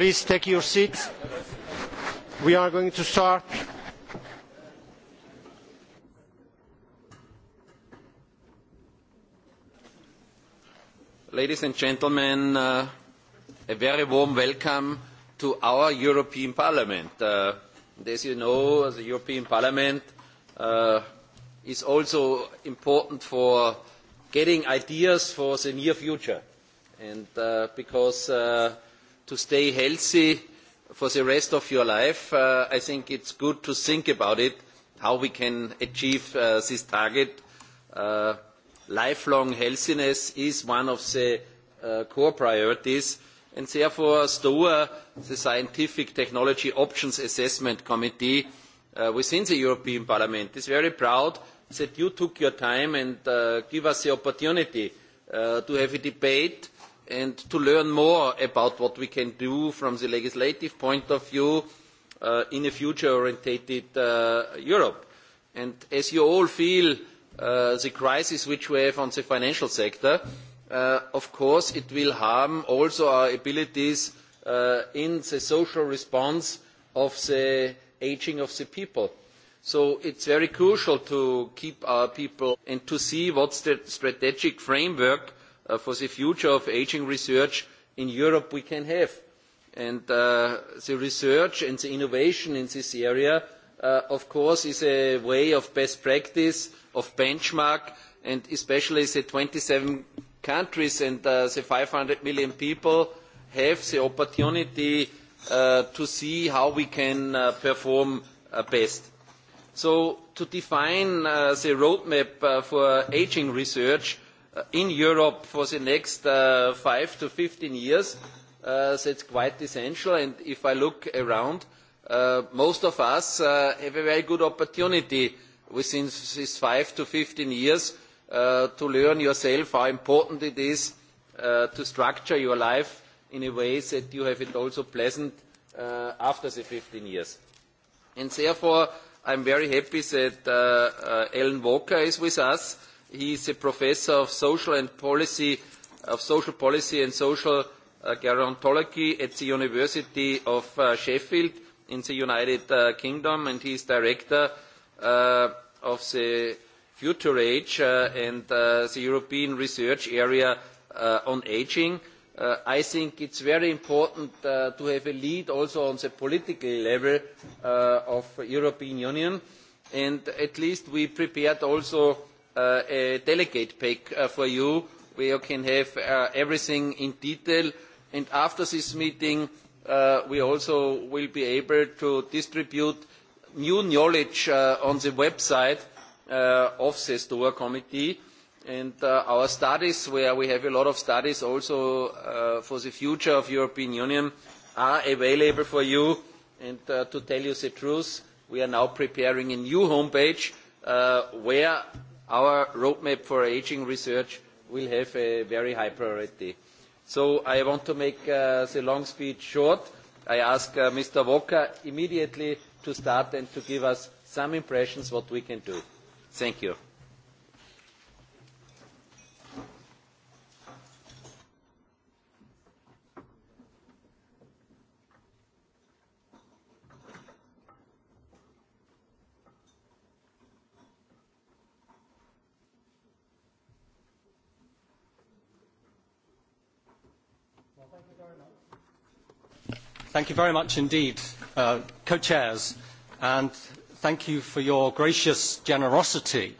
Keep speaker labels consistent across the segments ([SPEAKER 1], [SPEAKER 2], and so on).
[SPEAKER 1] Please take your seats. We are going to start.
[SPEAKER 2] Ladies and gentlemen, uh, a very warm welcome to our European Parliament. Uh, as you know, the European Parliament uh, is also important for getting ideas for the near future. And uh, because uh, to stay healthy for the rest of your life, uh, I think it's good to think about it, how we can achieve uh, this target. Uh, lifelong healthiness is one of the uh, core priorities, and therefore STOA, the Scientific Technology Options Assessment Committee uh, within the European Parliament, is very proud that you took your time and uh, give us the opportunity uh, to have a debate and to learn more about what we can do from the legislative point of view uh, in a future-orientated uh, Europe. And as you all feel uh, the crisis which we have on the financial sector, uh, of course it will harm also our abilities uh, in the social response of the aging of the people. So it's very crucial to keep our people and to see what's the strategic framework uh, for the future of aging research in Europe we can have. And uh, the research and the innovation in this area, uh, of course, is a way of best practice, of benchmark, and especially the twenty seven countries and uh, the five hundred million people have the opportunity uh, to see how we can uh, perform uh, best. So to define uh, the roadmap uh, for aging research, Uh, in Europe for the next uh, five to 15 years. Uh, it's quite essential. And if I look around, uh, most of us uh, have a very good opportunity within these five to 15 years uh, to learn yourself how important it is uh, to structure your life in a way that you have it also pleasant uh, after the 15 years. And therefore, I'm very happy that uh, uh, Ellen Walker is with us He is a professor of social and policy, of social policy and social uh, gerontology at the University of uh, Sheffield in the United uh, Kingdom, and he is director uh, of the Future Age uh, and uh, the European Research Area uh, on Aging. Uh, I think it's very important uh, to have a lead also on the political level uh, of European Union, and at least we prepared also uh, a delegate pack uh, for you where you can have uh, everything in detail. And after this meeting, uh, we also will be able to distribute new knowledge uh, on the website uh, of the STOA committee and uh, our studies, where we have a lot of studies also uh, for the future of European Union, are available for you. And uh, to tell you the truth, we are now preparing a new homepage uh, where our roadmap for aging research will have a very high priority. So I want to make uh, the long speech short. I ask uh, Mr. Walker immediately to start and to give us some impressions what we can do. Thank you.
[SPEAKER 3] Thank you very much indeed, uh, co-chairs, and thank you for your gracious generosity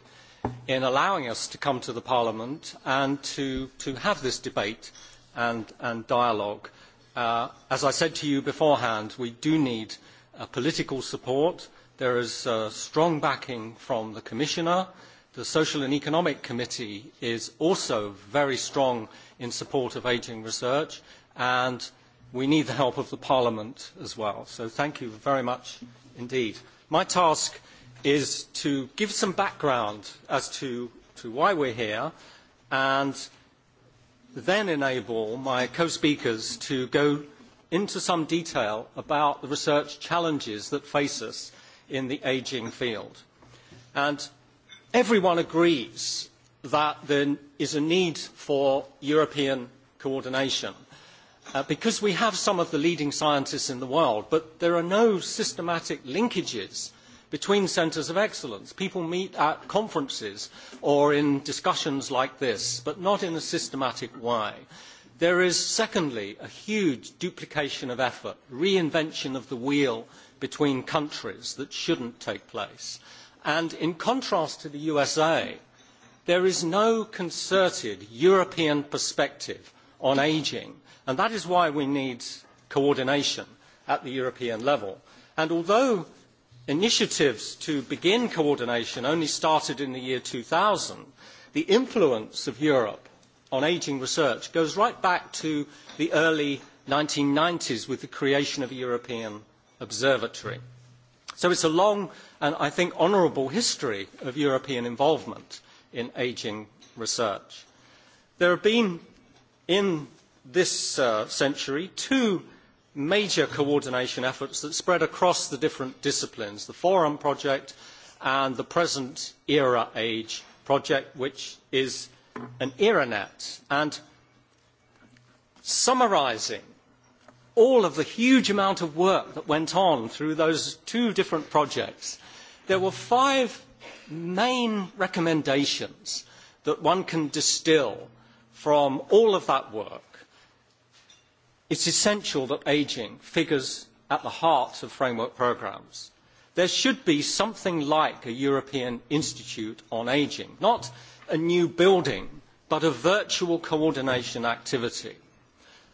[SPEAKER 3] in allowing us to come to the Parliament and to, to have this debate and, and dialogue. Uh, as I said to you beforehand, we do need uh, political support. There is uh, strong backing from the Commissioner. The Social and Economic Committee is also very strong in support of ageing research and we need the help of the Parliament as well. So thank you very much indeed. My task is to give some background as to, to why we're here and then enable my co-speakers to go into some detail about the research challenges that face us in the ageing field. And everyone agrees that there is a need for European coordination – Uh, because we have some of the leading scientists in the world, but there are no systematic linkages between centres of excellence. People meet at conferences or in discussions like this, but not in a systematic way. There is, secondly, a huge duplication of effort, reinvention of the wheel between countries that shouldn't take place. And in contrast to the USA, there is no concerted European perspective on ageing. And that is why we need coordination at the European level. And although initiatives to begin coordination only started in the year two thousand, the influence of Europe on ageing research goes right back to the early 1990s with the creation of a European observatory. So it is a long and I think honourable history of European involvement in ageing research. There have been in this uh, century two major coordination efforts that spread across the different disciplines, the Forum Project and the Present Era Age Project, which is an ERANET. And summarising all of the huge amount of work that went on through those two different projects, there were five main recommendations that one can distill from all of that work, it's essential that ageing figures at the heart of framework programmes. There should be something like a European Institute on Ageing, not a new building, but a virtual coordination activity.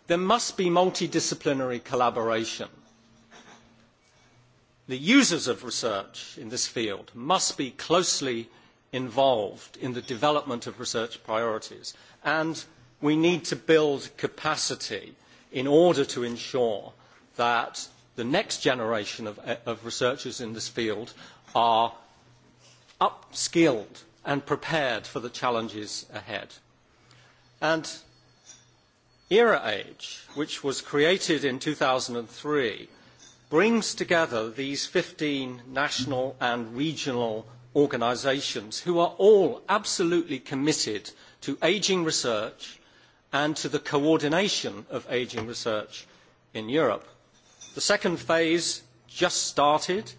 [SPEAKER 3] There must be multidisciplinary collaboration. The users of research in this field must be closely involved in the development of research priorities. And we need to build capacity in order to ensure that the next generation of, of researchers in this field are upskilled and prepared for the challenges ahead. And Era Age, which was created in two thousand three, brings together these fifteen national and regional organisations who are all absolutely committed to ageing research and to the coordination of ageing research in Europe. The second phase just started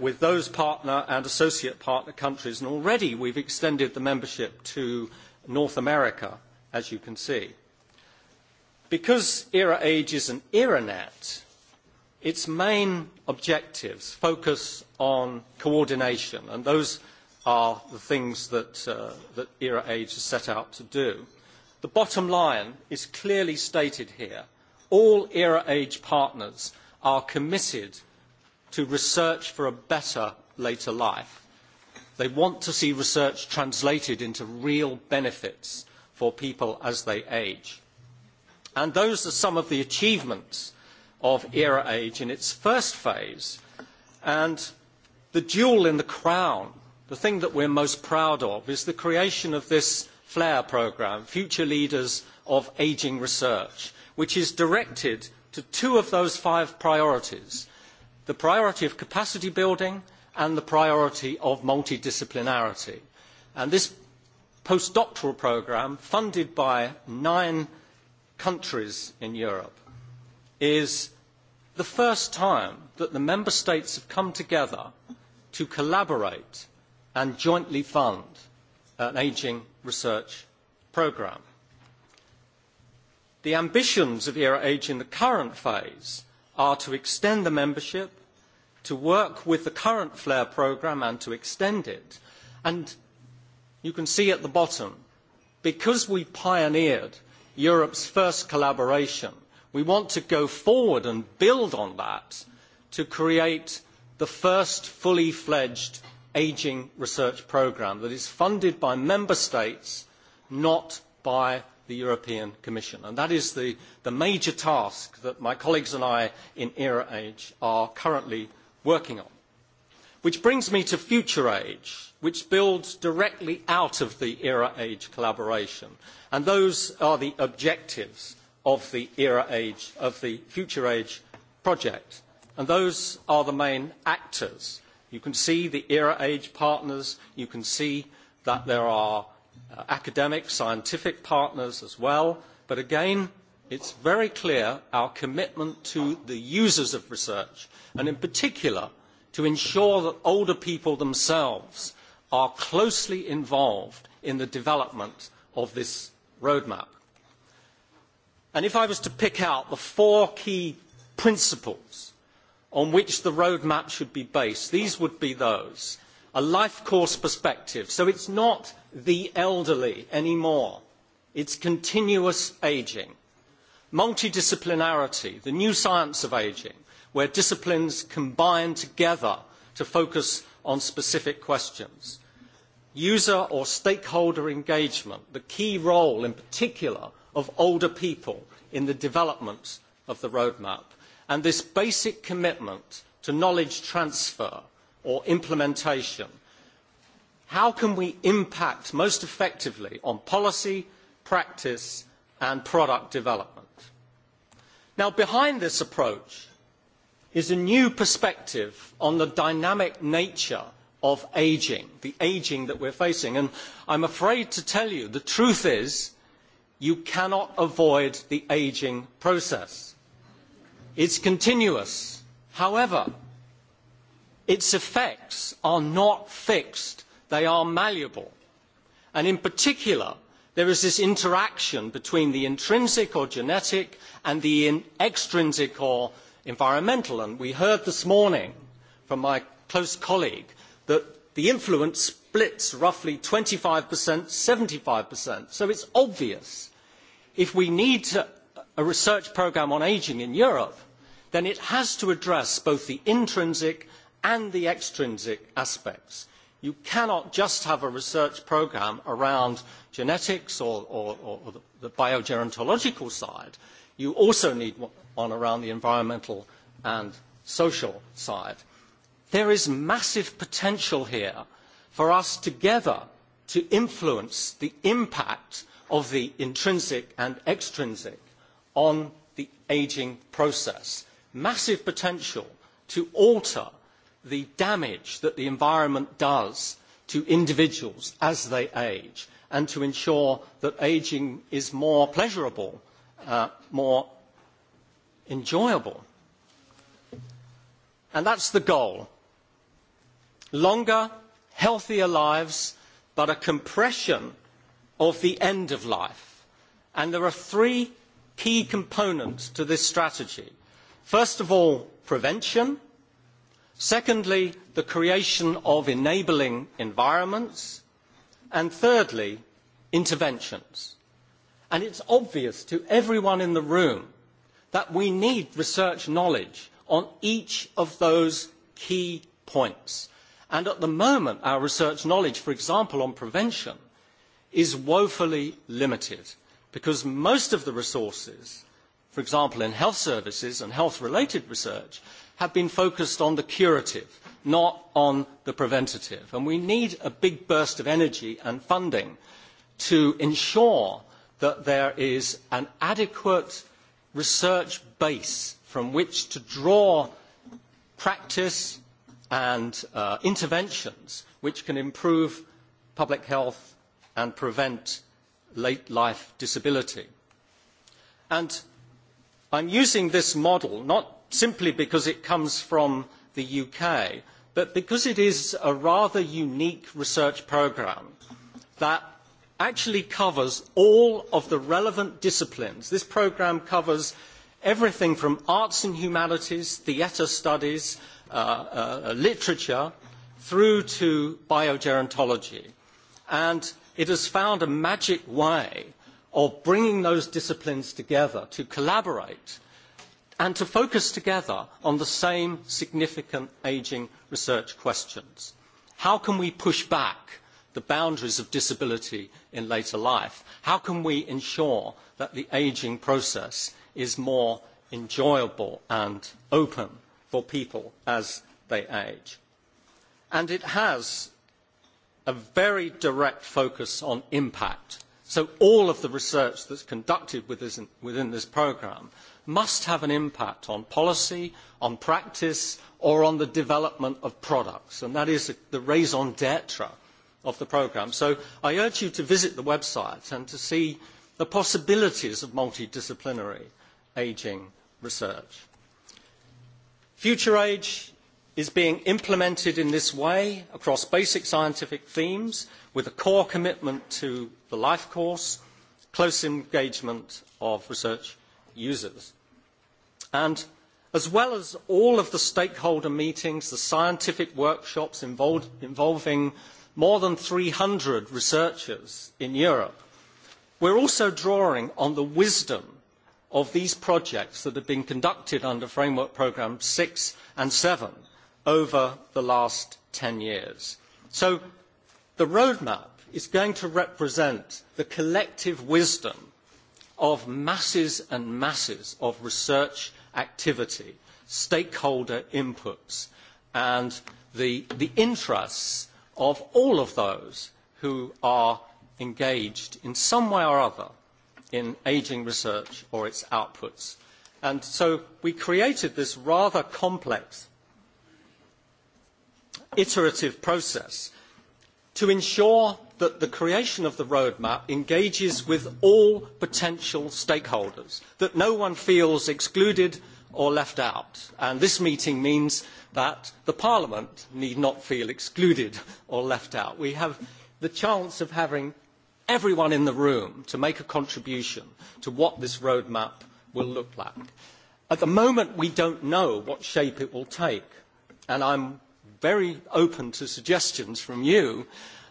[SPEAKER 3] with those partner and associate partner countries, and already we have extended the membership to North America, as you can see. Because ERA Age is an ERANET, Its main objectives focus on coordination, and those are the things that, uh, that Era Age has set out to do. The bottom line is clearly stated here. All Era Age partners are committed to research for a better later life. They want to see research translated into real benefits for people as they age. And those are some of the achievements of era age in its first phase. And the jewel in the crown, the thing that we're most proud of, is the creation of this FLAIR programme, Future Leaders of Aging Research, which is directed to two of those five priorities, the priority of capacity building and the priority of multidisciplinarity. And this postdoctoral programme, funded by nine countries in Europe, is the first time that the member states have come together to collaborate and jointly fund an ageing research programme. The ambitions of ERA Age in the current phase are to extend the membership, to work with the current FLAIR programme and to extend it. And you can see at the bottom, because we pioneered Europe's first collaboration We want to go forward and build on that to create the first fully fledged ageing research programme that is funded by member states, not by the European Commission. And that is the, the major task that my colleagues and I in ERA Age are currently working on. Which brings me to Future Age, which builds directly out of the ERA Age collaboration. And those are the objectives of the era age, of the future age project. And those are the main actors. You can see the era age partners, you can see that there are uh, academic, scientific partners as well, but again, it's very clear our commitment to the users of research, and in particular, to ensure that older people themselves are closely involved in the development of this roadmap. And if I was to pick out the four key principles on which the roadmap should be based, these would be those. A life course perspective. So it's not the elderly anymore. It's continuous ageing. Multidisciplinarity, the new science of ageing, where disciplines combine together to focus on specific questions. User or stakeholder engagement, the key role in particular of older people in the development of the roadmap. And this basic commitment to knowledge transfer or implementation, how can we impact most effectively on policy, practice and product development? Now behind this approach is a new perspective on the dynamic nature of ageing, the ageing that we are facing. And I am afraid to tell you the truth is you cannot avoid the ageing process. It is continuous. However, its effects are not fixed, they are malleable. And in particular, there is this interaction between the intrinsic or genetic and the extrinsic or environmental. And we heard this morning from my close colleague that the influence splits roughly twenty 25%, 75%. So it is obvious if we need a research programme on ageing in Europe, then it has to address both the intrinsic and the extrinsic aspects. You cannot just have a research programme around genetics or, or, or the biogerontological side. You also need one around the environmental and social side. There is massive potential here for us together to influence the impact of the intrinsic and extrinsic on the ageing process. Massive potential to alter the damage that the environment does to individuals as they age and to ensure that ageing is more pleasurable, uh, more enjoyable. And that's the goal. Longer, healthier lives, but a compression of the end of life. And there are three key components to this strategy. First of all, prevention. Secondly, the creation of enabling environments. And thirdly, interventions. And it's obvious to everyone in the room that we need research knowledge on each of those key points. And at the moment, our research knowledge, for example, on prevention – is woefully limited because most of the resources, for example in health services and health-related research, have been focused on the curative, not on the preventative. And we need a big burst of energy and funding to ensure that there is an adequate research base from which to draw practice and uh, interventions which can improve public health and prevent late life disability. And am using this model not simply because it comes from the UK, but because it is a rather unique research programme that actually covers all of the relevant disciplines. This programme covers everything from arts and humanities, theatre studies, uh, uh, literature, through to biogerontology. And it has found a magic way of bringing those disciplines together to collaborate and to focus together on the same significant ageing research questions. How can we push back the boundaries of disability in later life? How can we ensure that the ageing process is more enjoyable and open for people as they age? And it has a very direct focus on impact. So all of the research that is conducted within this programme must have an impact on policy, on practice, or on the development of products. And that is the raison d'etre of the programme. So I urge you to visit the website and to see the possibilities of multidisciplinary ageing research. Future Age is being implemented in this way across basic scientific themes with a core commitment to the life course, close engagement of research users. And as well as all of the stakeholder meetings, the scientific workshops involved, involving more than three hundred researchers in Europe, we are also drawing on the wisdom of these projects that have been conducted under Framework Programme six and seven over the last 10 years. So the roadmap is going to represent the collective wisdom of masses and masses of research activity, stakeholder inputs, and the, the interests of all of those who are engaged in some way or other in ageing research or its outputs. And so we created this rather complex iterative process to ensure that the creation of the roadmap engages with all potential stakeholders, that no one feels excluded or left out. And this meeting means that Parliament need not feel excluded or left out. We have the chance of having everyone in the room to make a contribution to what this roadmap will look like. At the moment, we do not know what shape it will take, and I am very open to suggestions from you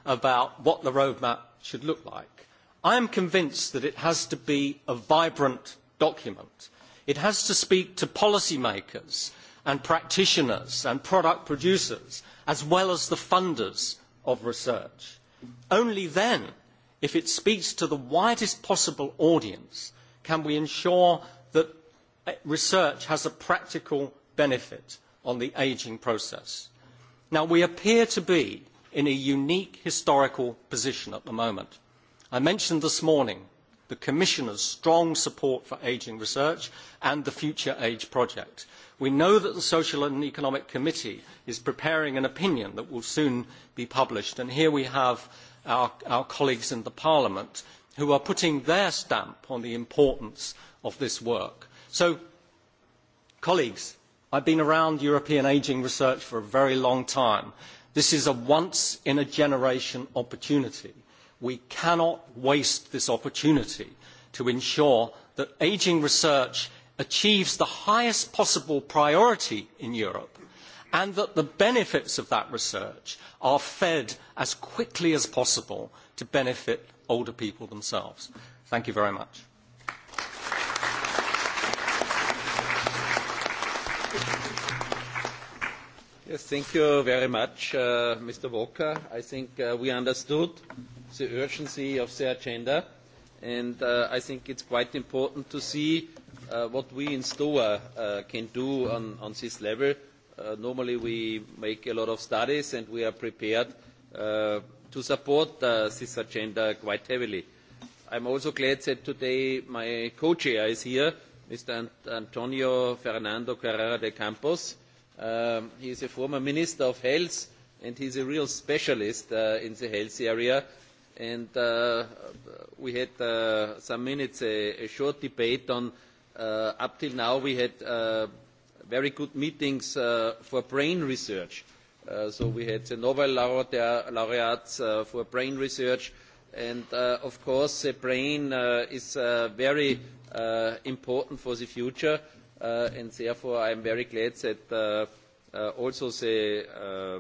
[SPEAKER 3] about what the roadmap should look like. I am convinced that it has to be a vibrant document. It has to speak to policymakers and practitioners and product producers as well as the funders of research. Only then, if it speaks to the widest possible audience, can we ensure that eh, research has a practical benefit on the ageing process. Now, we appear to be in a unique historical position at the moment. I mentioned this morning the Commissioner's strong support for ageing research and the Future Age Project. We know that the Social and Economic Committee is preparing an opinion that will soon be published, and here we have our, our colleagues in Parliament who are putting their stamp on the importance of this work. So, colleagues, I've been around European ageing research for a very long time. This is a once in a generation opportunity. We cannot waste this opportunity to ensure that ageing research achieves the highest possible priority in Europe and that the benefits of that research are fed as quickly as possible to benefit older people themselves. Thank you very much.
[SPEAKER 2] Yes, thank you very much, uh, Mr. Walker. I think uh, we understood the urgency of the agenda, and uh, I think it's quite important to see uh, what we in STOA uh, can do on, on this level. Uh, normally we make a lot of studies and we are prepared uh, to support uh, this agenda quite heavily. I'm also glad that today my co-chair is here, Mr. Antonio Fernando Carrera de Campos. Um, he is a former Minister of Health and he's a real specialist uh, in the health area. And uh, we had uh, some minutes, a, a short debate on uh, up till now we had uh, very good meetings uh, for brain research. Uh, so we had the Nobel laureates uh, for brain research and uh, of course the brain uh, is uh, very uh, important for the future, uh, and therefore I am very glad that uh, uh, also the uh,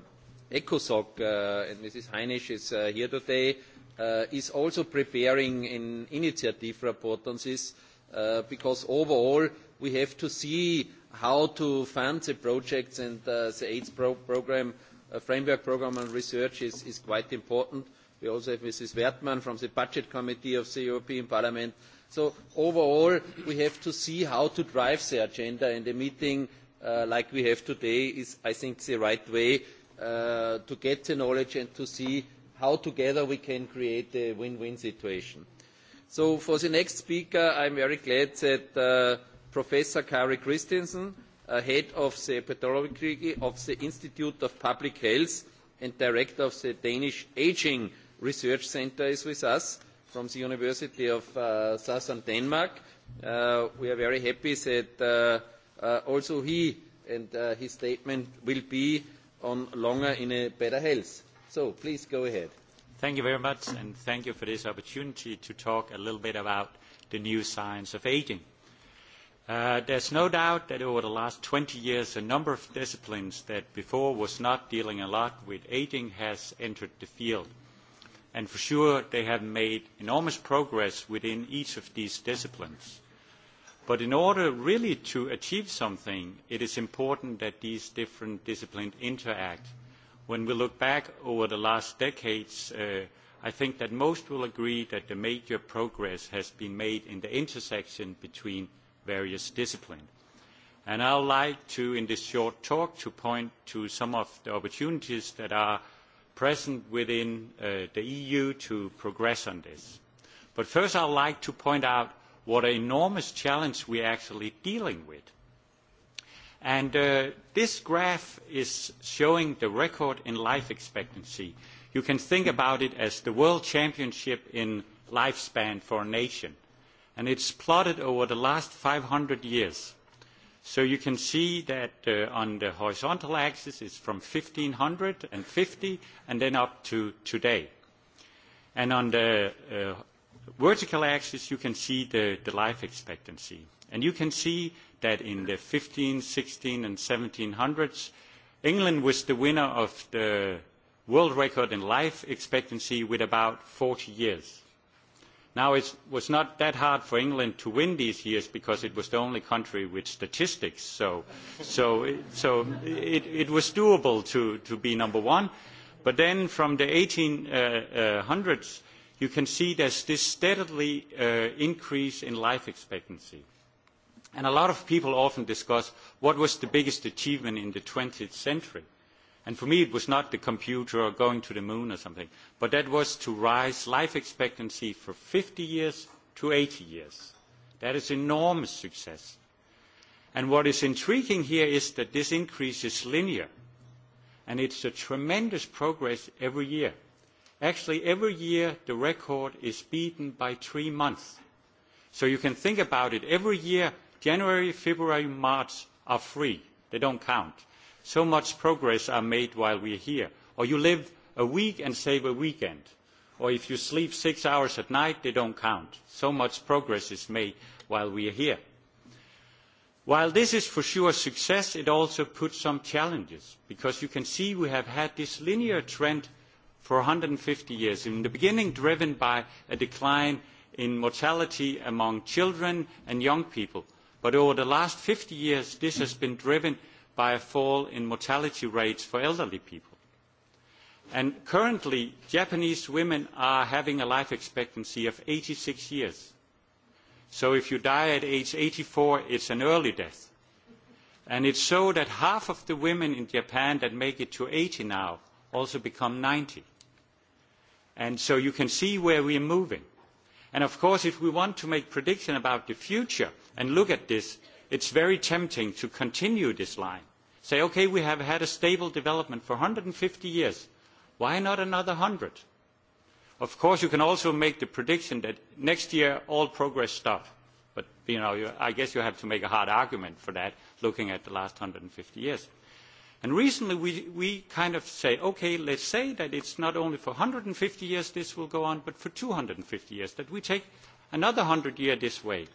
[SPEAKER 2] ECOSOC, uh, and Mrs. Heinisch is uh, here today, uh, is also preparing an initiative report on this, uh, because overall we have to see how to fund the projects and uh, the AIDS pro program, uh, framework program on research is, is quite important. We also have Mrs. Wertmann from the Budget Committee of the European Parliament So overall, we have to see how to drive the agenda, and a meeting uh, like we have today is, I think, the right way uh, to get the knowledge and to see how together we can create a win-win situation. So for the next speaker, I'm very glad that uh, Professor Kari Christensen, uh, head of the pathology of the Institute of Public Health and director of the Danish Aging Research Center is with us from the University of uh, Southern Denmark. Uh, we are very happy that uh, uh, also he and uh, his statement will be on longer in a better health.
[SPEAKER 4] So please go ahead. Thank you very much and thank you for this opportunity to talk a little bit about the new science of aging. Uh, there's no doubt that over the last 20 years a number of disciplines that before was not dealing a lot with aging has entered the field and for sure they have made enormous progress within each of these disciplines. But in order really to achieve something, it is important that these different disciplines interact. When we look back over the last decades, uh, I think that most will agree that the major progress has been made in the intersection between various disciplines. And I would like to, in this short talk, to point to some of the opportunities that are present within uh, the EU to progress on this. But first I would like to point out what an enormous challenge we are actually dealing with. And uh, this graph is showing the record in life expectancy. You can think about it as the World Championship in lifespan for a nation. And it's plotted over the last five hundred years So you can see that uh, on the horizontal axis it's from 1550 and then up to today. And on the uh, vertical axis you can see the, the life expectancy. And you can see that in the 15, 16 and 1700s England was the winner of the world record in life expectancy with about 40 years Now, it was not that hard for England to win these years because it was the only country with statistics. So, so, so it, it was doable to, to be number one. But then from the 1800s, you can see there's this steadily uh, increase in life expectancy. And a lot of people often discuss what was the biggest achievement in the 20th century. Uh, And for me, it was not the computer or going to the moon or something, but that was to rise life expectancy from fifty years to eighty years. That is enormous success. And what is intriguing here is that this increase is linear, and it's a tremendous progress every year. Actually, every year the record is beaten by three months. So you can think about it. Every year, January, February, March are free. They don't count so much progress is made while we are here or you live a week and save a weekend or if you sleep six hours at night they do not count so much progress is made while we are here. while this is for sure a success it also puts some challenges because you can see we have had this linear trend for one hundred and fifty years in the beginning driven by a decline in mortality among children and young people but over the last fifty years this has been driven by a fall in mortality rates for elderly people. And currently, Japanese women are having a life expectancy of eighty six years. So if you die at age eighty four it's an early death. And it's so that half of the women in Japan that make it to eighty now also become ninety. And so you can see where we are moving. And of course, if we want to make predictions about the future and look at this, it is very tempting to continue this line. Say, okay, we have had a stable development for one hundred and fifty years. Why not another hundred? Of course, you can also make the prediction that next year all progress stops. But you know, you, I guess you have to make a hard argument for that, looking at the last hundred and fifty years. And recently we, we kind of say, okay, let's say that it's not only for one hundred and fifty years this will go on, but for two hundred and fifty years, that we take another hundred years this way.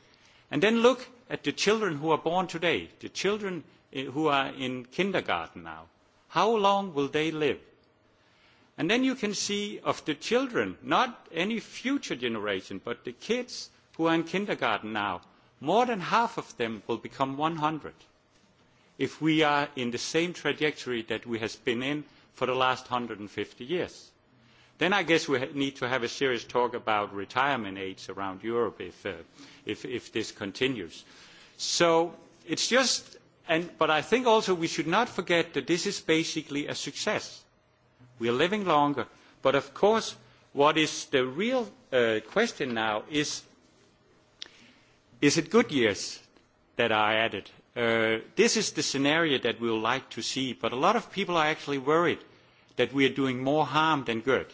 [SPEAKER 4] And then look at the children who are born today, the children eh, who are in kindergarten now. How long will they live? And then you can see of the children, not any future generation, but the kids who are in kindergarten now, more than half of them will become one hundred if we are in the same trajectory that we have been in for the last hundred and fifty years. Then I guess we need to have a serious talk about retirement age around Europe if, uh, if, if this continues. So it's just, and, but I think also we should not forget that this is basically a success. We are living longer, but of course what is the real uh, question now is, is it good years that are added? Uh, this is the scenario that we would like to see, but a lot of people are actually worried that we are doing more harm than good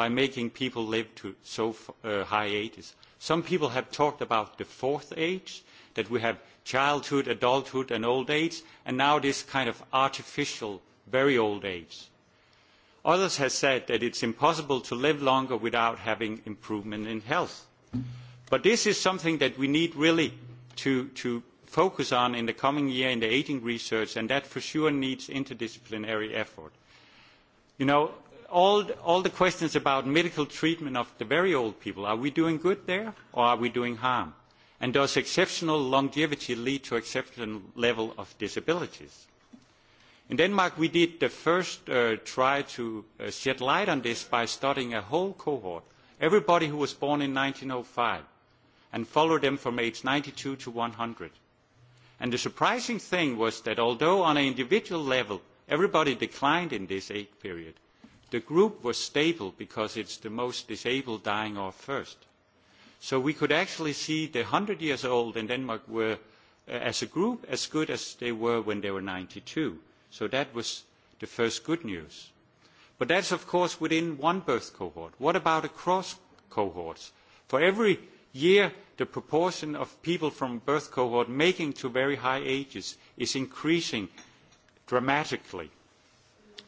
[SPEAKER 4] by making people live to so uh, high ages. Some people have talked about the fourth age, that we have childhood, adulthood and old age, and now this kind of artificial, very old age. Others have said that it's impossible to live longer without having improvement in health. But this is something that we need really to, to focus on in the coming year in the aging research, and that for sure needs interdisciplinary effort. You know, all, all the questions about medical treatment of the very old people, are we doing good there or are we doing harm? And does exceptional longevity lead to exceptional level of disabilities? In Denmark, we did the first uh, try to uh, shed light on this by studying a whole cohort, everybody who was born in 1905, and followed them from age 92 to 100. And the surprising thing was that although on an individual level everybody declined in this age period, The group was stable because it's the most disabled dying off first. So we could actually see the 100 years old in Denmark were, uh, as a group, as good as they were when they were 92. So that was the first good news. But that's, of course, within one birth cohort. What about across cohorts? For every year, the proportion of people from birth cohort making to very high ages is increasing dramatically.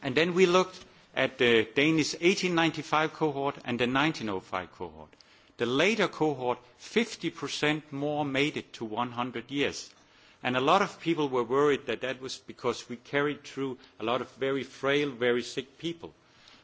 [SPEAKER 4] And then we looked at the Danish ninety five cohort and the oh five cohort. The later cohort, 50% more made it to one hundred years. And a lot of people were worried that that was because we carried through a lot of very frail, very sick people.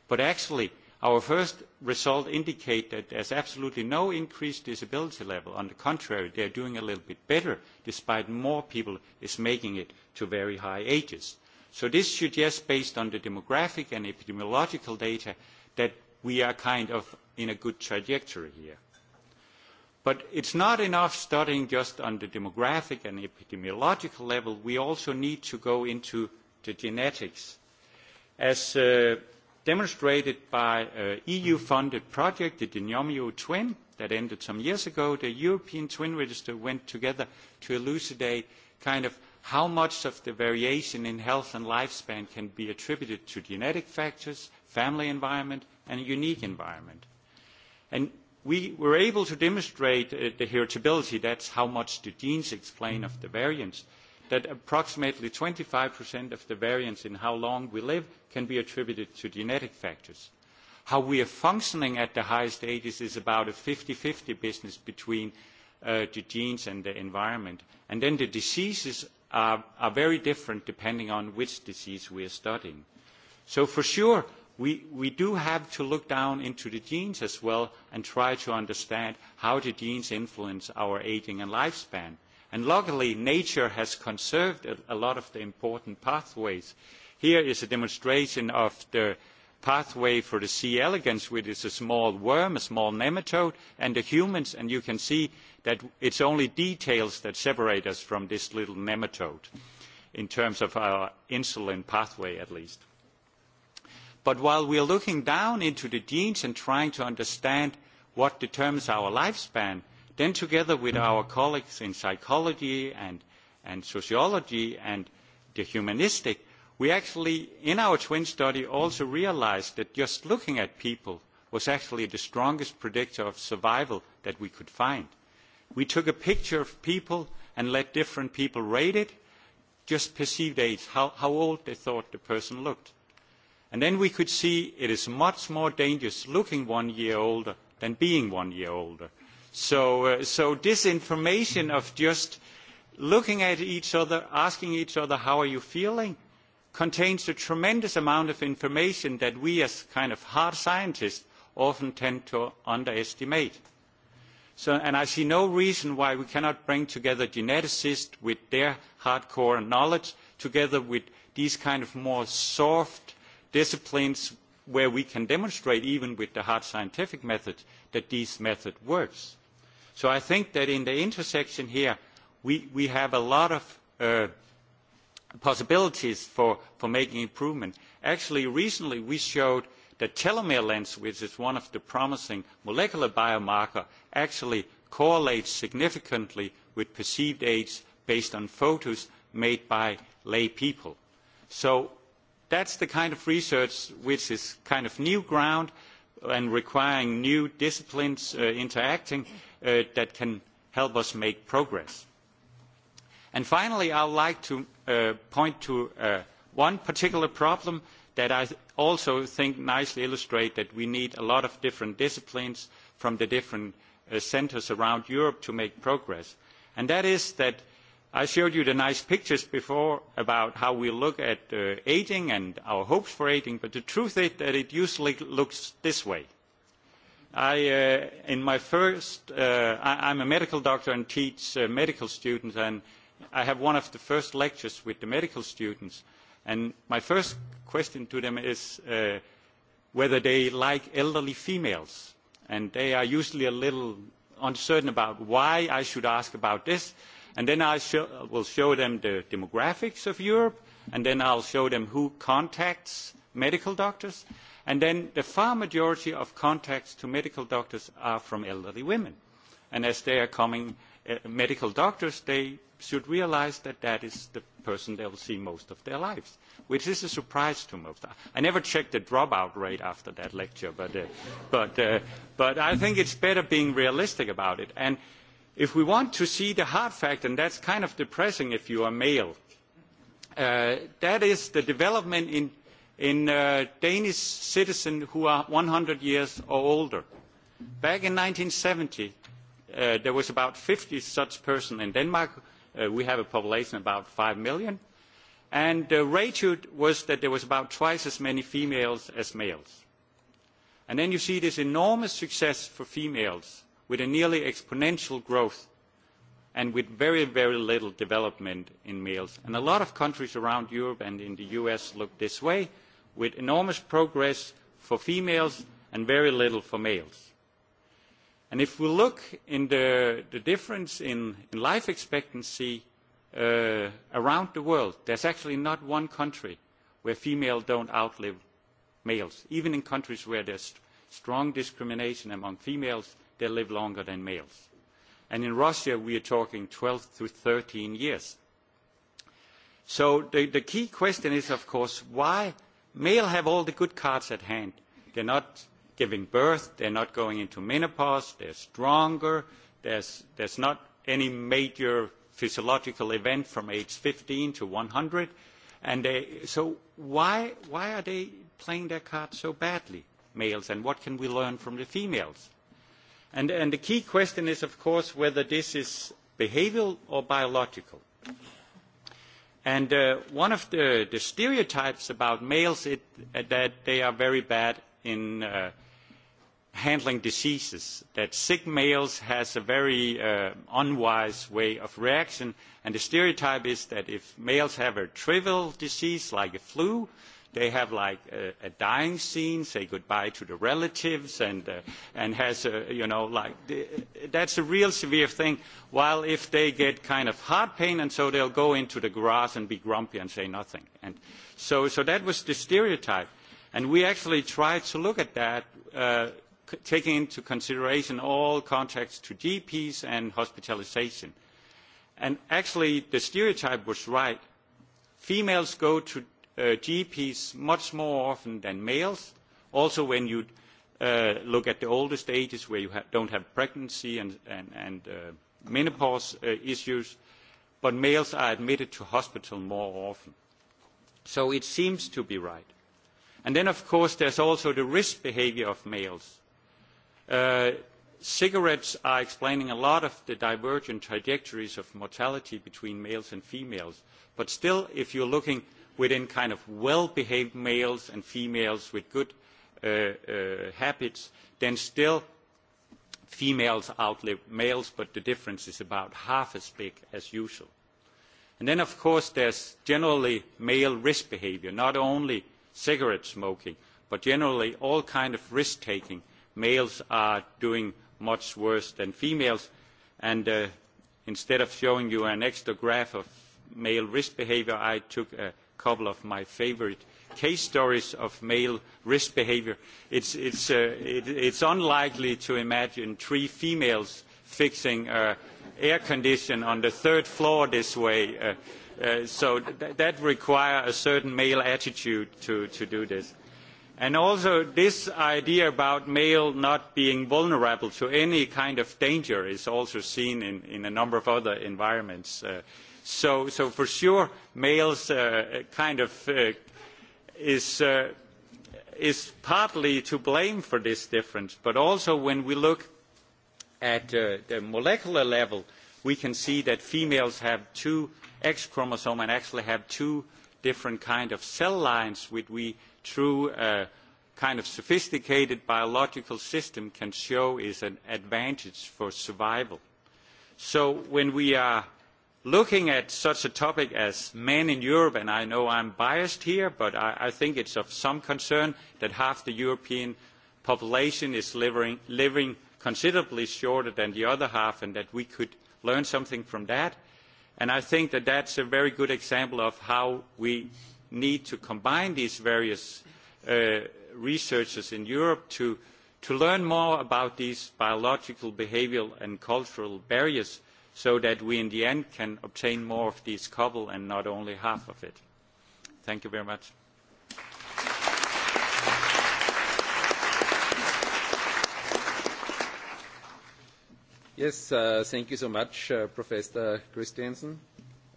[SPEAKER 4] But actually, our first result indicate that there is absolutely no increased disability level. On the contrary, they are doing a little bit better, despite more people is making it to very high ages. So this suggests, based on the demographic and epidemiological data, that we are kind of in a good trajectory here. But it's not enough studying just on the demographic and epidemiological level. We also need to go into the genetics. As uh, demonstrated by an uh, EU-funded project, the Denomio Twin, that ended some years ago, the European Twin Register went together to elucidate kind of how much of the variation in health and lifespan can be attributed to genetic factors, family environment, and a unique environment. And we were able to demonstrate uh, the heritability, that's how much the genes explain of the variance, that approximately 25% of the variance in how long we live can be attributed to genetic factors. How we are functioning at the highest ages is about a 50-50 business between uh, the genes and the environment. And then the diseases are, are very different depending on which disease we are studying. So for sure, we, we do have to look down into the genes as well and try to understand how the genes influence our aging and lifespan. And luckily, nature has conserved a, a lot of the important pathways. Here is a demonstration of the pathway for the C. elegans, which is a small worm, a small nematode, and the humans, and you can see that it is only details that separate us from this little nematode, in terms of our insulin pathway at least. But while we are looking down into the genes and trying to understand what determines our lifespan, then together with our colleagues in psychology and, and sociology and the humanistic, We actually, in our twin study, also realised that just looking at people was actually the strongest predictor of survival that we could find. We took a picture of people and let different people rate it, just perceived age, how, how old they thought the person looked. And then we could see it is much more dangerous looking one year older than being one year older. So, uh, so this information of just looking at each other, asking each other, how are you feeling, contains a tremendous amount of information that we as kind of hard scientists often tend to underestimate. So, and I see no reason why we cannot bring together geneticists with their hardcore knowledge together with these kind of more soft disciplines where we can demonstrate even with the hard scientific method that this method works. So I think that in the intersection here, we, we have a lot of uh, possibilities for, for making improvement. Actually, recently we showed that telomere length, which is one of the promising molecular biomarkers, actually correlates significantly with perceived age based on photos made by lay people. So that's the kind of research which is kind of new ground and requiring new disciplines uh, interacting uh, that can help us make progress. And finally, I would like to uh, point to uh, one particular problem that I also think nicely illustrates that we need a lot of different disciplines from the different uh, centres around Europe to make progress. And that is that I showed you the nice pictures before about how we look at uh, ageing and our hopes for ageing, but the truth is that it usually looks this way. I, uh, in my first, uh, I, I'm a medical doctor and teach uh, medical students, and I have one of the first lectures with the medical students, and my first question to them is uh, whether they like elderly females. And they are usually a little uncertain about why I should ask about this. And then I sh will show them the demographics of Europe, and then I'll show them who contacts medical doctors. And then the far majority of contacts to medical doctors are from elderly women. And as they are coming Uh, medical doctors, they should realize that that is the person they will see most of their lives, which is a surprise to most. I never checked the dropout rate after that lecture, but, uh, but, uh, but I think it's better being realistic about it. And if we want to see the hard fact, and that's kind of depressing if you are male, uh, that is the development in, in uh, Danish citizens who are 100 years or older. Back in 1970, Uh, there was about 50 such persons in Denmark. Uh, we have a population of about 5 million. And the ratio was that there was about twice as many females as males. And then you see this enormous success for females with a nearly exponential growth and with very, very little development in males. And a lot of countries around Europe and in the US look this way, with enormous progress for females and very little for males. And if we look in the, the difference in, in life expectancy uh, around the world, there's actually not one country where females don't outlive males. Even in countries where there's st strong discrimination among females, they live longer than males. And in Russia, we are talking 12 to 13 years. So the, the key question is, of course, why males have all the good cards at hand. They're not giving birth, they're not going into menopause, they're stronger, there's, there's not any major physiological event from age 15 to 100. And they, so why, why are they playing their cards so badly, males, and what can we learn from the females? And, and the key question is, of course, whether this is behavioral or biological. And uh, one of the, the stereotypes about males is uh, that they are very bad in uh, handling diseases, that sick males has a very uh, unwise way of reaction, and the stereotype is that if males have a trivial disease like a flu, they have like a, a dying scene, say goodbye to the relatives, and, uh, and has a, you know, like, the, that's a real severe thing. While if they get kind of heart pain, and so they'll go into the grass and be grumpy and say nothing. And so, so that was the stereotype. And we actually tried to look at that uh, taking into consideration all contacts to GPs and hospitalisation. And actually, the stereotype was right. Females go to uh, GPs much more often than males. Also, when you uh, look at the older stages where you ha don't have pregnancy and, and, and uh, menopause uh, issues, but males are admitted to hospital more often. So it seems to be right. And then, of course, there's also the risk behaviour of males Uh, cigarettes are explaining a lot of the divergent trajectories of mortality between males and females. But still, if you're looking within kind of well-behaved males and females with good uh, uh, habits, then still females outlive males, but the difference is about half as big as usual. And then, of course, there's generally male risk behavior, not only cigarette smoking, but generally all kind of risk-taking males are doing much worse than females. And uh, instead of showing you an extra graph of male risk behaviour, I took a couple of my favourite case stories of male risk behaviour. It's, it's, uh, it, it's unlikely to imagine three females fixing uh, air condition on the third floor this way. Uh, uh, so th that requires a certain male attitude to, to do this. And also this idea about male not being vulnerable to any kind of danger is also seen in, in a number of other environments. Uh, so, so for sure, males uh, kind of uh, is, uh, is partly to blame for this difference, but also when we look at uh, the molecular level, we can see that females have two X chromosomes and actually have two different kinds of cell lines which we through a kind of sophisticated biological system can show is an advantage for survival. So when we are looking at such a topic as men in Europe, and I know I'm biased here, but I, I think it's of some concern that half the European population is living, living considerably shorter than the other half and that we could learn something from that. And I think that that's a very good example of how we need to combine these various uh, researchers in Europe to, to learn more about these biological, behavioral and cultural barriers so that we in the end can obtain more of these cobble and not only half of it. Thank you very much.
[SPEAKER 2] Yes, uh, thank you so much, uh, Professor Christiansen.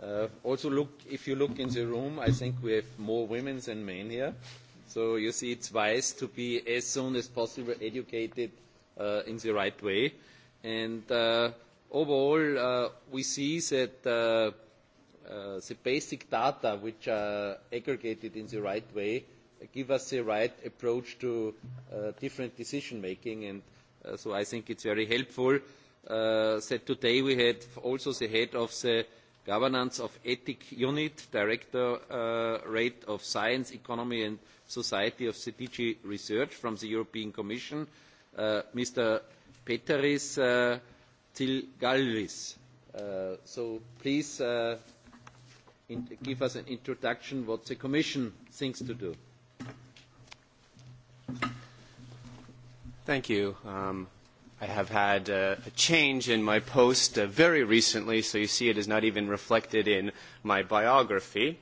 [SPEAKER 2] Uh, also look, if you look in the room, I think we have more women than men here. So you see it's wise to be as soon as possible educated uh, in the right way. And uh, overall, uh, we see that uh, uh, the basic data which are aggregated in the right way give us the right approach to uh, different decision making. And uh, so I think it's very helpful uh, that today we had also the head of the Governance of Ethic Unit, director Directorate uh, of Science, Economy and Society of Strategic Research from the European Commission, uh, Mr. Peteris uh, Tilgalvis. Uh, so please uh, in give us an introduction what the Commission thinks to do.
[SPEAKER 5] Thank you. Um, I have had uh, a change in my post uh, very recently, so you see it is not even reflected in my biography.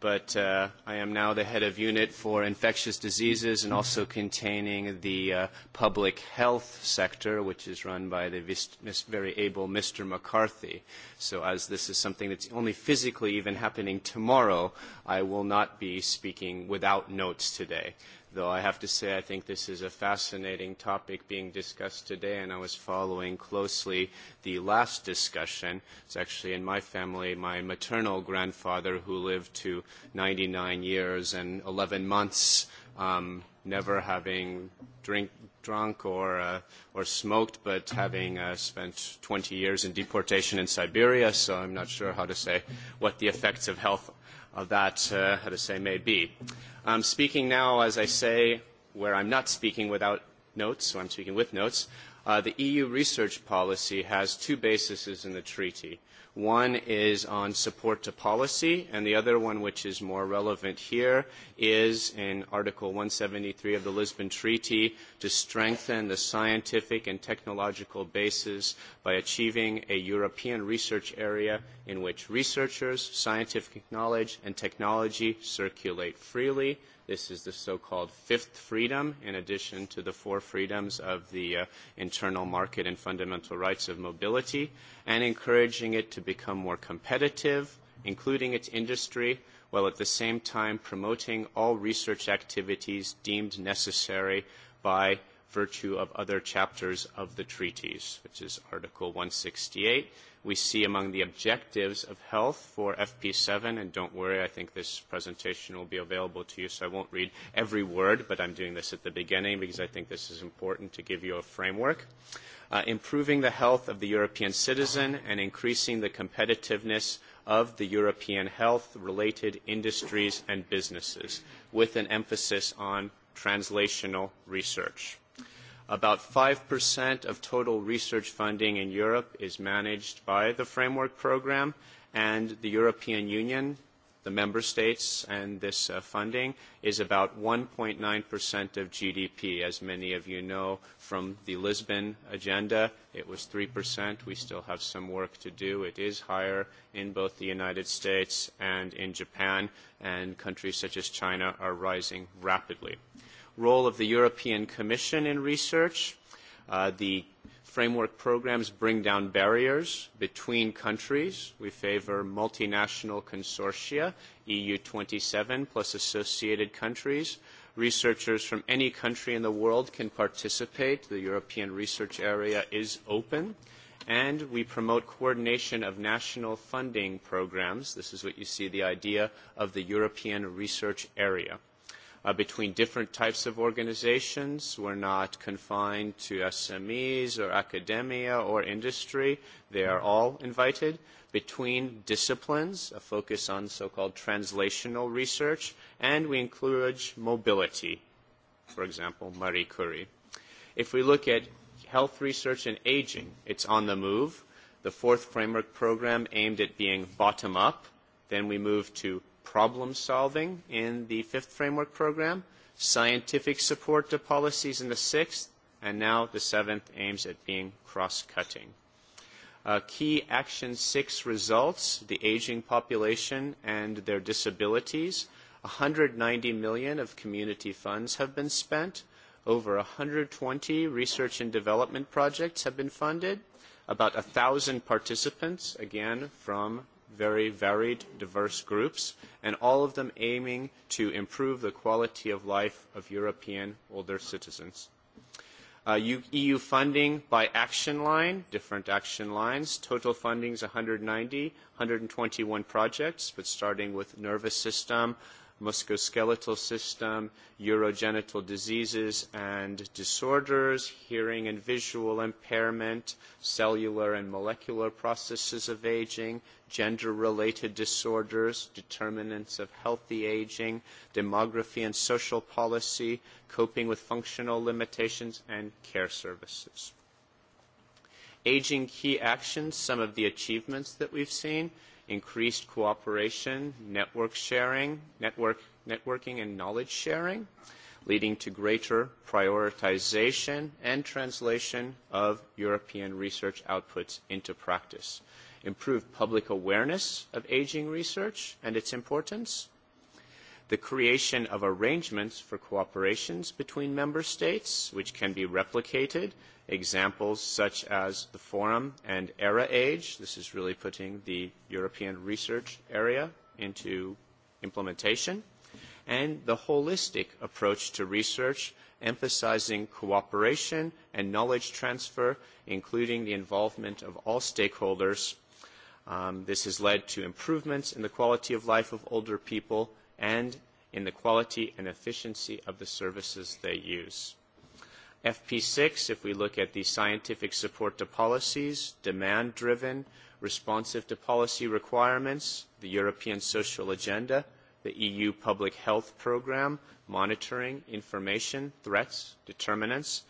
[SPEAKER 5] But uh, I am now the head of unit for infectious diseases and also containing the uh, public health sector, which is run by the very able Mr. McCarthy. So as this is something that's only physically even happening tomorrow, I will not be speaking without notes today though I have to say I think this is a fascinating topic being discussed today, and I was following closely the last discussion. It's actually in my family, my maternal grandfather, who lived to 99 years and 11 months, um, never having drink, drunk or, uh, or smoked, but having uh, spent 20 years in deportation in Siberia, so I'm not sure how to say what the effects of health of that, uh, how to say, may be. I'm speaking now, as I say, where I'm not speaking without notes, so I'm speaking with notes. Uh, the EU research policy has two bases in the treaty. One is on support to policy, and the other one, which is more relevant here, is in Article 173 of the Lisbon Treaty to strengthen the scientific and technological basis by achieving a European research area in which researchers, scientific knowledge, and technology circulate freely This is the so-called fifth freedom, in addition to the four freedoms of the uh, internal market and fundamental rights of mobility, and encouraging it to become more competitive, including its industry, while at the same time promoting all research activities deemed necessary by virtue of other chapters of the treaties, which is Article 168 we see among the objectives of health for FP7, and don't worry, I think this presentation will be available to you, so I won't read every word, but I'm doing this at the beginning because I think this is important to give you a framework. Uh, improving the health of the European citizen and increasing the competitiveness of the European health-related industries and businesses, with an emphasis on translational research About 5% of total research funding in Europe is managed by the framework program and the European Union, the member states and this uh, funding is about 1.9% of GDP. As many of you know from the Lisbon agenda, it was 3%. We still have some work to do. It is higher in both the United States and in Japan, and countries such as China are rising rapidly role of the European Commission in research. Uh, the framework programs bring down barriers between countries. We favor multinational consortia, EU twenty seven plus associated countries. Researchers from any country in the world can participate. The European research area is open and we promote coordination of national funding programs. This is what you see the idea of the European research area uh, between different types of organizations. We're not confined to SMEs or academia or industry. They are all invited. Between disciplines, a focus on so-called translational research, and we encourage mobility, for example, Marie Curie. If we look at health research and aging, it's on the move. The fourth framework program aimed at being bottom-up. Then we move to problem solving in the fifth framework program, scientific support to policies in the sixth, and now the seventh aims at being cross-cutting. Uh, key Action 6 results, the aging population and their disabilities. 190 million of community funds have been spent. Over 120 research and development projects have been funded. About 1,000 participants, again, from very varied, diverse groups, and all of them aiming to improve the quality of life of European older citizens. Uh, EU e funding by action line, different action lines. Total funding is 190, 121 projects, but starting with nervous system, musculoskeletal system, urogenital diseases and disorders, hearing and visual impairment, cellular and molecular processes of aging, gender-related disorders, determinants of healthy aging, demography and social policy, coping with functional limitations, and care services. Aging key actions, some of the achievements that we've seen, increased cooperation, network sharing, network, networking and knowledge sharing, leading to greater prioritization and translation of European research outputs into practice, improved public awareness of aging research and its importance, the creation of arrangements for cooperations between member states, which can be replicated, examples such as the Forum and ERA Age. This is really putting the European research area into implementation. And the holistic approach to research, emphasizing cooperation and knowledge transfer, including the involvement of all stakeholders. Um, this has led to improvements in the quality of life of older people, and in the quality and efficiency of the services they use. FP6, if we look at the scientific support to policies, demand-driven, responsive to policy requirements, the European Social Agenda, the EU Public Health program, monitoring, information, threats, determinants,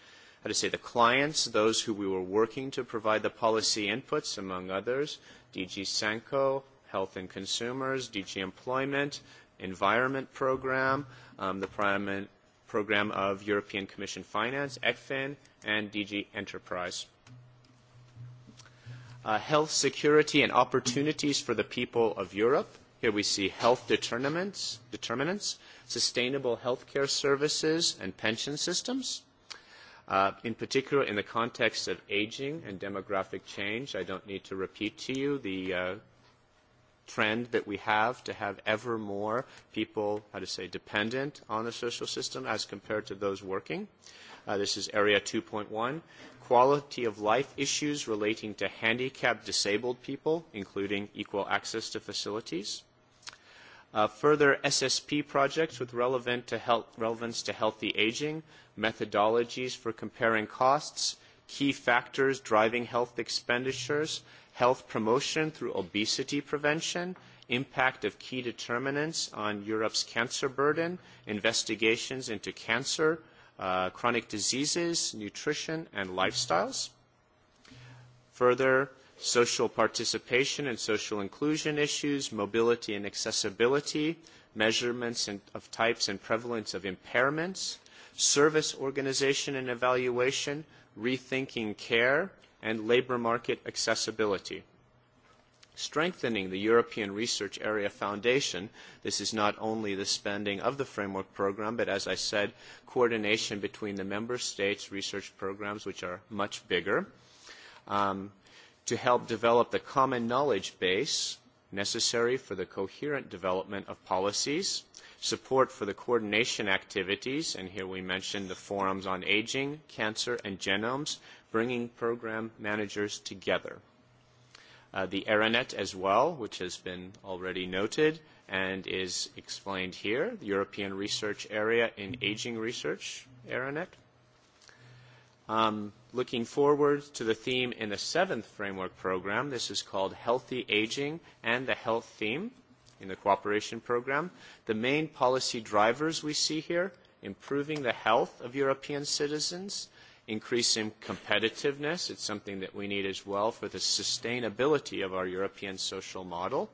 [SPEAKER 5] how to say the clients, those who we were working to provide the policy inputs, among others, DG Senko, Health and Consumers, DG Employment, Environment Program, um, the Prime Program of European Commission Finance, ECFIN, and DG Enterprise. Uh, health security and opportunities for the people of Europe. Here we see health determinants, determinants sustainable care services, and pension systems. Uh, in particular, in the context of aging and demographic change, I don't need to repeat to you the uh, trend that we have to have ever more people, how to say, dependent on the social system as compared to those working. Uh, this is area 2.1. Quality of life issues relating to handicapped disabled people, including equal access to facilities. Uh, further SSP projects with relevant to health, relevance to healthy aging, methodologies for comparing costs, key factors driving health expenditures, health promotion through obesity prevention, impact of key determinants on Europe's cancer burden, investigations into cancer, uh, chronic diseases, nutrition, and lifestyles. Further, social participation and social inclusion issues, mobility and accessibility, measurements of types and prevalence of impairments, service organization and evaluation, rethinking care, and labour market accessibility. Strengthening the European Research Area Foundation, this is not only the spending of the framework programme, but as I said, coordination between the member states' research programmes, which are much bigger, um, to help develop the common knowledge base necessary for the coherent development of policies, support for the coordination activities, and here we mentioned the forums on aging, cancer, and genomes, bringing program managers together. Uh, the ERANET as well, which has been already noted and is explained here, the European Research Area in Aging Research, ERANET. Um, looking forward to the theme in the seventh framework program, this is called Healthy Aging and the Health Theme in the cooperation program. The main policy drivers we see here, improving the health of European citizens, increasing competitiveness. It's something that we need as well for the sustainability of our European social model,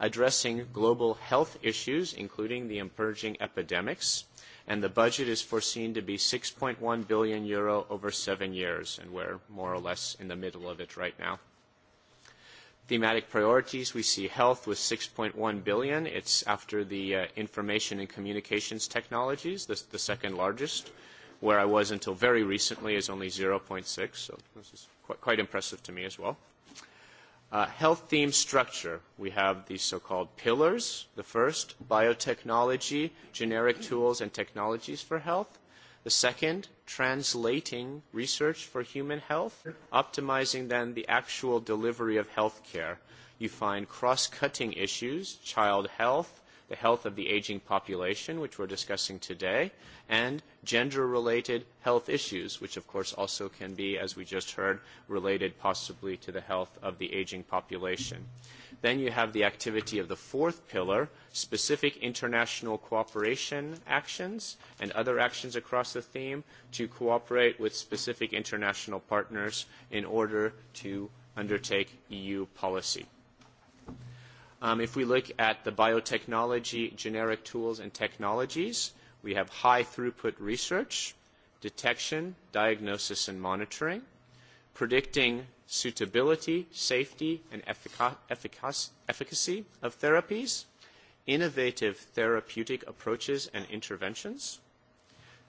[SPEAKER 5] addressing global health issues, including the emerging epidemics, and the budget is foreseen to be 6.1 billion euro over seven years, and we're more or less in the middle of it right now. Thematic priorities, we see health with 6.1 billion. It's after the uh, information and communications technologies, the, the second largest where I was until very recently is only 0.6, so this is quite, quite impressive to me as well. Uh, health theme structure. We have these so-called pillars. The first, biotechnology, generic tools and technologies for health. The second, translating research for human health, optimizing then the actual delivery of health care. You find cross-cutting issues, child health, the health of the aging population, which we're discussing today, and gender-related health issues, which of course also can be, as we just heard, related possibly to the health of the aging population. Then you have the activity of the fourth pillar, specific international cooperation actions and other actions across the theme to cooperate with specific international partners in order to undertake EU policy. Um, if we look at the biotechnology generic tools and technologies, we have high throughput research, detection, diagnosis and monitoring, predicting suitability, safety and efficacy of therapies, innovative therapeutic approaches and interventions,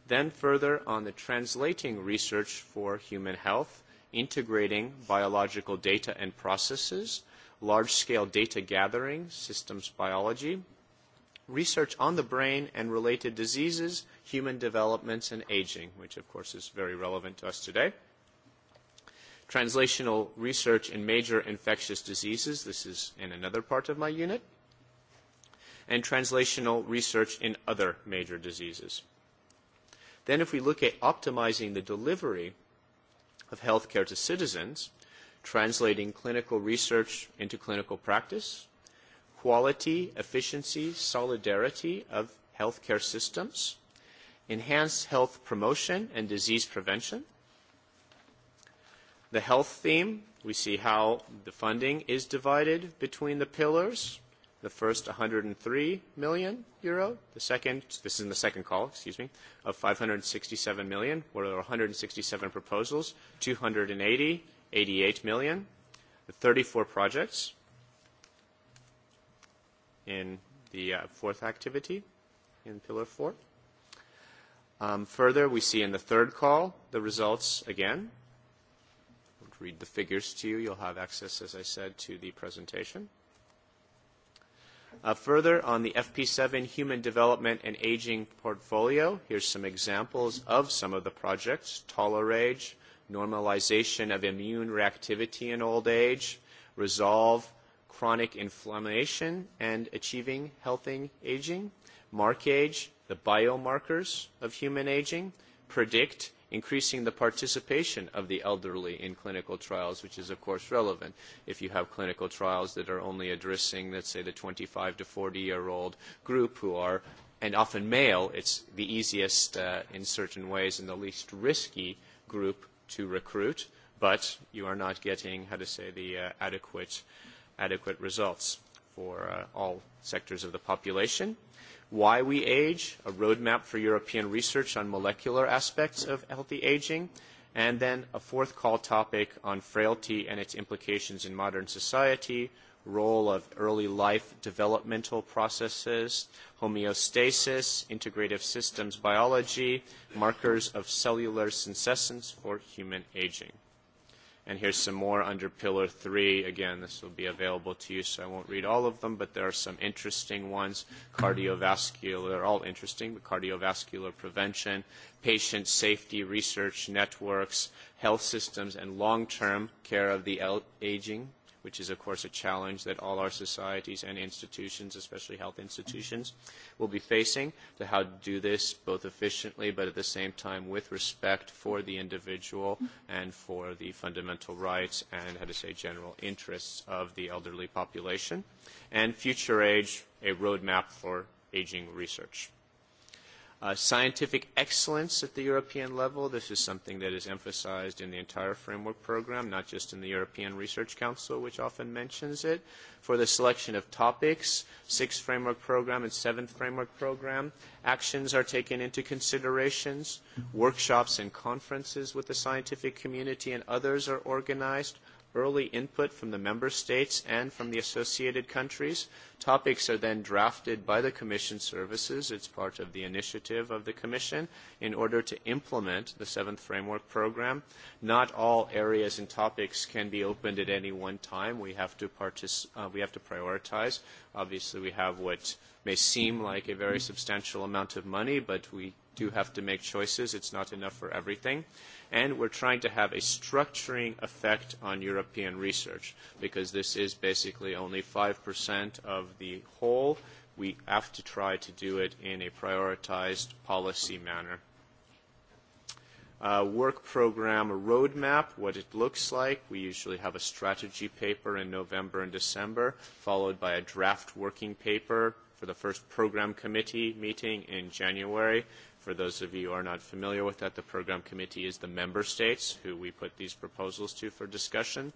[SPEAKER 5] then further on the translating research for human health, integrating biological data and processes large-scale data gathering, systems biology, research on the brain and related diseases, human developments, and aging, which of course is very relevant to us today. Translational research in major infectious diseases, this is in another part of my unit, and translational research in other major diseases. Then if we look at optimizing the delivery of healthcare to citizens, translating clinical research into clinical practice, quality, efficiency, solidarity of healthcare systems, enhanced health promotion and disease prevention. The health theme, we see how the funding is divided between the pillars. The first 103 million euro, the second, this is in the second call, excuse me, of 567 million, where there are 167 proposals, 280 88 million, 34 projects in the uh, fourth activity in Pillar four. Um, further, we see in the third call the results again. I won't read the figures to you. You'll have access, as I said, to the presentation. Uh, further, on the FP7 Human Development and Aging portfolio, here's some examples of some of the projects, Tolerage, normalization of immune reactivity in old age, resolve chronic inflammation and achieving healthy aging, mark age, the biomarkers of human aging, predict increasing the participation of the elderly in clinical trials, which is of course relevant if you have clinical trials that are only addressing, let's say, the 25 to 40 year old group who are, and often male, it's the easiest uh, in certain ways and the least risky group to recruit, but you are not getting, how to say, the uh, adequate, adequate results for uh, all sectors of the population. Why we age, a roadmap for European research on molecular aspects of healthy aging, and then a fourth call topic on frailty and its implications in modern society, role of early life developmental processes, homeostasis, integrative systems biology, markers of cellular senescence for human aging. And here's some more under Pillar three. Again, this will be available to you, so I won't read all of them, but there are some interesting ones. Cardiovascular, they're all interesting, but cardiovascular prevention, patient safety research networks, health systems, and long-term care of the aging which is of course a challenge that all our societies and institutions, especially health institutions, will be facing, to how to do this both efficiently but at the same time with respect for the individual and for the fundamental rights and, how to say, general interests of the elderly population, and future age, a roadmap for aging research. Uh, scientific excellence at the European level. This is something that is emphasized in the entire framework program, not just in the European Research Council, which often mentions it. For the selection of topics, sixth framework program and seventh framework program, actions are taken into considerations. Workshops and conferences with the scientific community and others are organized early input from the member states and from the associated countries. Topics are then drafted by the Commission services. It's part of the initiative of the Commission in order to implement the seventh framework program. Not all areas and topics can be opened at any one time. We have to, partic- uh, we have to prioritize. Obviously, we have what may seem like a very substantial amount of money, but we do have to make choices. It's not enough for everything and we're trying to have a structuring effect on European research because this is basically only 5% of the whole. We have to try to do it in a prioritized policy manner. Uh, work program roadmap, what it looks like. We usually have a strategy paper in November and December, followed by a draft working paper for the first program committee meeting in January, For those of you who are not familiar with that, the program committee is the member states who we put these proposals to for discussion.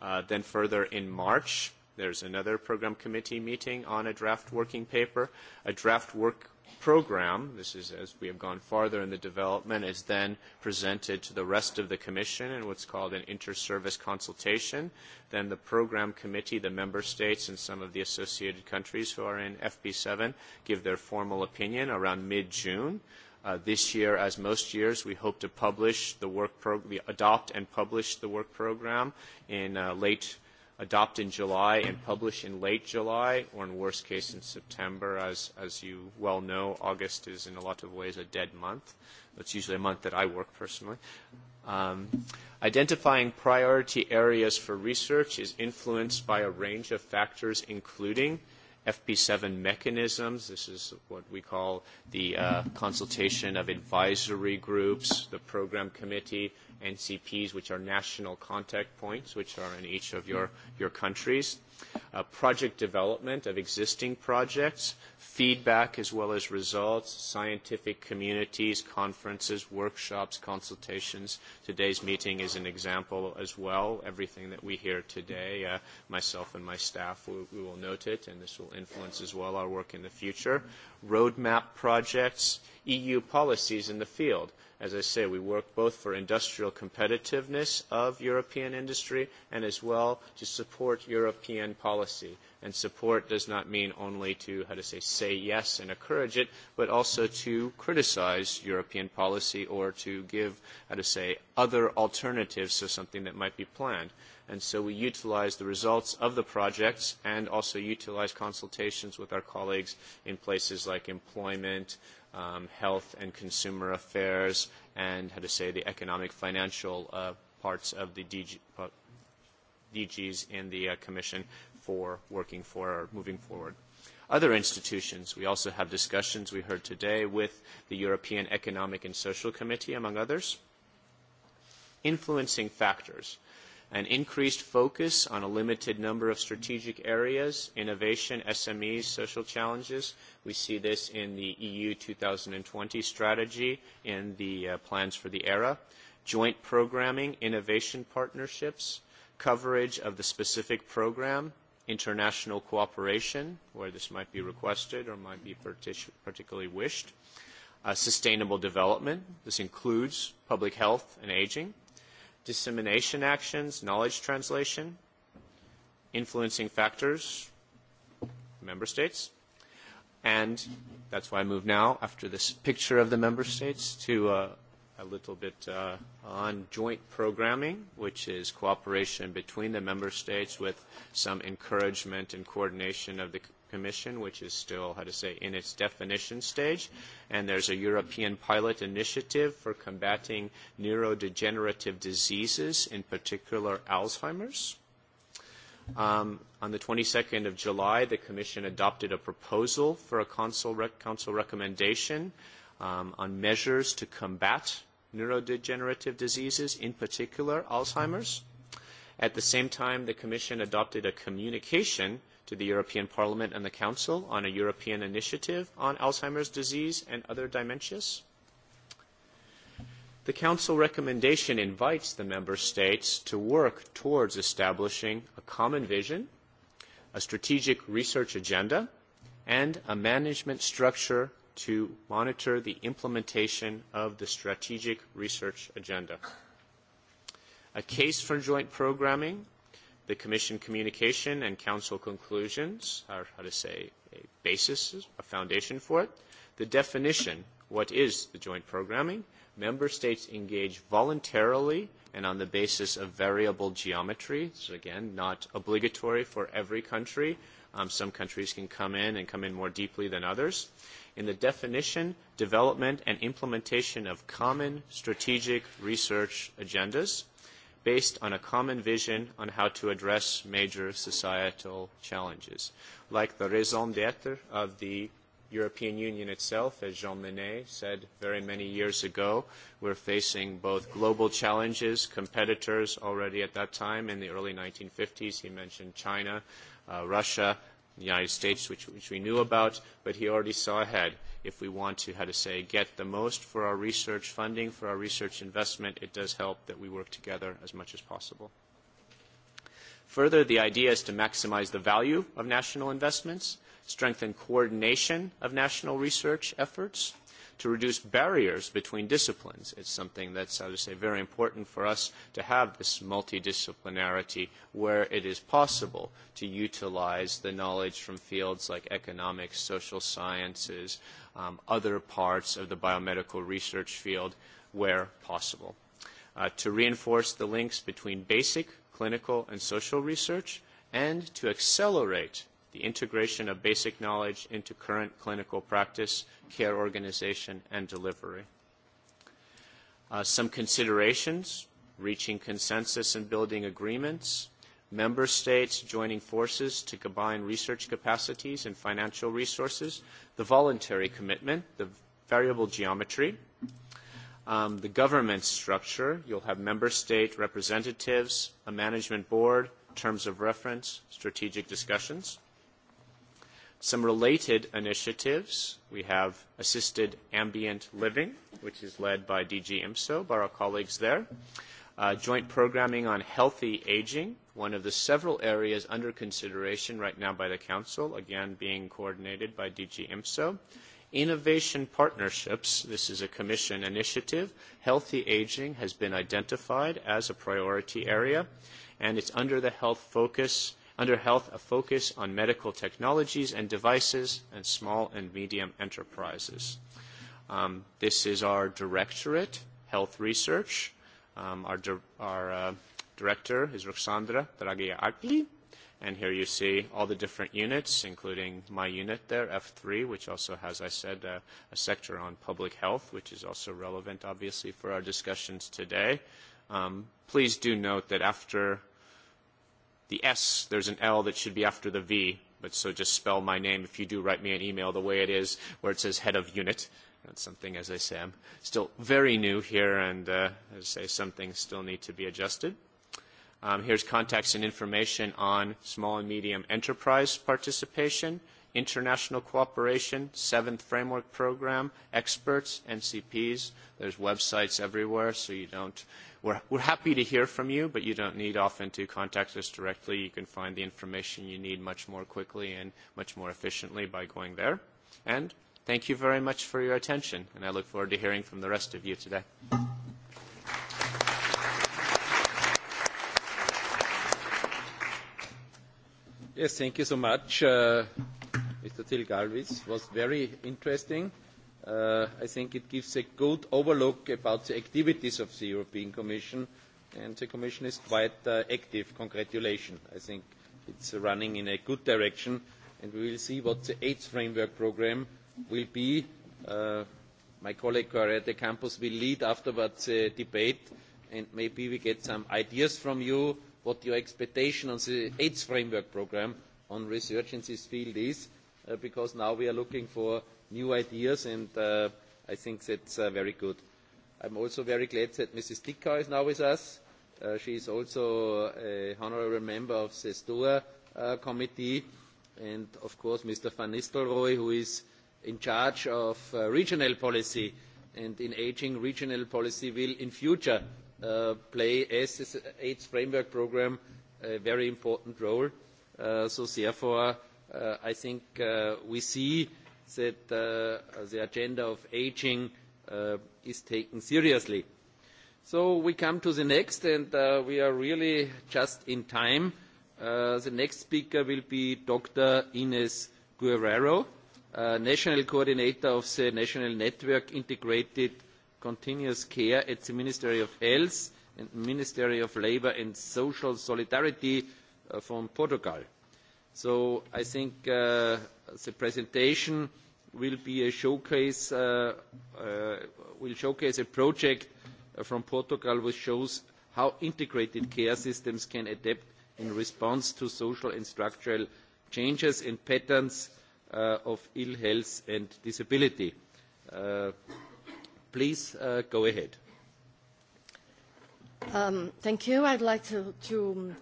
[SPEAKER 5] Uh, then further in March, There's another program committee meeting on a draft working paper. A draft work program, this is as we have gone farther in the development, is then presented to the rest of the Commission in what's called an inter-service consultation. Then the program committee, the member states and some of the associated countries who are in FP7 give their formal opinion around mid-June. Uh, this year, as most years, we hope to publish the work the adopt and publish the work program in uh, late adopt in July and publish in late July, or in worst case in September. As, as you well know, August is in a lot of ways a dead month. It's usually a month that I work personally. Um, identifying priority areas for research is influenced by a range of factors, including FP7 mechanisms. This is what we call the uh, consultation of advisory groups, the program committee, NCPs, which are national contact points, which are in each of your, your countries, uh, project development of existing projects, feedback as well as results, scientific communities, conferences, workshops, consultations. Today's meeting is an example as well. Everything that we hear today, uh, myself and my staff, we, we will note it, and this will influence as well our work in the future. Roadmap projects, EU policies in the field. As I say, we work both for industrial competitiveness of European industry and as well to support European policy. And support does not mean only to, how to say, say yes and encourage it, but also to criticize European policy or to give, how to say, other alternatives to something that might be planned and so we utilize the results of the projects and also utilize consultations with our colleagues in places like employment, um, health and consumer affairs, and how to say the economic financial uh, parts of the DG, uh, DGs in the uh, Commission for working for or moving forward. Other institutions, we also have discussions we heard today with the European Economic and Social Committee, among others. Influencing factors an increased focus on a limited number of strategic areas, innovation, SMEs, social challenges. We see this in the EU 2020 strategy in the uh, plans for the era. Joint programming, innovation partnerships, coverage of the specific program, international cooperation, where this might be requested or might be partic particularly wished. Uh, sustainable development, this includes public health and aging dissemination actions, knowledge translation, influencing factors, member states. And that's why I move now, after this picture of the member states, to uh, a little bit uh, on joint programming, which is cooperation between the member states with some encouragement and coordination of the Commission, which is still, how to say, in its definition stage. And there's a European pilot initiative for combating neurodegenerative diseases, in particular Alzheimer's. Um, on the 22nd of July, the Commission adopted a proposal for a Council, rec council recommendation um, on measures to combat neurodegenerative diseases, in particular Alzheimer's. At the same time, the Commission adopted a communication to the European Parliament and the Council on a European initiative on Alzheimer's disease and other dementias. The Council recommendation invites the Member States to work towards establishing a common vision, a strategic research agenda, and a management structure to monitor the implementation of the strategic research agenda. A case for joint programming the Commission communication and Council conclusions are, how to say, a basis, a foundation for it. The definition, what is the joint programming? Member states engage voluntarily and on the basis of variable geometry. So again, not obligatory for every country. Um, some countries can come in and come in more deeply than others. In the definition, development, and implementation of common strategic research agendas – based on a common vision on how to address major societal challenges, like the raison d'etre of the European Union itself, as Jean Monnet said very many years ago, we're facing both global challenges, competitors already at that time in the early 1950s. He mentioned China, uh, Russia, the United States, which, which we knew about, but he already saw ahead if we want to, how to say, get the most for our research funding, for our research investment, it does help that we work together as much as possible. Further, the idea is to maximize the value of national investments, strengthen coordination of national research efforts, to reduce barriers between disciplines. It's something that's, I would say, very important for us to have this multidisciplinarity where it is possible to utilize the knowledge from fields like economics, social sciences, um, other parts of the biomedical research field where possible. Uh, to reinforce the links between basic clinical and social research and to accelerate the integration of basic knowledge into current clinical practice care organization, and delivery. Uh, some considerations, reaching consensus and building agreements, member states joining forces to combine research capacities and financial resources, the voluntary commitment, the variable geometry, um, the government structure. You'll have member state representatives, a management board, terms of reference, strategic discussions. Some related initiatives, we have assisted ambient living, which is led by DG IMSO, by our colleagues there. Uh, joint programming on healthy aging, one of the several areas under consideration right now by the Council, again being coordinated by DG IMSO. Innovation partnerships, this is a Commission initiative. Healthy aging has been identified as a priority area, and it's under the health focus Under health, a focus on medical technologies and devices and small and medium enterprises. Um, this is our directorate, health research. Um, our di our uh, director is Roxandra Dragia Akli. And here you see all the different units, including my unit there, F3, which also has, I said, a, uh, a sector on public health, which is also relevant, obviously, for our discussions today. Um, please do note that after the S, there's an L that should be after the V, but so just spell my name if you do write me an email the way it is, where it says head of unit. That's something, as I say, I'm still very new here, and uh, as I say, some things still need to be adjusted. Um, here's contacts and information on small and medium enterprise participation, international cooperation, seventh framework program, experts, NCPs. There's websites everywhere, so you don't we're, we're happy to hear from you, but you don't need often to contact us directly. You can find the information you need much more quickly and much more efficiently by going there. And thank you very much for your attention, and I look forward to hearing from the rest of you today.
[SPEAKER 2] Yes, thank you so much. Uh, Mr. Tilgalvis was very interesting uh, I think it gives a good overlook about the activities of the European Commission, and the Commission is quite uh, active. Congratulations. I think it's running in a good direction, and we will see what the eighth framework programme will be. Uh, my colleague Correa de Campos will lead afterwards the debate, and maybe we get some ideas from you what your expectation on the eighth framework programme on research in this field is, uh, because now we are looking for new ideas, and uh, I think that's uh, very good. I'm also very glad that Mrs. Dickau is now with us. Uh, she is also an honorary member of the STOA uh, committee, and of course Mr. Van Nistelrooy, who is in charge of uh, regional policy, and in aging regional policy will in future uh, play as the AIDS framework program a very important role. Uh, so therefore, uh, I think uh, we see that uh, the agenda of aging uh, is taken seriously. So we come to the next, and uh, we are really just in time. Uh, the next speaker will be Dr. Ines Guerrero, uh, National Coordinator of the National Network Integrated Continuous Care at the Ministry of Health and Ministry of Labour and Social Solidarity uh, from Portugal. So I think uh, the presentation will be a showcase, uh, uh, will showcase a project uh, from Portugal which shows how integrated care systems can adapt in response to social and structural changes and patterns uh, of ill health and disability. Uh, please uh, go ahead.
[SPEAKER 6] Um, thank you. I'd like to, to um,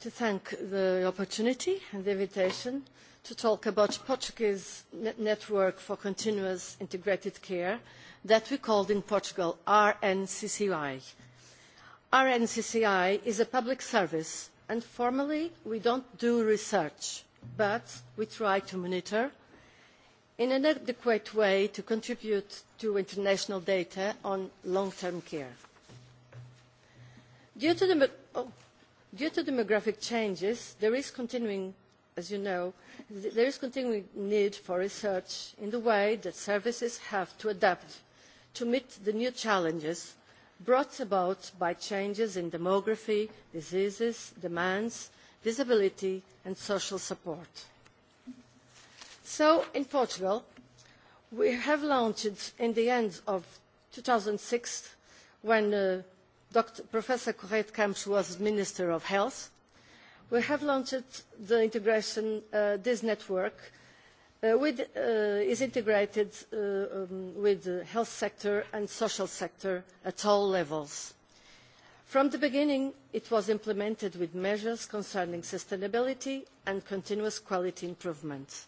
[SPEAKER 6] to thank the opportunity and the invitation to talk about Portuguese net network for continuous integrated care that we called in Portugal RNCCI. RNCCI is a public service and formally we don't do research but we try to monitor in an adequate way to contribute to international data on long-term care. Due to the... Oh, Due to demographic changes, there is continuing, as you know, there is continuing need for research in the way that services have to adapt to meet the new challenges brought about by changes in demography, diseases, demands, disability and social support. So in Portugal, we have launched in the end of 2006 when uh, Dr. Professor Corrette Camps was Minister of Health. We have launched the integration, uh, this network uh, with, uh, is integrated uh, um, with the health sector and social sector at all levels. From the beginning, it was implemented with measures concerning sustainability and continuous quality improvement.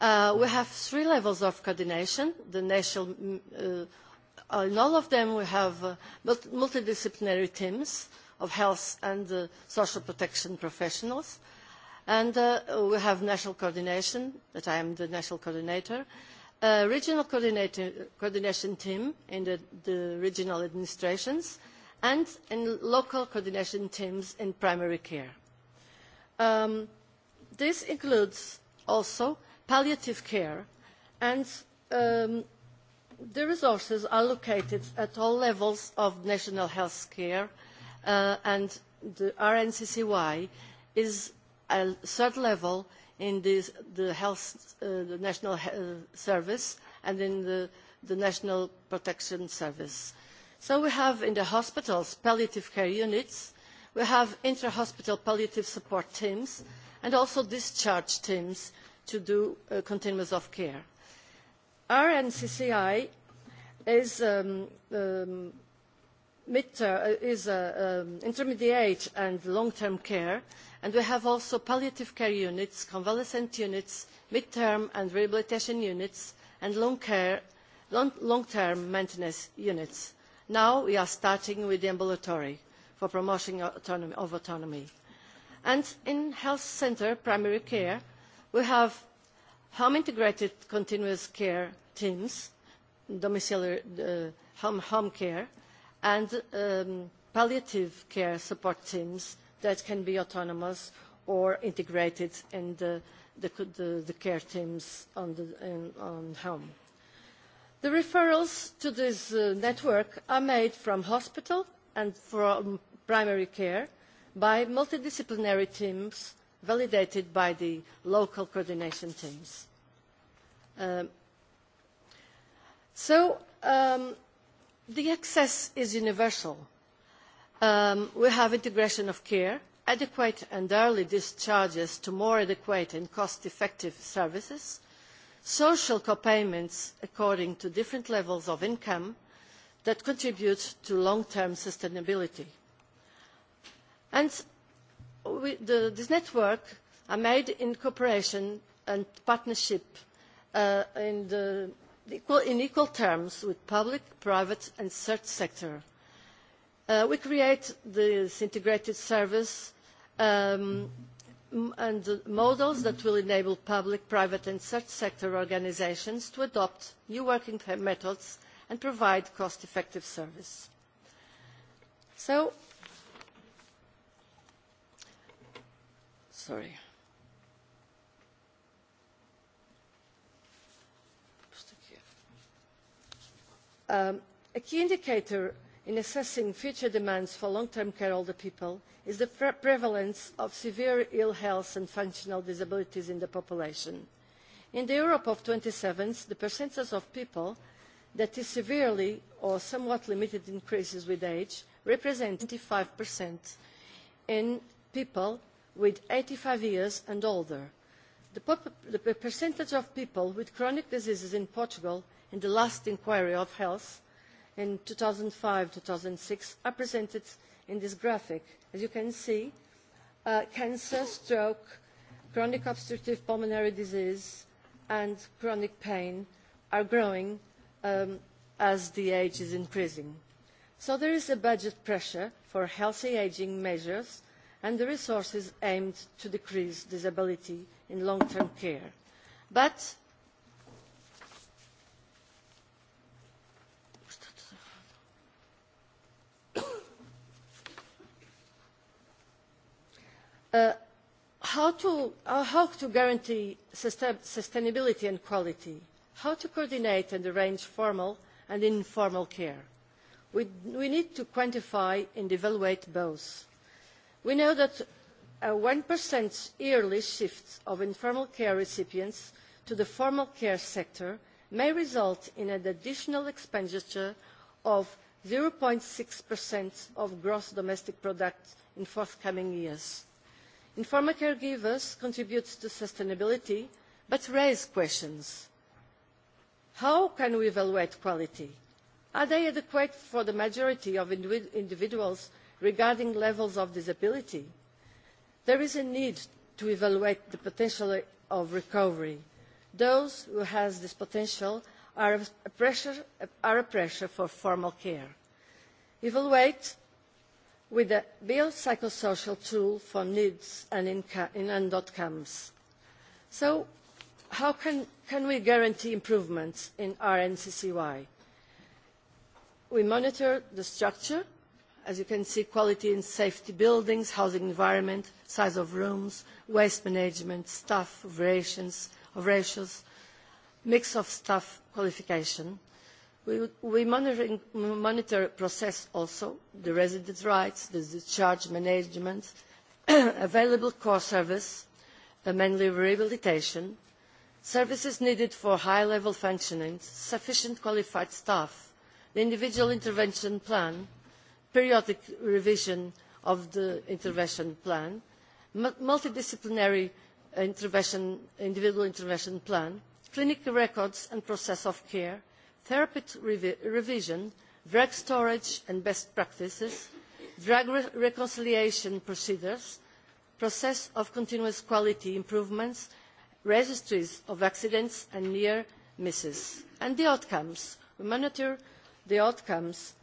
[SPEAKER 6] Uh, we have three levels of coordination, the national, uh, Uh, in all of them we have uh, multidisciplinary teams of health and uh, social protection professionals. And uh, we have national coordination, that I am the national coordinator, a regional coordination team in the, the regional administrations, and in local coordination teams in primary care. Um, this includes also palliative care and um, The resources are located at all levels of national health care uh, and the RNCCY is a third level in this, the health, uh, the national health uh, service and in the, the national protection service. So we have in the hospitals palliative care units, we have intra-hospital palliative support teams and also discharge teams to do uh, of care. RNCCI is um, um, uh, is um, intermediate and long-term care, and we have also palliative care units, convalescent units, mid-term and rehabilitation units, and long long, long-term maintenance units. Now we are starting with the ambulatory for promotion autonomy, of autonomy. And in health center primary care, we have Home integrated continuous care teams, domiciliary uh, home, home care, and um, palliative care support teams that can be autonomous or integrated in the, the, the, the care teams on, the, in, on home. The referrals to this uh, network are made from hospital and from primary care by multidisciplinary teams validated by the local coordination teams. Um, so um, the access is universal. Um, we have integration of care, adequate and early discharges to more adequate and cost-effective services, social co payments according to different levels of income that contribute to long-term sustainability. And the, this network are made in cooperation and partnership uh, in, the, equal, in equal terms with public, private and third sector. Uh, we create this integrated service um, and models that will enable public, private and third sector organisations to adopt new working methods and provide cost-effective service. So sorry. Um, a key indicator in assessing future demands for long-term care older people is the pre prevalence of severe ill health and functional disabilities in the population. In the Europe of twenty the percentage of people that is severely or somewhat limited increases with age represents 25% in people with eighty five years and older. The, the percentage of people with chronic diseases in Portugal in the last inquiry of health in two thousand five 2005 six are presented in this graphic. As you can see, uh, cancer, stroke, chronic obstructive pulmonary disease and chronic pain are growing um, as the age is increasing. So there is a budget pressure for healthy ageing measures and the resources aimed to decrease disability in long-term care. But Uh, how, to, uh, how to guarantee sustainability and quality, how to coordinate and arrange formal and informal care. We, we need to quantify and evaluate both. We know that a 1% yearly shift of informal care recipients to the formal care sector may result in an additional expenditure of 0.6% of gross domestic product in forthcoming years. Informal caregivers contribute to sustainability but raise questions. How can we evaluate quality? Are they adequate for the majority of individuals regarding levels of disability. There is a need to evaluate the potential of recovery. Those who have this potential are a pressure, are a pressure for formal care. Evaluate with a biopsychosocial tool for needs and, outcomes. So how can, can we guarantee improvements in RNCCY? We monitor the structure As you can see, quality and safety buildings, housing environment, size of rooms, waste management, staff variations, of ratios, mix of staff qualification. We, we monitoring, monitor process also, the residence rights, the discharge management, available core service, mainly rehabilitation, services needed for high-level functioning, sufficient qualified staff, the individual intervention plan, periodic revision of the intervention plan, multidisciplinary intervention, individual intervention plan, clinical records and process of care, therapeutic revi revision, drug storage and best practices, drug re reconciliation procedures, process of continuous quality improvements, registries of accidents and near misses, and the outcomes. We monitor the outcomes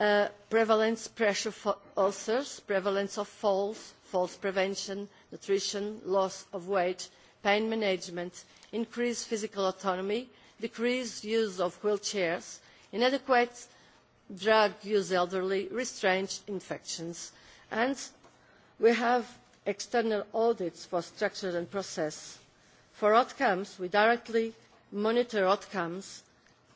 [SPEAKER 6] Uh, prevalence pressure for ulcers, prevalence of falls, falls prevention, nutrition, loss of weight, pain management, increased physical autonomy, decreased use of wheelchairs, inadequate drug use elderly, restraint infections. And we have external audits for structure and process. For outcomes, we directly monitor outcomes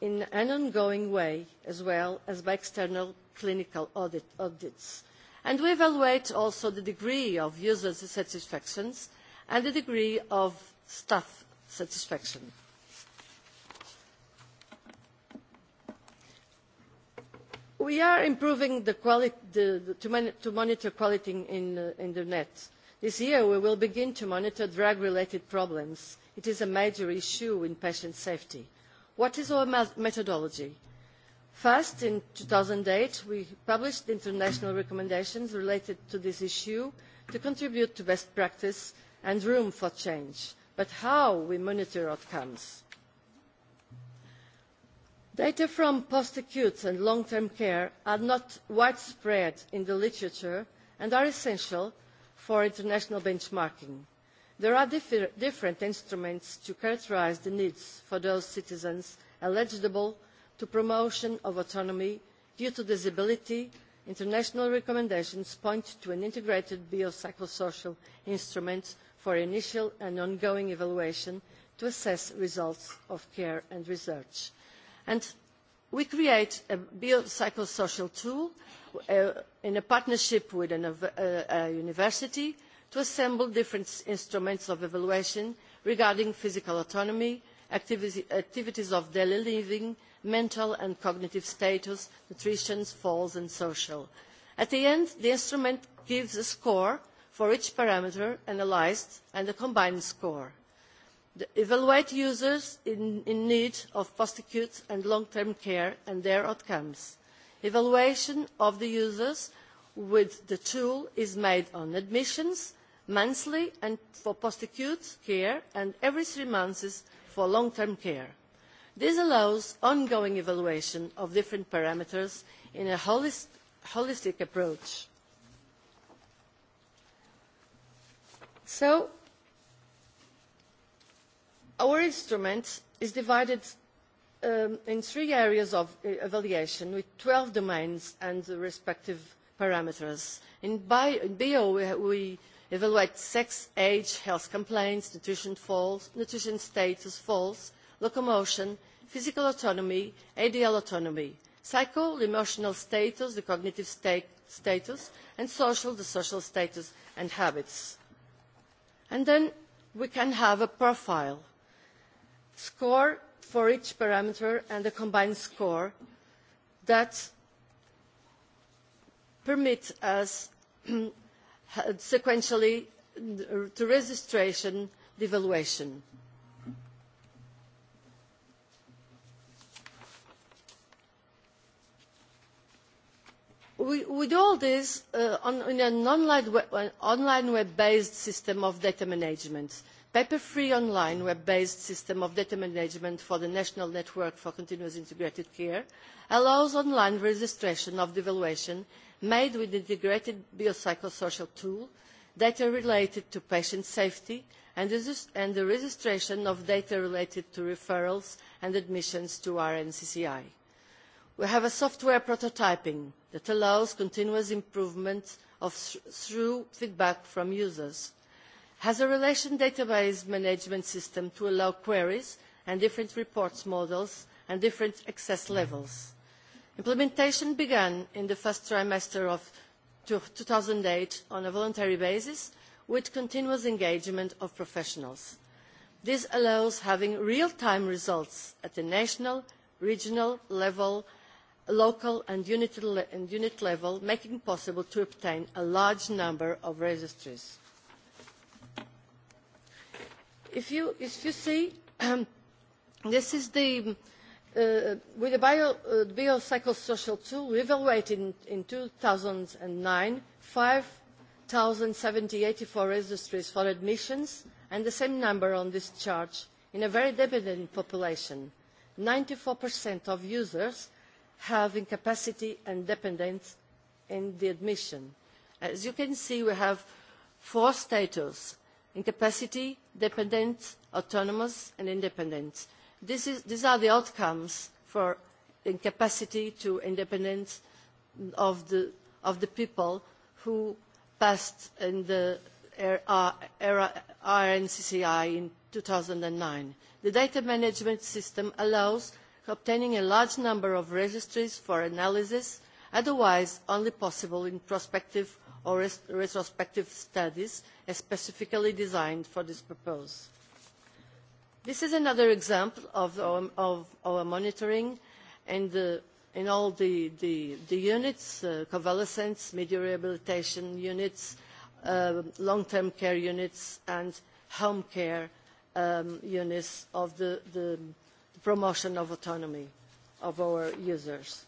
[SPEAKER 6] in an ongoing way, as well as by external clinical audit, audits. And we evaluate also the degree of user satisfaction and the degree of staff satisfaction. We are improving the quality, the, the, to, man, to monitor quality in, uh, in the net. This year we will begin to monitor drug-related problems. It is a major issue in patient safety. What is our methodology? First, in two thousand eight we published international recommendations related to this issue to contribute to best practice and room for change, but how we monitor outcomes. Data from post-acute and long-term care are not widespread in the literature and are essential for international benchmarking. There are differ different instruments to characterise the needs for those citizens eligible to promotion of autonomy due to disability. International recommendations point to an integrated biopsychosocial instrument for initial and ongoing evaluation to assess results of care and research. And we create a biopsychosocial tool uh, in a partnership with an, uh, a university to assemble different instruments of evaluation regarding physical autonomy, activities of daily living, mental and cognitive status, nutrition, falls and social. At the end, the instrument gives a score for each parameter analysed and a combined score. The evaluate users in, in need of post-acute and long-term care and their outcomes. Evaluation of the users with the tool is made on admissions, monthly and for post acute care and every three months for long term care. This allows ongoing evaluation of different parameters in a holist holistic approach. So, our instrument is divided um, in three areas of uh, evaluation with 12 domains and the respective parameters. In bio, in bio we, we evaluate sex, age, health complaints, nutrition, falls, nutrition status, falls, locomotion, physical autonomy, ADL autonomy, psycho, emotional status, the cognitive state, status, and social, the social status and habits. And then we can have a profile score for each parameter and a combined score that permit us Uh, sequentially uh, to registration devaluation. We, with all this, uh, on, in an online uh, web-based online web system of data management, paper-free online web-based system of data management for the National Network for Continuous Integrated Care allows online registration of devaluation made with integrated biopsychosocial tools, data related to patient safety, and, the registration of data related to referrals and admissions to RNCCI. We have a software prototyping that allows continuous improvement of through feedback from users, has a relation database management system to allow queries and different reports models and different access levels Implementation began in the first trimester of 2008 on a voluntary basis with continuous engagement of professionals. This allows having real-time results at the national, regional level, local and unit, and unit level, making possible to obtain a large number of registries. If you, if you see, this is the Uh, with the bio, uh, biopsychosocial tool, we evaluated in, in 2009 5,784 registries for admissions and the same number on discharge in a very dependent population. 94% of users have incapacity and dependence in the admission. As you can see, we have four status, incapacity, dependent, autonomous, and independent. This is, these are the outcomes for incapacity to independence of the, of the people who passed in the er, uh, era RNCCI in 2009. The data management system allows obtaining a large number of registries for analysis, otherwise only possible in prospective or retrospective studies, specifically designed for this purpose. This is another example of our, of our monitoring in the, in all the, the, the units, uh, convalescence, media rehabilitation units, uh, long-term care units and home care um, units of the, the, the promotion of autonomy of our users.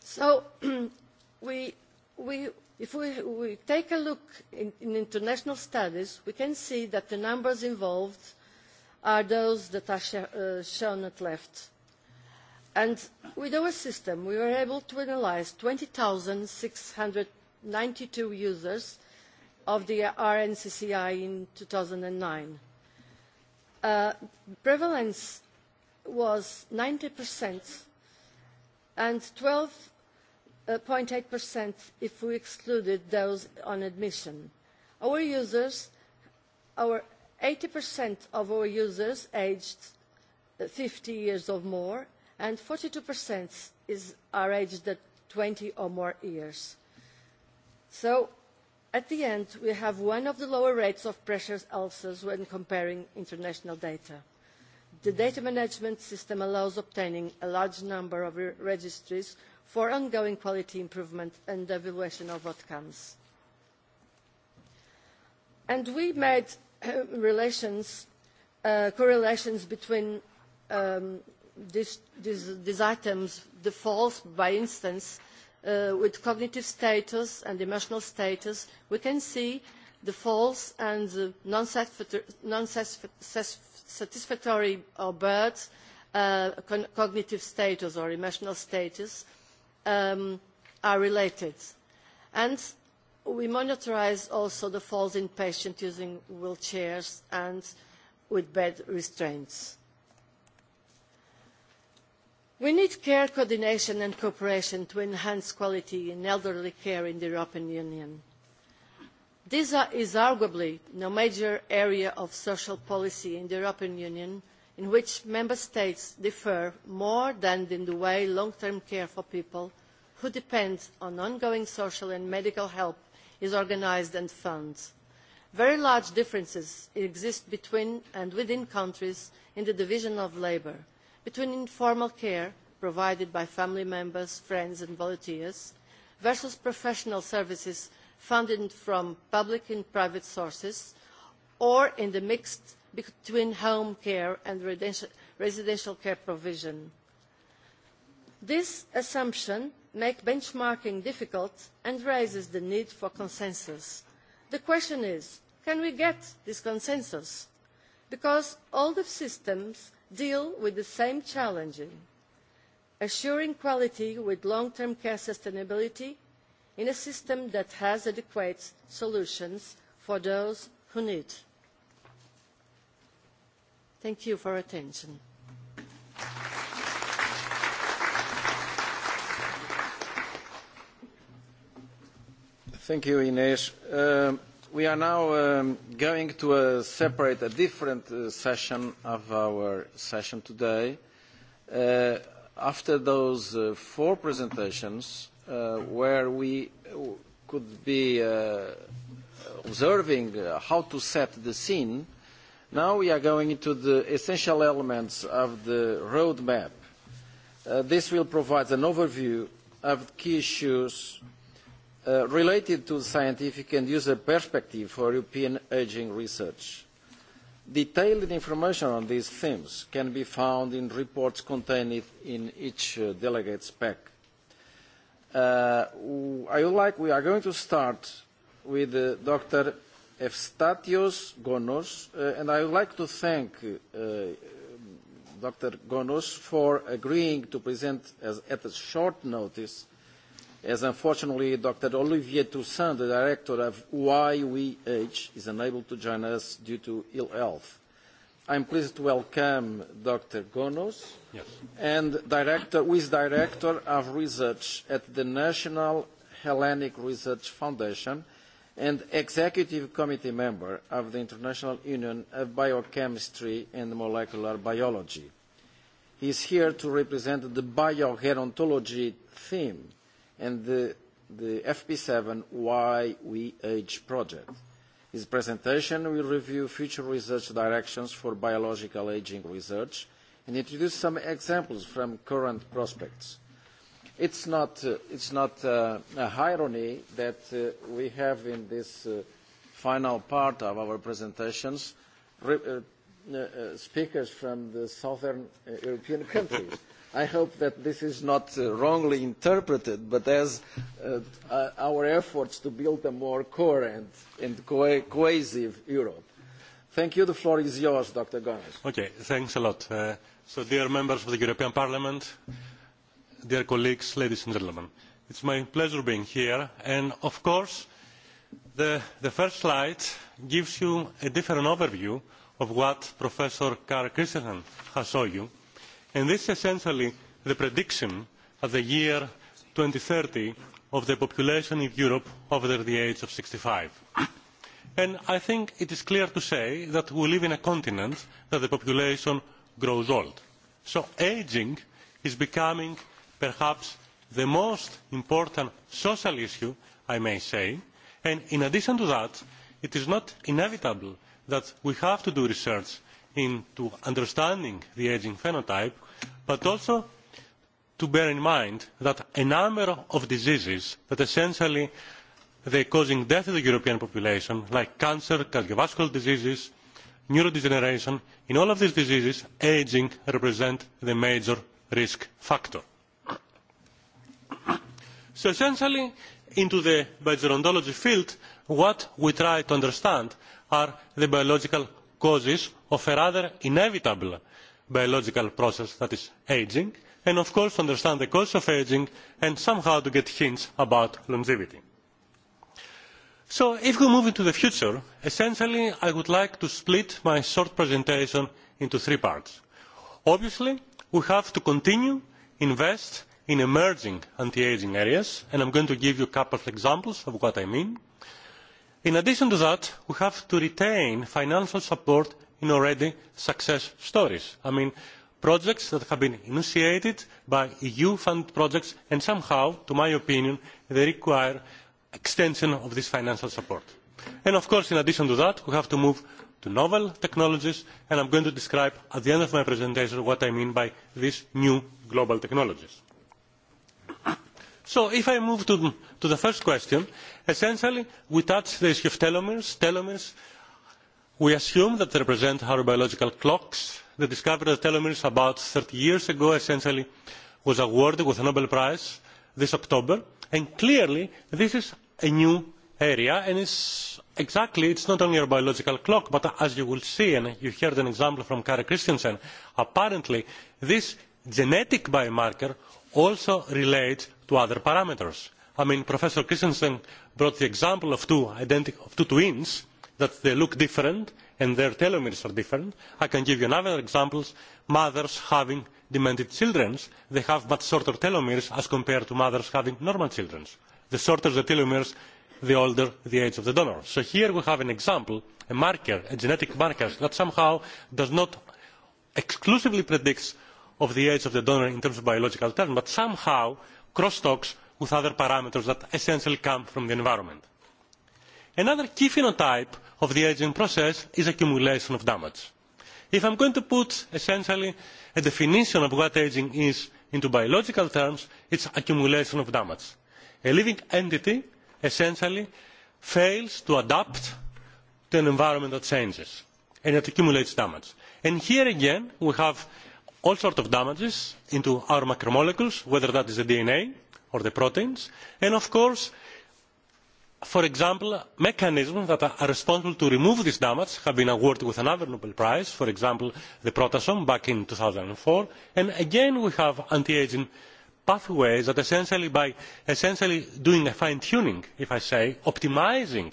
[SPEAKER 6] So we, we, If we, we take a look in, in international studies, we can see that the numbers involved are those that are sh uh, shown at left. And with our system, we were able to analyze 20,692 users of the RNCCI in 2009. Uh, prevalence was 90% and 12 0.8% uh, if we excluded those on admission. Our users, our 80% of our users aged 50 years or more, and 42% is, are aged at 20 or more years. So at the end, we have one of the lower rates of pressure ulcers when comparing international data. The data management system allows obtaining a large number of registries for ongoing quality improvement and evaluation of outcomes. And we made uh, relations, uh, correlations between um, this, this, these items, the falls, by instance, uh, with cognitive status and emotional status, we can see the false and the non-satisfactory non or bad uh, uh cognitive status or emotional status um, are related. And we monitorise also the falls in patients using wheelchairs and with bed restraints. We need care coordination and cooperation to enhance quality in elderly care in the European Union. This is arguably no major area of social policy in the European Union in which member states differ more than in the way long-term care for people who depend on ongoing social and medical help is organised and funded. Very large differences exist between and within countries in the division of labour, between informal care provided by family members, friends and volunteers, versus professional services funded from public and private sources, or in the mixed between home care and residential care provision. This assumption makes benchmarking difficult and raises the need for consensus. The question is, can we get this consensus? Because all the systems deal with the same challenges, assuring quality with long-term care sustainability in a system that has adequate solutions for those who need Thank you for your attention.
[SPEAKER 7] Thank you, Ines. Um, we are now um, going to a separate, a different uh, session of our session today. Uh, after those uh, four presentations, uh, where we uh, could be uh, observing uh, how to set the scene Now we are going into the essential elements of the roadmap. Uh, this will provide an overview of the key issues uh, related to the scientific and user perspective for European aging research. Detailed information on these themes can be found in reports contained in each uh, delegate's pack. Uh, I would like, we are going to start with uh, Dr. Evstatios Gonos, uh, and I would like to thank uh, Dr. Gonos for agreeing to present as, at a short notice, as unfortunately Dr. Olivier Toussaint, the director of YWH, is unable to join us due to ill health. I'm pleased to welcome Dr. Gonos, yes. and director, who is director of research at the National Hellenic Research Foundation, and Executive Committee member of the International Union of Biochemistry and Molecular Biology. He is here to represent the biogerontology theme and the, the FP7 Why We Age project. His presentation will review future research directions for biological aging research and introduce some examples from current prospects. It's not, uh, it's not uh, a irony that uh, we have in this uh, final part of our presentations re uh, uh, speakers from the southern uh, European countries. I hope that this is not uh, wrongly interpreted, but as uh, uh, our efforts to build a more coherent and co cohesive Europe. Thank you. The floor is yours, Dr. Gomes.
[SPEAKER 8] Okay, thanks a lot. Uh, so, dear members of the European Parliament, dear colleagues, ladies and gentlemen. It's my pleasure being here, and of course, the, the first slide gives you a different overview of what Professor Carl Christensen has shown you, and this is essentially the prediction of the year thirty of the population in Europe over the age of sixty five. And I think it is clear to say that we live in a continent that the population grows old. So ageing is becoming perhaps the most important social issue, I may say, and in addition to that, it is not inevitable that we have to do research into understanding the ageing phenotype, but also to bear in mind that a number of diseases that essentially are causing death in the European population, like cancer, cardiovascular diseases, neurodegeneration, in all of these diseases, ageing represents the major risk factor. So essentially, into the biogerontology field, what we try to understand are the biological causes of a rather inevitable biological process that is aging, and of course understand the cause of aging and somehow to get hints about longevity. So if we move into the future, essentially I would like to split my short presentation into three parts. Obviously, we have to continue invest in emerging anti-aging areas, and I'm going to give you a couple of examples of what I mean. In addition to that, we have to retain financial support in already success stories. I mean, projects that have been initiated by EU funded projects and somehow, to my opinion, they require extension of this financial support. And of course, in addition to that, we have to move to novel technologies, and I am going to describe at the end of my presentation what I mean by these new global technologies. So if I move to, to the first question, essentially we touch the issue of telomeres. Telomeres, we assume that they represent our biological clocks. The discovery of telomeres about 30 years ago essentially was awarded with a Nobel Prize this October. And clearly this is a new area and it's exactly it's not only a biological clock but as you will see and you heard an example from Kari Christensen, apparently this genetic biomarker also relates to other parameters. I mean, Professor Christensen brought the example of two, of two twins that they look different and their telomeres are different. I can give you another example. Mothers having demented children, they have much shorter telomeres as compared to mothers having normal children. The shorter the telomeres, the older the age of the donor. So here we have an example, a marker, a genetic marker that somehow does not exclusively predicts of the age of the donor in terms of biological terms, but somehow crosstalks with other parameters that essentially come from the environment. Another key phenotype of the aging process is accumulation of damage. If I am going to put essentially a definition of what aging is into biological terms, it is accumulation of damage. A living entity essentially fails to adapt to an environment that changes and it accumulates damage. And here again we have all sorts of damages into our macromolecules, whether that is the DNA or the proteins, and of course, for example, mechanisms that are responsible to remove this damage have been awarded with another Nobel Prize, for example, the protasome back in two thousand four, and again we have anti-aging pathways that essentially by essentially doing a fine-tuning, if I say, optimising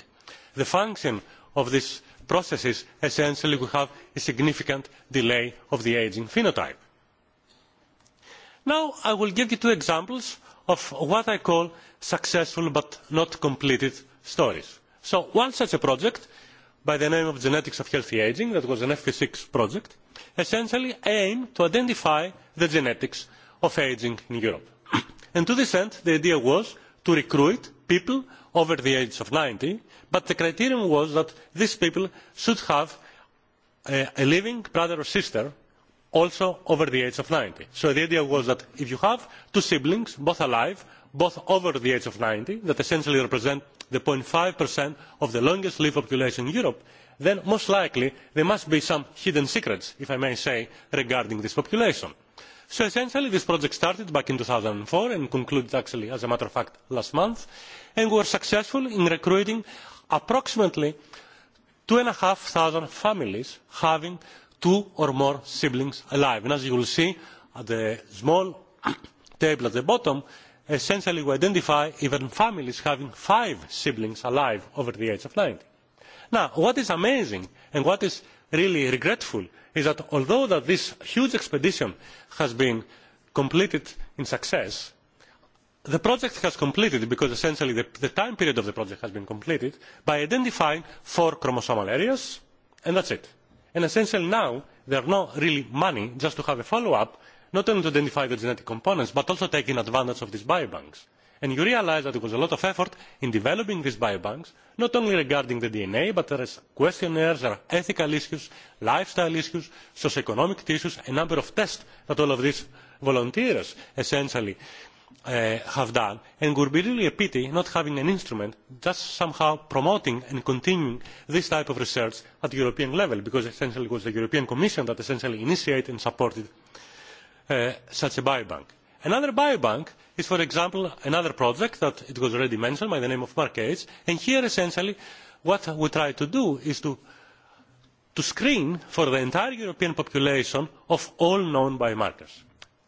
[SPEAKER 8] the function of these processes, essentially we have a significant delay of the ageing phenotype Now I will give you two examples of what I call successful but not completed stories. So one such a project by the name of Genetics of Healthy Aging, that was an FP6 project, essentially aimed to identify the genetics of aging in Europe. and to this end, the idea was to recruit people over the age of 90, but the criterion was that these people should have a, a living brother or sister also over the age of ninety. So the idea was that if you have two siblings, both alive, both over the age of ninety, that essentially represent the 0.5% of the longest lived population in Europe, then most likely there must be some hidden secrets, if I may say, regarding this population. So essentially this project started back in two thousand four and concluded actually, as a matter of fact, last month, and we were successful in recruiting approximately two and a half thousand families having two or more siblings alive. And as you will see at the small table at the bottom, essentially we identify even families having five siblings alive over the age of 90. Now, what is amazing and what is really regretful is that although that this huge expedition has been completed in success, the project has completed, because essentially the, the time period of the project has been completed, by identifying four chromosomal areas, and that's it And essentially now, there are not really money just to have a follow-up, not only to identify the genetic components, but also taking advantage of these biobanks. And you realize that there was a lot of effort in developing these biobanks, not only regarding the DNA, but there are questionnaires, there are ethical issues, lifestyle issues, socioeconomic issues, a number of tests that all of these volunteers essentially uh, have done and would be really a pity not having an instrument just somehow promoting and continuing this type of research at European level because essentially it was the European Commission that essentially initiated and supported uh, such a biobank. Another biobank is for example another project that it was already mentioned by the name of Mark Gates and here essentially what we try to do is to to screen for the entire European population of all known biomarkers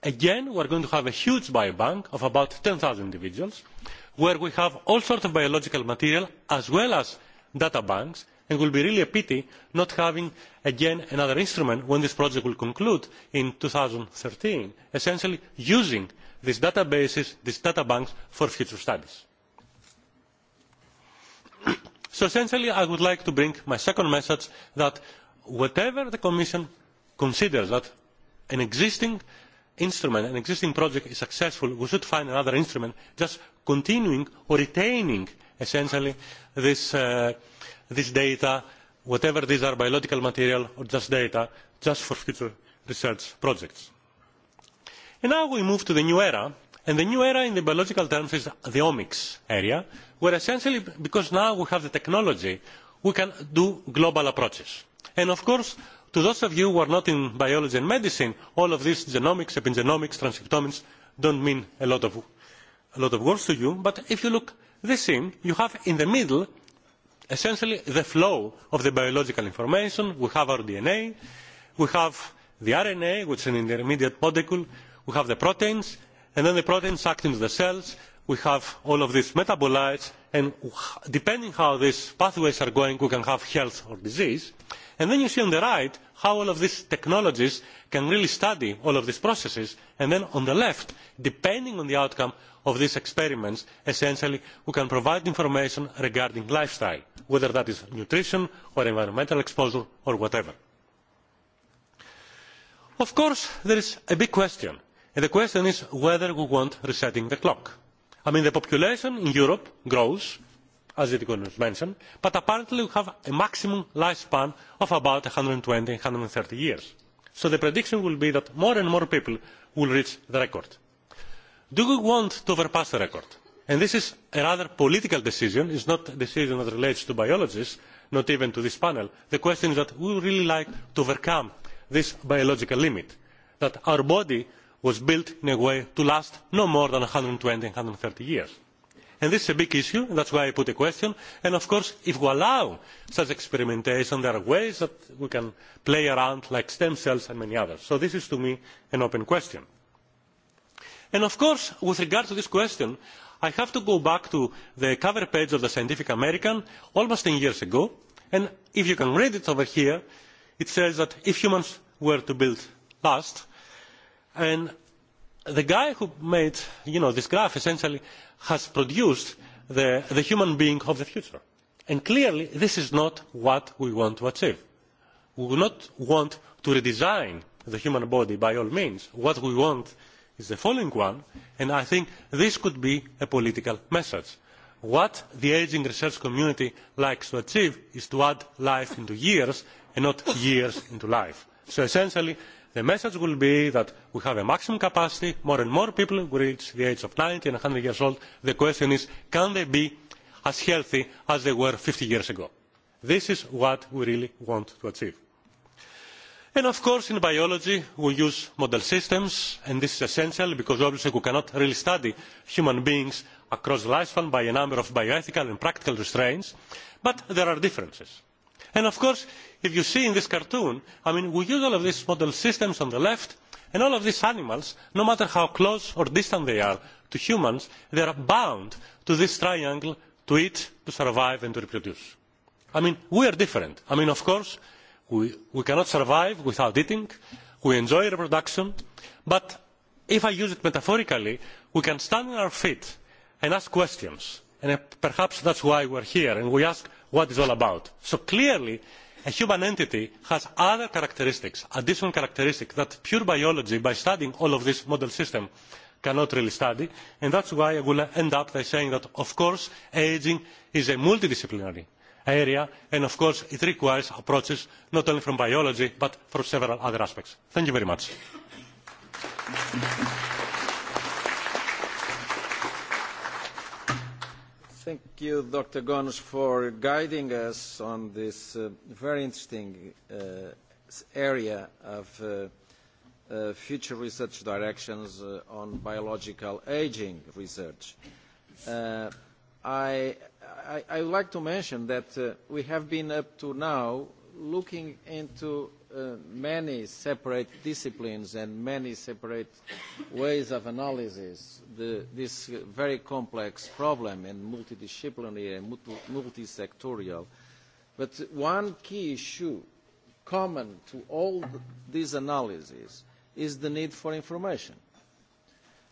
[SPEAKER 8] again we are going to have a huge biobank of about 10,000 individuals where we have all sorts of biological material as well as data banks and it will be really a pity not having again another instrument when this project will conclude in 2013 essentially using these databases these data banks for future studies so essentially i would like to bring my second message that whatever the commission considers that an existing instrument, an existing project is successful, we should find another instrument, just continuing or retaining essentially this, uh, this data, whatever these are biological material or just data, just for future research projects. And now we move to the new era, and the new era in the biological terms is the omics area, where essentially, because now we have the technology, we can do global approaches. And of course, to those of you who are not in biology and medicine all of this genomics epigenomics transcriptomics don't mean a lot, of, a lot of words to you but if you look this in you have in the middle essentially the flow of the biological information we have our dna we have the rna which is an intermediate molecule we have the proteins and then the proteins act into the cells we have all of these metabolites and depending on how these pathways are going we can have health or disease and then you see on the right how all of these technologies can really study all of these processes and then on the left depending on the outcome of these experiments essentially we can provide information regarding lifestyle whether that is nutrition or environmental exposure or whatever. of course there is a big question and the question is whether we want resetting the clock I mean, the population in Europe grows, as it was mentioned, but apparently we have a maximum lifespan of about 120, 130 years. So the prediction will be that more and more people will reach the record. Do we want to overpass the record? And this is a rather political decision. It's not a decision that relates to biologists, not even to this panel. The question is that we would really like to overcome this biological limit, that our body was built in a way to last no more than one hundred and twenty one hundred and thirty years. And this is a big issue and that is why i put a question and of course if we allow such experimentation there are ways that we can play around like stem cells and many others. so this is to me an open question. and of course with regard to this question i have to go back to the cover page of the scientific american almost ten years ago and if you can read it over here it says that if humans were to build last And the guy who made you know, this graph essentially has produced the, the human being of the future. And clearly, this is not what we want to achieve. We do not want to redesign the human body by all means. What we want is the following one, and I think this could be a political message. What the ageing research community likes to achieve is to add life into years and not years into life. So essentially, The message will be that we have a maximum capacity, more and more people will reach the age of 90 and 100 years old. The question is, can they be as healthy as they were 50 years ago? This is what we really want to achieve. And of course in biology we use model systems and this is essential because obviously we cannot really study human beings across the lifespan by a number of bioethical and practical restraints, but there are differences And of course, if you see in this cartoon, I mean, we use all of these model systems on the left, and all of these animals, no matter how close or distant they are to humans, they are bound to this triangle to eat, to survive, and to reproduce. I mean, we are different. I mean, of course, we, we cannot survive without eating. We enjoy reproduction. But if I use it metaphorically, we can stand on our feet and ask questions. And perhaps that's why we're here, and we ask what it's all about. So clearly, a human entity has other characteristics, additional characteristics that pure biology, by studying all of this model system, cannot really study. And that's why I will end up by saying that, of course, aging is a multidisciplinary area, and of course, it requires approaches not only from biology, but from several other aspects. Thank you very much.
[SPEAKER 7] Thank you, Dr. Gonos, for guiding us on this uh, very interesting uh, area of uh, uh, future research directions uh, on biological aging research. Uh, I, I, I would like to mention that uh, we have been up to now looking into Uh, many separate disciplines and many separate ways of analysis the, this very complex problem and multidisciplinary and multisectorial. But one key issue common to all these analyses is the need for information.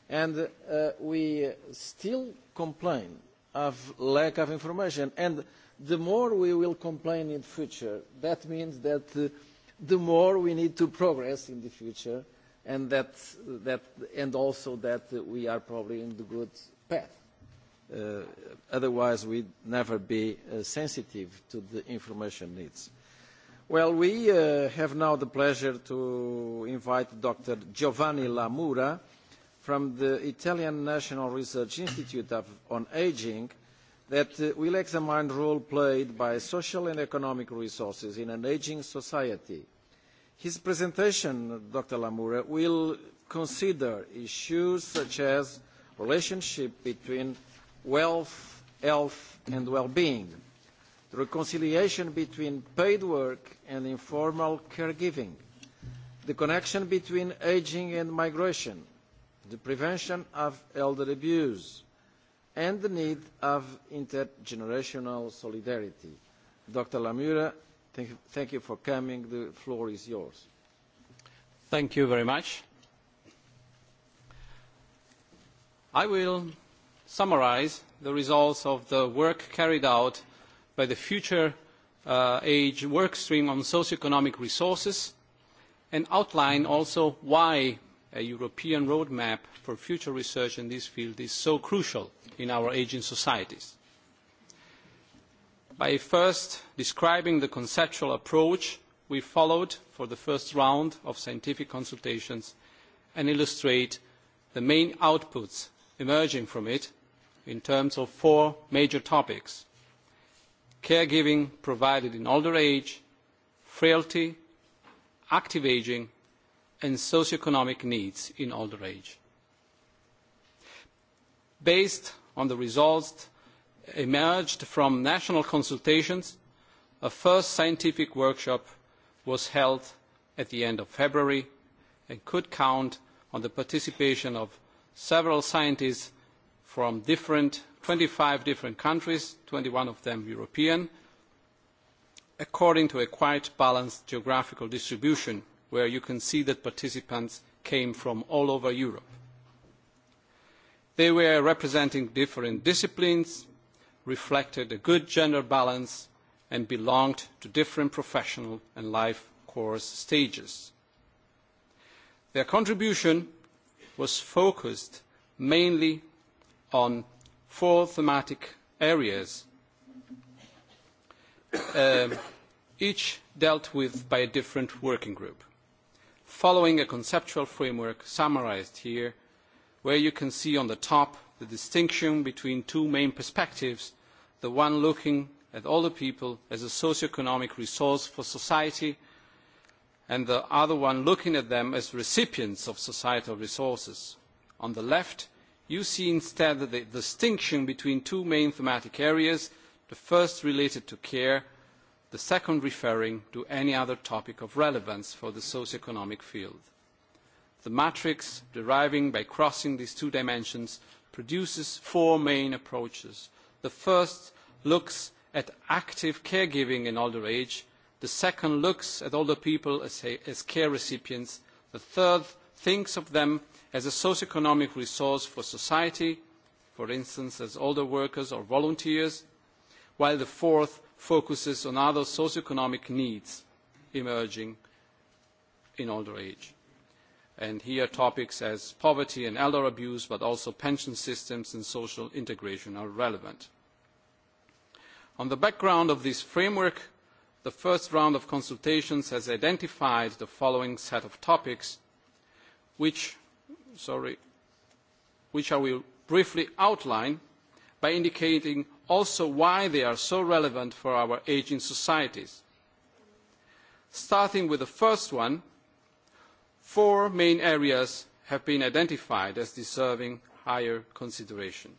[SPEAKER 7] And uh, we still complain of lack of information. And the more we will complain in future, that means that uh, the more we need to progress in the future and that that and also that we are probably in the good path uh, otherwise we'd never be uh, sensitive to the information needs well we uh, have now the pleasure to invite dr giovanni lamura from the italian national research institute of, on aging that uh, will examine the role played by social and economic resources in an ageing society. His presentation, Dr. Lamoura, will consider issues such as the relationship between wealth, health and well-being, the reconciliation between paid work and informal caregiving, the connection between ageing and migration, the prevention of elder abuse, and the need of intergenerational solidarity. Dr. Lamura, thank you, thank you for coming. The floor is yours. Thank you very much.
[SPEAKER 9] I will summarize the results of the work carried out by the Future uh, Age Workstream on Socioeconomic Resources and outline also why a European roadmap for future research in this field is so crucial in our ageing societies. By first describing the conceptual approach we followed for the first round of scientific consultations and illustrate the main outputs emerging from it in terms of four major topics. Caregiving provided in older age, frailty, active ageing and socioeconomic needs in older age. Based on the results emerged from national consultations, a first scientific workshop was held at the end of February and could count on the participation of several scientists from different, twenty five different countries, twenty one of them European, according to a quite balanced geographical distribution where you can see that participants came from all over Europe. They were representing different disciplines, reflected a good gender balance, and belonged to different professional and life course stages. Their contribution was focused mainly on four thematic areas, um, each dealt with by a different working group following a conceptual framework summarised here, where you can see on the top the distinction between two main perspectives, the one looking at older people as a socio-economic resource for society and the other one looking at them as recipients of societal resources. On the left, you see instead the distinction between two main thematic areas, the first related to care the second referring to any other topic of relevance for the socio-economic field. The matrix deriving by crossing these two dimensions produces four main approaches. The first looks at active caregiving in older age. The second looks at older people as, as care recipients. The third thinks of them as a socio-economic resource for society, for instance, as older workers or volunteers, while the fourth focuses on other socioeconomic needs emerging in older age. And here topics as poverty and elder abuse, but also pension systems and social integration are relevant. On the background of this framework, the first round of consultations has identified the following set of topics, which, sorry, which I will briefly outline by indicating also why they are so relevant for our ageing societies. Starting with the first one, four main areas have been identified as deserving higher consideration.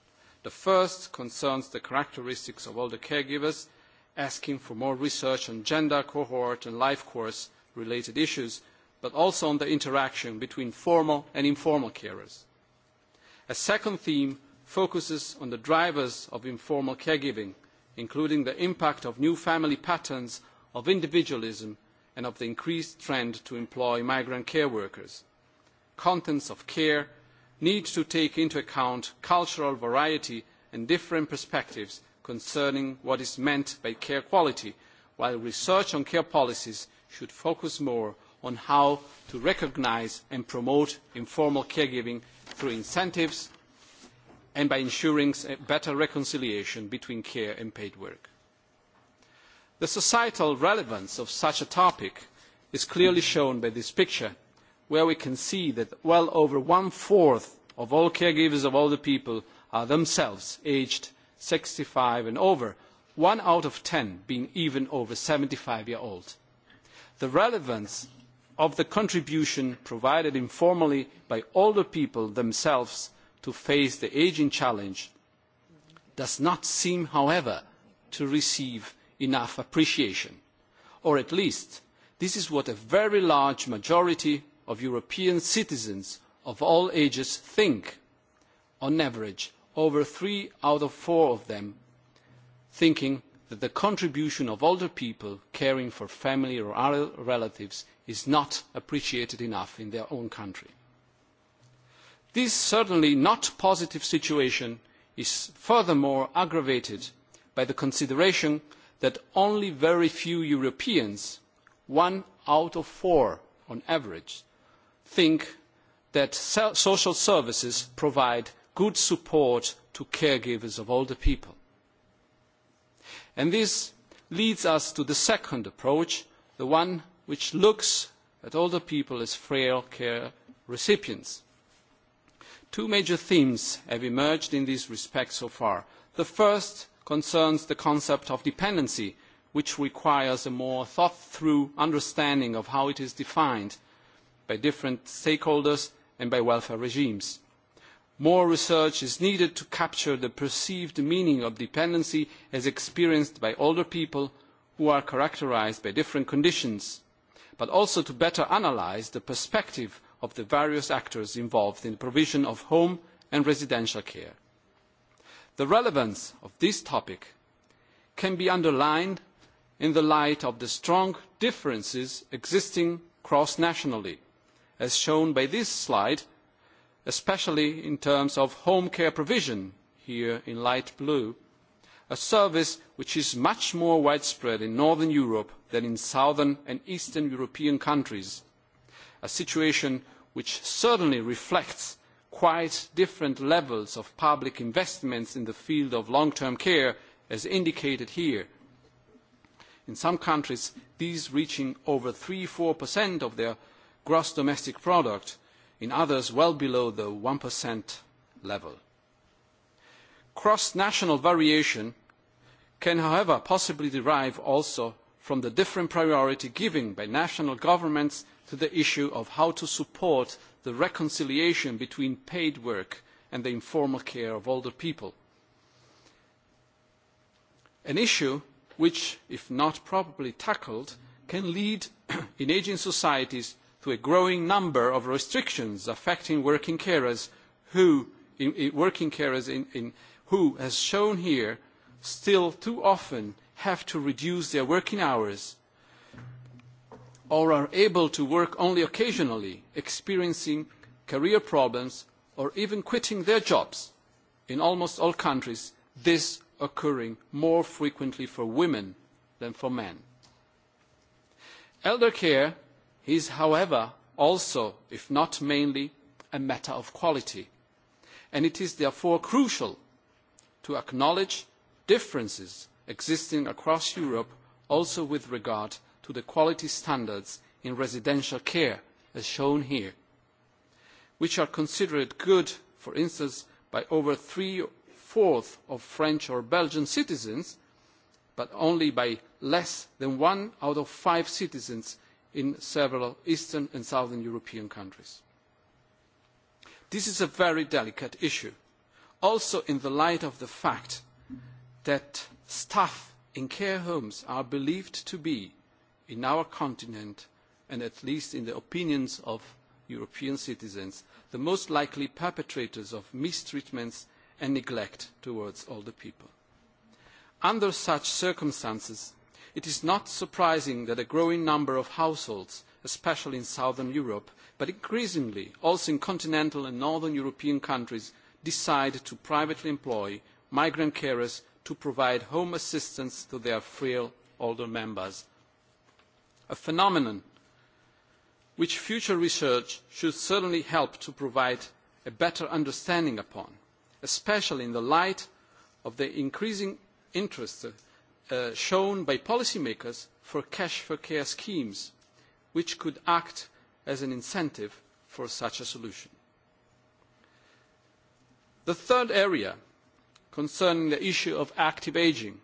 [SPEAKER 9] The first concerns the characteristics of older caregivers, asking for more research on gender, cohort and life course related issues, but also on the interaction between formal and informal carers. A second theme focuses on the drivers of informal caregiving, including the impact of new family patterns of individualism and of the increased trend to employ migrant care workers. Contents of care need to take into account cultural variety and different perspectives concerning what is meant by care quality, while research on care policies should focus more on how to recognise and promote informal caregiving through incentives, and by ensuring better reconciliation between care and paid work. The societal relevance of such a topic is clearly shown by this picture, where we can see that well over one-fourth of all caregivers of older people are themselves aged sixty five and over, one out of ten being even over seventy five years old. The relevance of the contribution provided informally by older people themselves to face the ageing challenge does not seem, however, to receive enough appreciation. Or at least, this is what a very large majority of European citizens of all ages think. On average, over three out of four of them thinking that the contribution of older people caring for family or other relatives is not appreciated enough in their own country. This certainly not positive situation is furthermore aggravated by the consideration that only very few Europeans, one out of four on average, think that social services provide good support to caregivers of older people. And this leads us to the second approach, the one which looks at older people as frail care recipients. Two major themes have emerged in this respect so far. The first concerns the concept of dependency, which requires a more thought-through understanding of how it is defined by different stakeholders and by welfare regimes. More research is needed to capture the perceived meaning of dependency as experienced by older people who are characterised by different conditions, but also to better analyse the perspective of the various actors involved in the provision of home and residential care. The relevance of this topic can be underlined in the light of the strong differences existing cross-nationally, as shown by this slide, especially in terms of home care provision, here in light blue, a service which is much more widespread in Northern Europe than in Southern and Eastern European countries, a situation which certainly reflects quite different levels of public investments in the field of long-term care as indicated here. In some countries, these reaching over 3-4% of their gross domestic product, in others well below the 1% level. Cross-national variation can, however, possibly derive also from the different priority given by national governments to the issue of how to support the reconciliation between paid work and the informal care of older people. An issue which, if not properly tackled, can lead in ageing societies to a growing number of restrictions affecting working carers who, in, in, working carers in, in, who, as shown here, still too often have to reduce their working hours or are able to work only occasionally, experiencing career problems or even quitting their jobs. In almost all countries, this occurring more frequently for women than for men. Elder care is, however, also, if not mainly, a matter of quality, and it is therefore crucial to acknowledge differences existing across Europe also with regard to the quality standards in residential care, as shown here, which are considered good, for instance, by over three-fourths of French or Belgian citizens, but only by less than one out of five citizens in several Eastern and Southern European countries. This is a very delicate issue, also in the light of the fact that staff in care homes are believed to be in our continent and at least in the opinions of European citizens, the most likely perpetrators of mistreatments and neglect towards older people. Under such circumstances, it is not surprising that a growing number of households, especially in southern Europe, but increasingly also in continental and northern European countries, decide to privately employ migrant carers to provide home assistance to their frail older members a phenomenon which future research should certainly help to provide a better understanding upon, especially in the light of the increasing interest uh, shown by policymakers for cash for care schemes, which could act as an incentive for such a solution. The third area concerning the issue of active ageing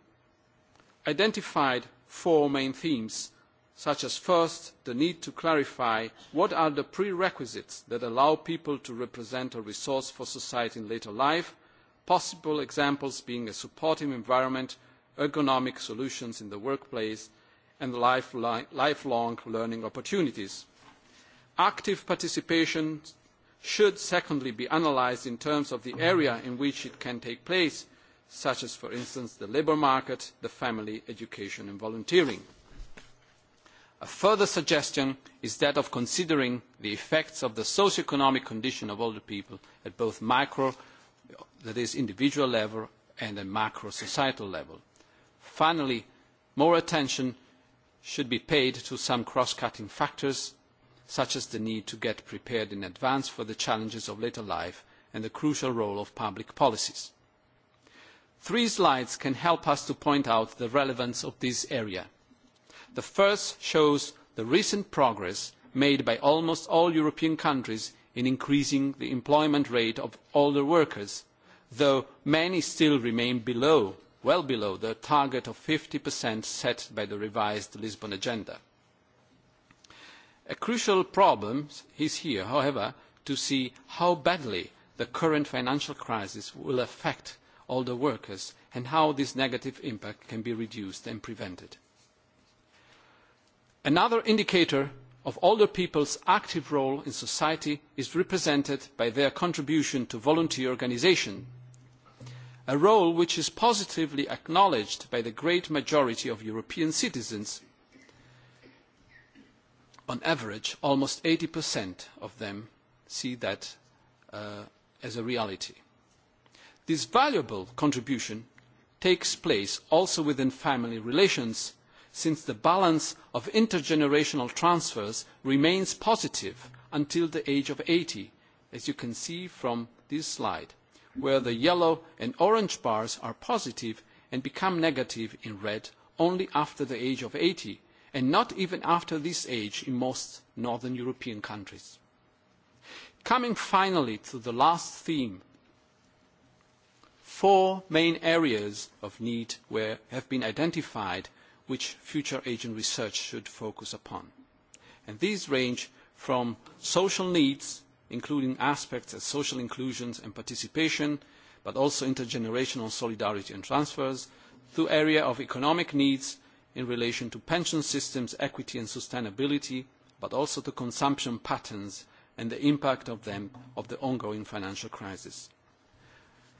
[SPEAKER 9] identified four main themes such as first the need to clarify what are the prerequisites that allow people to represent a resource for society in later life, possible examples being a supportive environment, ergonomic solutions in the workplace, and lifelong learning opportunities. Active participation should secondly be analysed in terms of the area in which it can take place, such as, for instance, the labour market, the family, education and volunteering. A further suggestion is that of considering the effects of the socio economic condition of older people at both micro, that is individual level, and at macro societal level. Finally, more attention should be paid to some cross-cutting factors, such as the need to get prepared in advance for the challenges of later life and the crucial role of public policies. Three slides can help us to point out the relevance of this area. The first shows the recent progress made by almost all European countries in increasing the employment rate of older workers, though many still remain below, well below the target of 50% set by the revised Lisbon agenda. A crucial problem is here, however, to see how badly the current financial crisis will affect older workers and how this negative impact can be reduced and prevented. Another indicator of older people's active role in society is represented by their contribution to volunteer organisation, a role which is positively acknowledged by the great majority of European citizens. On average, almost 80% of them see that uh, as a reality. This valuable contribution takes place also within family relations since the balance of intergenerational transfers remains positive until the age of eighty, as you can see from this slide, where the yellow and orange bars are positive and become negative in red only after the age of eighty, and not even after this age in most northern European countries. Coming finally to the last theme, four main areas of need were, have been identified which future agent research should focus upon. And these range from social needs, including aspects of social inclusion and participation, but also intergenerational solidarity and transfers, through area of economic needs in relation to pension systems, equity and sustainability, but also to consumption patterns and the impact of them of the ongoing financial crisis.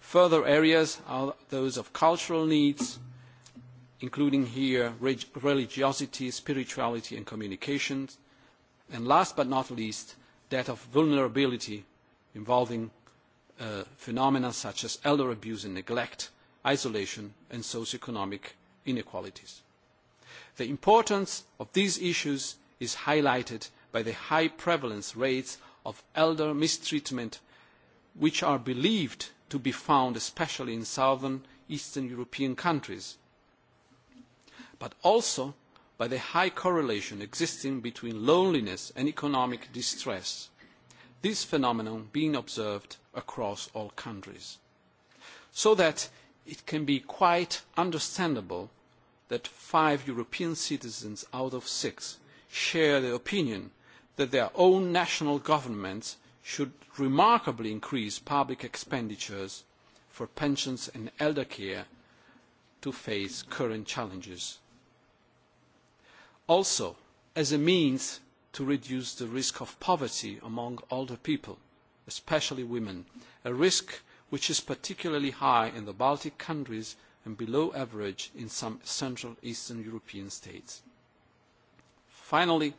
[SPEAKER 9] Further areas are those of cultural needs, including here religiosity, spirituality and communications, and last but not least, that of vulnerability involving uh, phenomena such as elder abuse and neglect, isolation and socioeconomic inequalities. The importance of these issues is highlighted by the high prevalence rates of elder mistreatment which are believed to be found especially in southern Eastern European countries but also by the high correlation existing between loneliness and economic distress, this phenomenon being observed across all countries. So that it can be quite understandable that five European citizens out of six share the opinion that their own national governments should remarkably increase public expenditures for pensions and elder care to face current challenges also as a means to reduce the risk of poverty among older people, especially women, a risk which is particularly high in the Baltic countries and below average in some Central Eastern European states. Finally,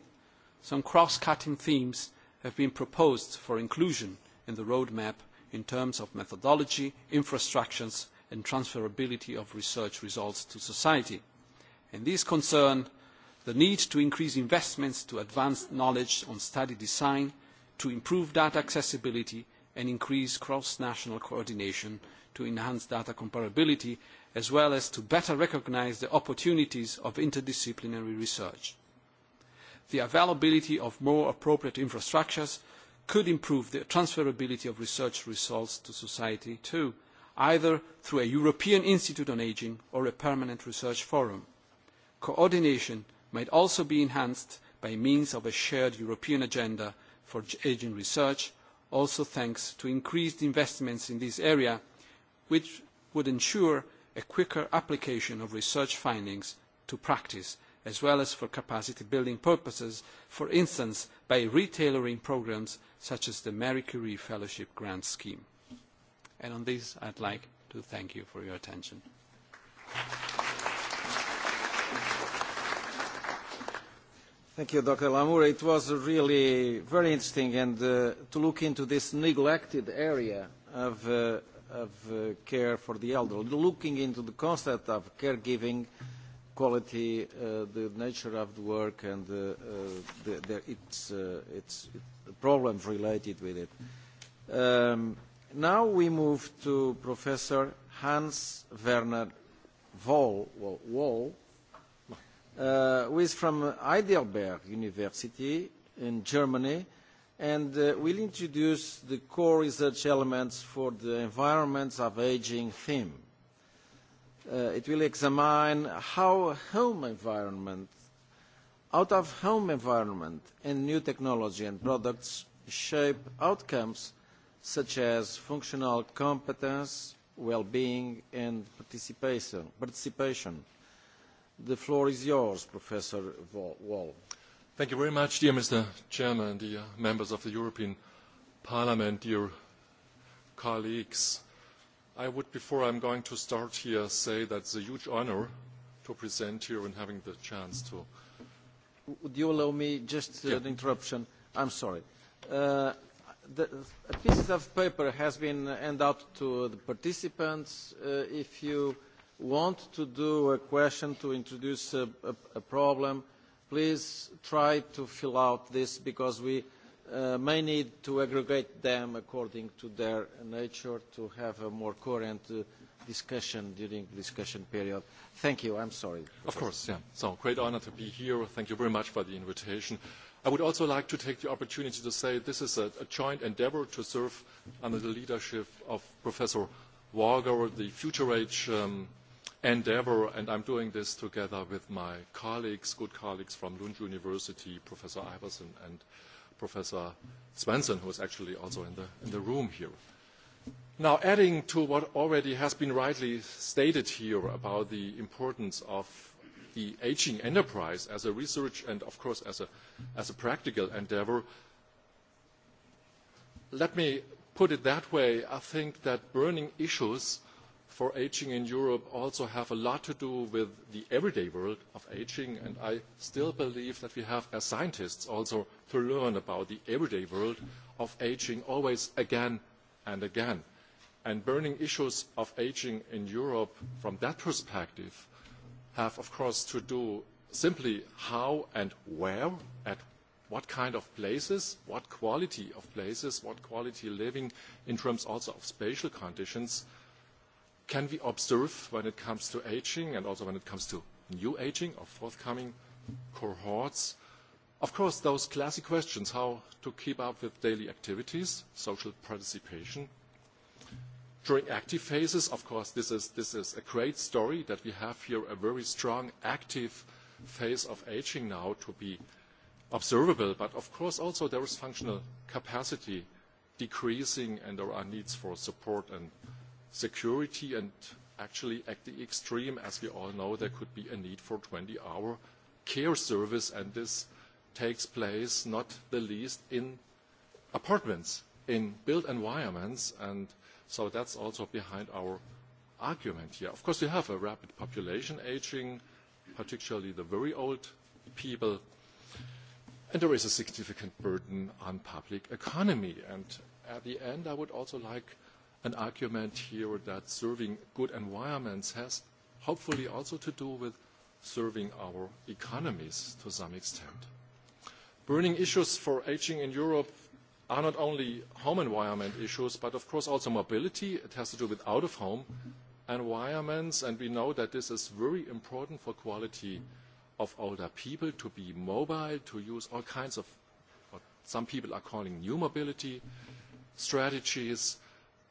[SPEAKER 9] some cross-cutting themes have been proposed for inclusion in the roadmap in terms of methodology, infrastructures and transferability of research results to society. And these concern the need to increase investments to advance knowledge on study design, to improve data accessibility and increase cross-national coordination to enhance data comparability, as well as to better recognise the opportunities of interdisciplinary research. The availability of more appropriate infrastructures could improve the transferability of research results to society too, either through a European Institute on Aging or a permanent research forum. Coordination might also be enhanced by means of a shared European agenda for ageing research, also thanks to increased investments in this area, which would ensure a quicker application of research findings to practice, as well as for capacity-building purposes, for instance, by retailoring programmes such as the Marie Curie Fellowship Grant Scheme. And on this, I'd like to thank you for your attention.
[SPEAKER 7] Thank you, Dr. Lamour. It was really very interesting and uh, to look into this neglected area of, uh, of uh, care for the elderly, looking into the concept of caregiving, quality, uh, the nature of the work and uh, uh, the, the, its, uh, its it, problems related with it. Um, now we move to Professor Hans Werner Wall, well, Wall uh, who is from Heidelberg University in Germany, and uh, will introduce the core research elements for the environments of aging theme. Uh, it will examine how home environment, out of home environment and new technology and products shape outcomes such as functional competence, well-being and participation. participation. The floor is yours, Professor Wall.
[SPEAKER 10] Thank you very much, dear Mr. Chairman, dear members of the European Parliament, dear colleagues. I would, before I'm going to start here, say that it's a huge honor to present here and having the chance to. Would you allow me just uh, yeah. an interruption? I'm sorry. Uh, the, a piece of paper
[SPEAKER 7] has been handed out to the participants. Uh, if you want to do a question to introduce a, a, a problem, please try to fill out this because we uh, may need to aggregate them according to their nature to have a more coherent uh, discussion during the discussion period. Thank you. I'm sorry. Of course,
[SPEAKER 10] yeah. So great honor to be here. Thank you very much for the invitation. I would also like to take the opportunity to say this is a, a joint endeavor to serve under the leadership of Professor Walger, the Future Age um, endeavor, and I'm doing this together with my colleagues, good colleagues from Lund University, Professor Iverson and Professor Svensson, who is actually also in the, in the room here. Now, adding to what already has been rightly stated here about the importance of the aging enterprise as a research and, of course, as a, as a practical endeavor, let me put it that way. I think that burning issues for ageing in Europe also have a lot to do with the everyday world of ageing, and I still believe that we have, as scientists, also to learn about the everyday world of ageing always again and again. And burning issues of ageing in Europe from that perspective have, of course, to do simply how and where, at what kind of places, what quality of places, what quality living in terms also of spatial conditions – can we observe when it comes to aging and also when it comes to new aging or forthcoming cohorts? Of course, those classic questions, how to keep up with daily activities, social participation. During active phases, of course, this is, this is a great story that we have here a very strong active phase of aging now to be observable, but of course also there is functional capacity decreasing and there are needs for support and security and actually at the extreme, as we all know, there could be a need for twenty hour care service and this takes place not the least in apartments, in built environments and so that's also behind our argument here. Of course, we have a rapid population aging, particularly the very old people, and there is a significant burden on public economy. And at the end, I would also like an argument here that serving good environments has hopefully also to do with serving our economies to some extent. Burning issues for ageing in Europe are not only home environment issues, but of course also mobility. It has to do with out-of-home environments, and we know that this is very important for quality of older people to be mobile, to use all kinds of what some people are calling new mobility strategies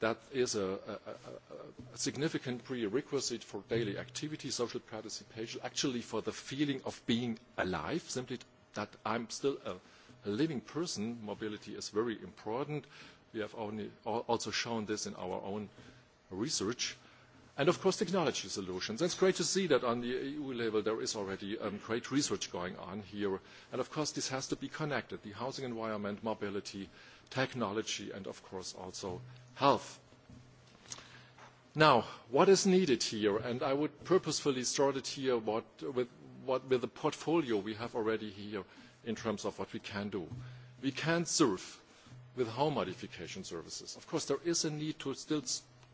[SPEAKER 10] that is a, a, a significant prerequisite for daily activity, social participation, actually for the feeling of being alive, simply that I'm still a, a living person. Mobility is very important. We have only, also shown this in our own research. And of course, technology solutions. It's great to see that on the EU level there is already um, great research going on here. And of course, this has to be connected, the housing environment, mobility, technology, and of course also health. Now, what is needed here? And I would purposefully start it here what, with, what, with the portfolio we have already here in terms of what we can do. We can serve with home modification services. Of course, there is a need to still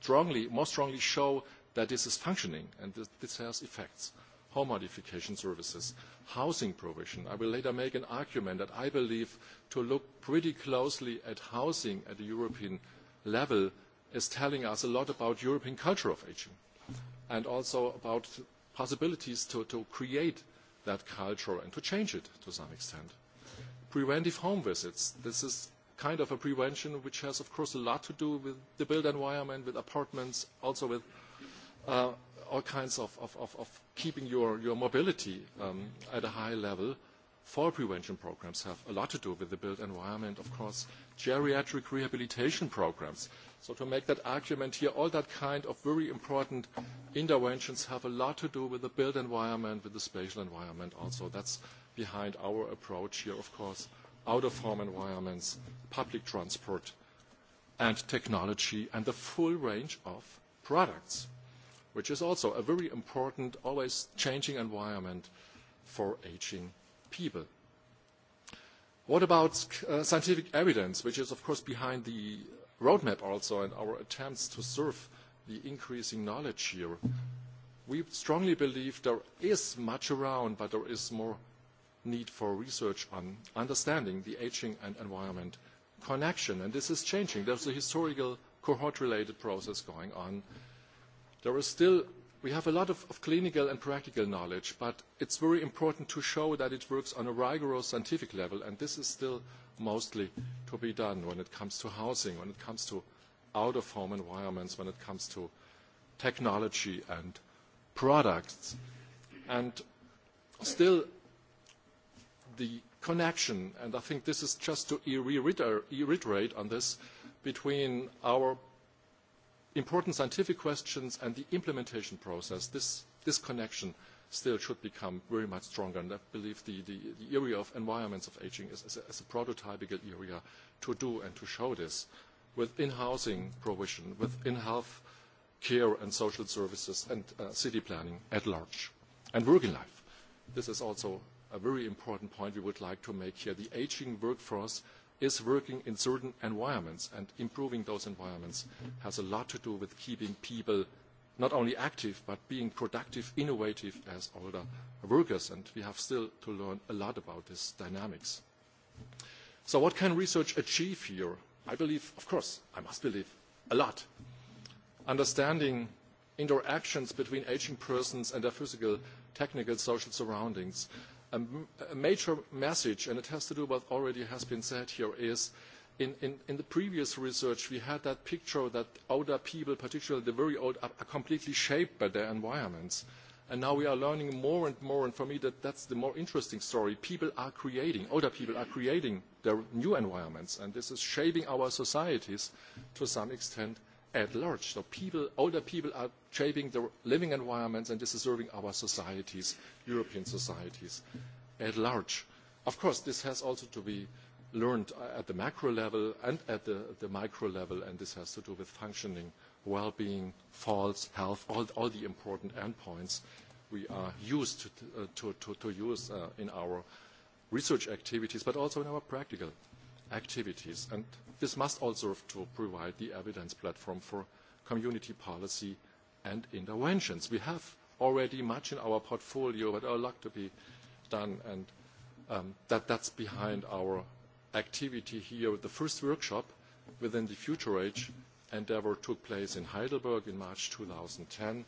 [SPEAKER 10] strongly, more strongly show that this is functioning and that this has effects. Home modification services, housing provision. I will later make an argument that I believe to look pretty closely at housing at the European level level is telling us a lot about European culture of aging and also about possibilities to, to create that culture and to change it to some extent. Preventive home visits. This is kind of a prevention which has, of course, a lot to do with the built environment, with apartments, also with uh, all kinds of, of, of, of keeping your, your mobility um, at a high level fall prevention programs have a lot to do with the built environment, of course, geriatric rehabilitation programs. So to make that argument here, all that kind of very important interventions have a lot to do with the built environment, with the spatial environment also. That's behind our approach here, of course, out-of-home environments, public transport, and technology, and the full range of products, which is also a very important, always changing environment for aging people. What about uh, scientific evidence, which is of course behind the roadmap also and our attempts to serve the increasing knowledge here? We strongly believe there is much around, but there is more need for research on understanding the aging and environment connection. And this is changing. There's a historical cohort-related process going on. There is still We have a lot of, of clinical and practical knowledge, but it's very important to show that it works on a rigorous scientific level, and this is still mostly to be done when it comes to housing, when it comes to out-of-home environments, when it comes to technology and products. And still, the connection, and I think this is just to reiterate on this, between our important scientific questions and the implementation process, this, this connection still should become very much stronger. And I believe the, the, the area of environments of aging is, is, a, is a prototypical area to do and to show this within housing provision, within health care and social services and uh, city planning at large. And working life. This is also a very important point we would like to make here. The aging workforce is working in certain environments and improving those environments has a lot to do with keeping people not only active but being productive, innovative as older workers and we have still to learn a lot about these dynamics. So what can research achieve here? I believe, of course, I must believe, a lot. Understanding interactions between aging persons and their physical, technical, social surroundings, A, a major message, and it has to do with what already has been said here, is in, in, in the previous research we had that picture that older people, particularly the very old, are, are completely shaped by their environments. And now we are learning more and more, and for me that, that's the more interesting story. People are creating, older people are creating their new environments, and this is shaping our societies to some extent at large. So people, older people are shaping the living environments and this is serving our societies, European societies at large. Of course, this has also to be learned at the macro level and at the, the micro level, and this has to do with functioning, well-being, faults, health, all, all the important endpoints we are used to, uh, to, to, to use uh, in our research activities, but also in our practical activities. And this must also to provide the evidence platform for community policy and interventions. We have already much in our portfolio, but a lot to be done, and um, that, that's behind our activity here. The first workshop within the Future Age endeavor took place in Heidelberg in March 2010,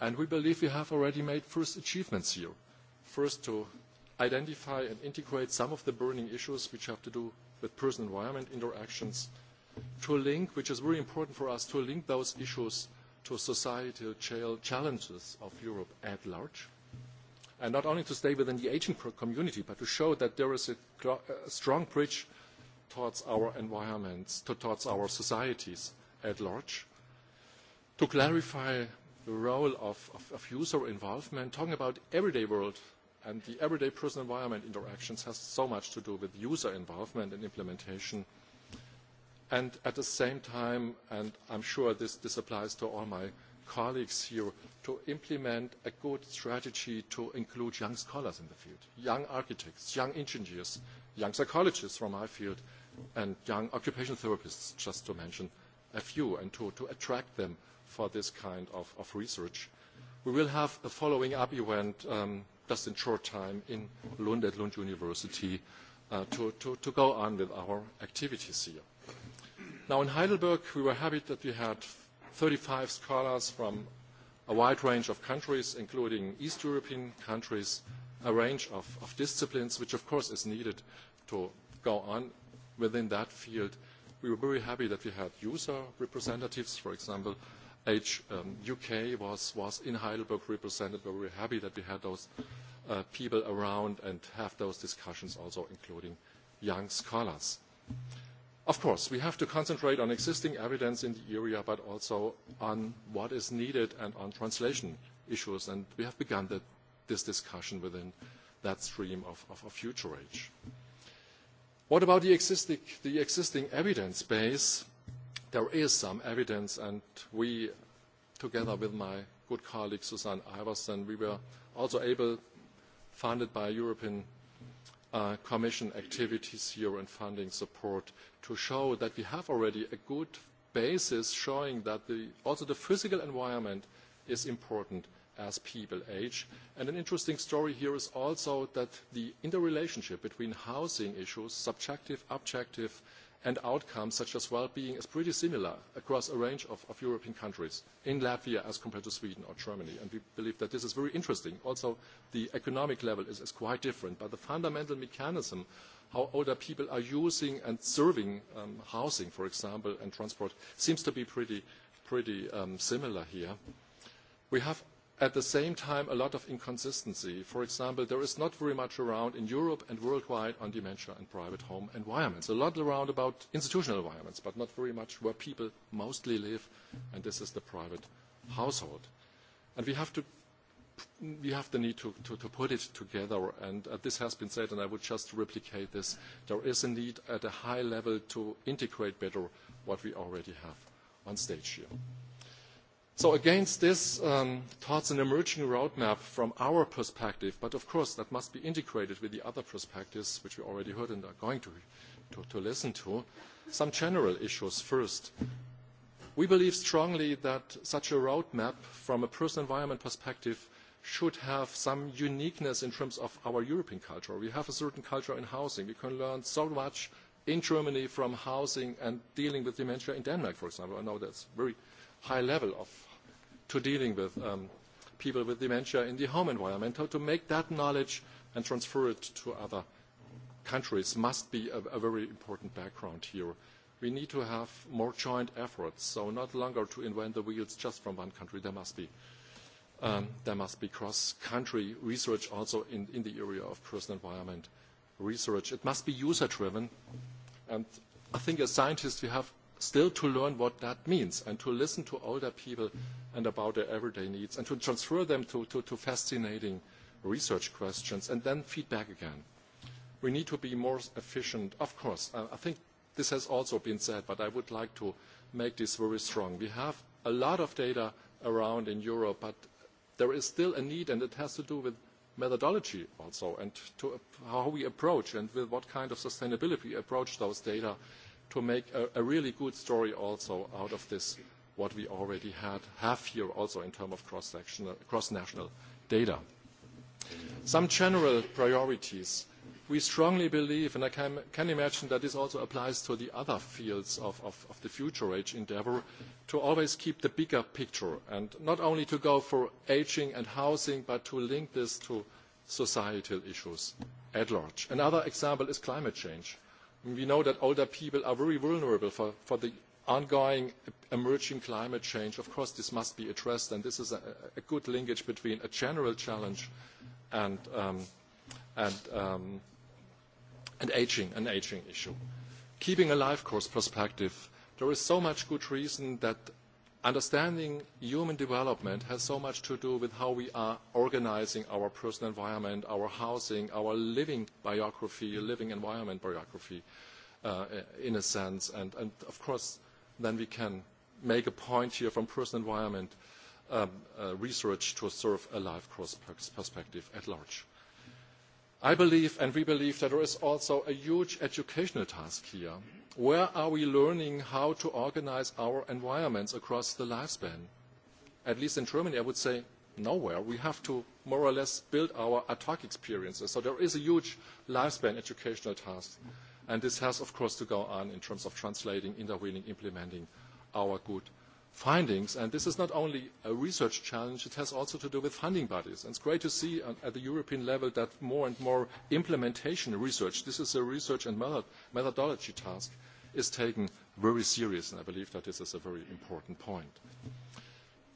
[SPEAKER 10] and we believe we have already made first achievements here. First, to identify and integrate some of the burning issues which have to do with person-environment interactions, to link, which is very important for us, to link those issues to societal challenges of Europe at large, and not only to stay within the aging community, but to show that there is a, a strong bridge towards our environments, to, towards our societies at large, to clarify the role of, of, of user involvement, talking about everyday world And the everyday prison environment interactions has so much to do with user involvement and implementation. And at the same time, and I'm sure this, this applies to all my colleagues here, to implement a good strategy to include young scholars in the field, young architects, young engineers, young psychologists from my field, and young occupational therapists, just to mention a few, and to, to attract them for this kind of, of research. We will have a following up event um, just in short time in Lund at Lund University uh, to, to, to go on with our activities here. Now in Heidelberg, we were happy that we had 35 scholars from a wide range of countries, including East European countries, a range of, of disciplines, which of course is needed to go on within that field. We were very happy that we had user representatives, for example, age UK um, was, was in Heidelberg represented. We're very happy that we had those uh, people around and have those discussions also including young scholars. Of course, we have to concentrate on existing evidence in the area, but also on what is needed and on translation issues. And we have begun the, this discussion within that stream of, of, of future age. What about the existing, the existing evidence base? there is some evidence, and we, together with my good colleague Susanne Iverson, we were also able, funded by European uh, Commission activities here and funding support, to show that we have already a good basis showing that the, also the physical environment is important as people age. And an interesting story here is also that the interrelationship between housing issues, subjective, objective, and outcomes such as well-being is pretty similar across a range of, of, European countries in Latvia as compared to Sweden or Germany. And we believe that this is very interesting. Also, the economic level is, is quite different, but the fundamental mechanism how older people are using and serving um, housing, for example, and transport seems to be pretty, pretty um, similar here. We have at the same time a lot of inconsistency. For example, there is not very much around in Europe and worldwide on dementia and private home environments. A lot around about institutional environments, but not very much where people mostly live, and this is the private household. And we have to we have the need to, to, to put it together, and uh, this has been said, and I would just replicate this. There is a need at a high level to integrate better what we already have on stage here. So against this, um, towards an emerging roadmap from our perspective, but of course that must be integrated with the other perspectives which we already heard and are going to, to, to listen to, some general issues first. We believe strongly that such a roadmap from a personal environment perspective should have some uniqueness in terms of our European culture. We have a certain culture in housing. We can learn so much in Germany from housing and dealing with dementia in Denmark, for example. I know that's very high level of to dealing with um, people with dementia in the home environment, how to make that knowledge and transfer it to other countries must be a, a very important background here. We need to have more joint efforts, so not longer to invent the wheels just from one country. There must be, um, there must be cross-country research also in, in the area of personal environment research. It must be user-driven, and I think as scientists we have still to learn what that means and to listen to older people and about their everyday needs and to transfer them to, to, to fascinating research questions and then feedback again. We need to be more efficient. Of course, I, uh, I think this has also been said, but I would like to make this very strong. We have a lot of data around in Europe, but there is still a need, and it has to do with methodology also, and to how we approach and with what kind of sustainability we approach those data to make a, a really good story also out of this, what we already had, have here also in terms of cross-national cross -national data. Some general priorities. We strongly believe, and I can, can imagine that this also applies to the other fields of, of, of the future age endeavour, to always keep the bigger picture and not only to go for ageing and housing, but to link this to societal issues at large. Another example is climate change We know that older people are very vulnerable for, for the ongoing emerging climate change. Of course, this must be addressed, and this is a, a good linkage between a general challenge and, um, and um, an, aging, an aging issue. Keeping a life course perspective, there is so much good reason that understanding human development has so much to do with how we are organising our personal environment, our housing, our living biography, living environment biography, uh, in a sense. And, and of course, then we can make a point here from personal environment um, uh, research to serve a life course perspective at large. I believe and we believe that there is also a huge educational task here. Where are we learning how to organise our environments across the lifespan? At least in Germany, I would say nowhere. We have to more or less build our ad hoc experiences. So there is a huge lifespan educational task. And this has, of course, to go on in terms of translating, intervening, implementing our good findings, and this is not only a research challenge, it has also to do with funding bodies. And it's great to see uh, at the European level that more and more implementation research, this is a research and methodology task, is taken very serious, and I believe that this is a very important point.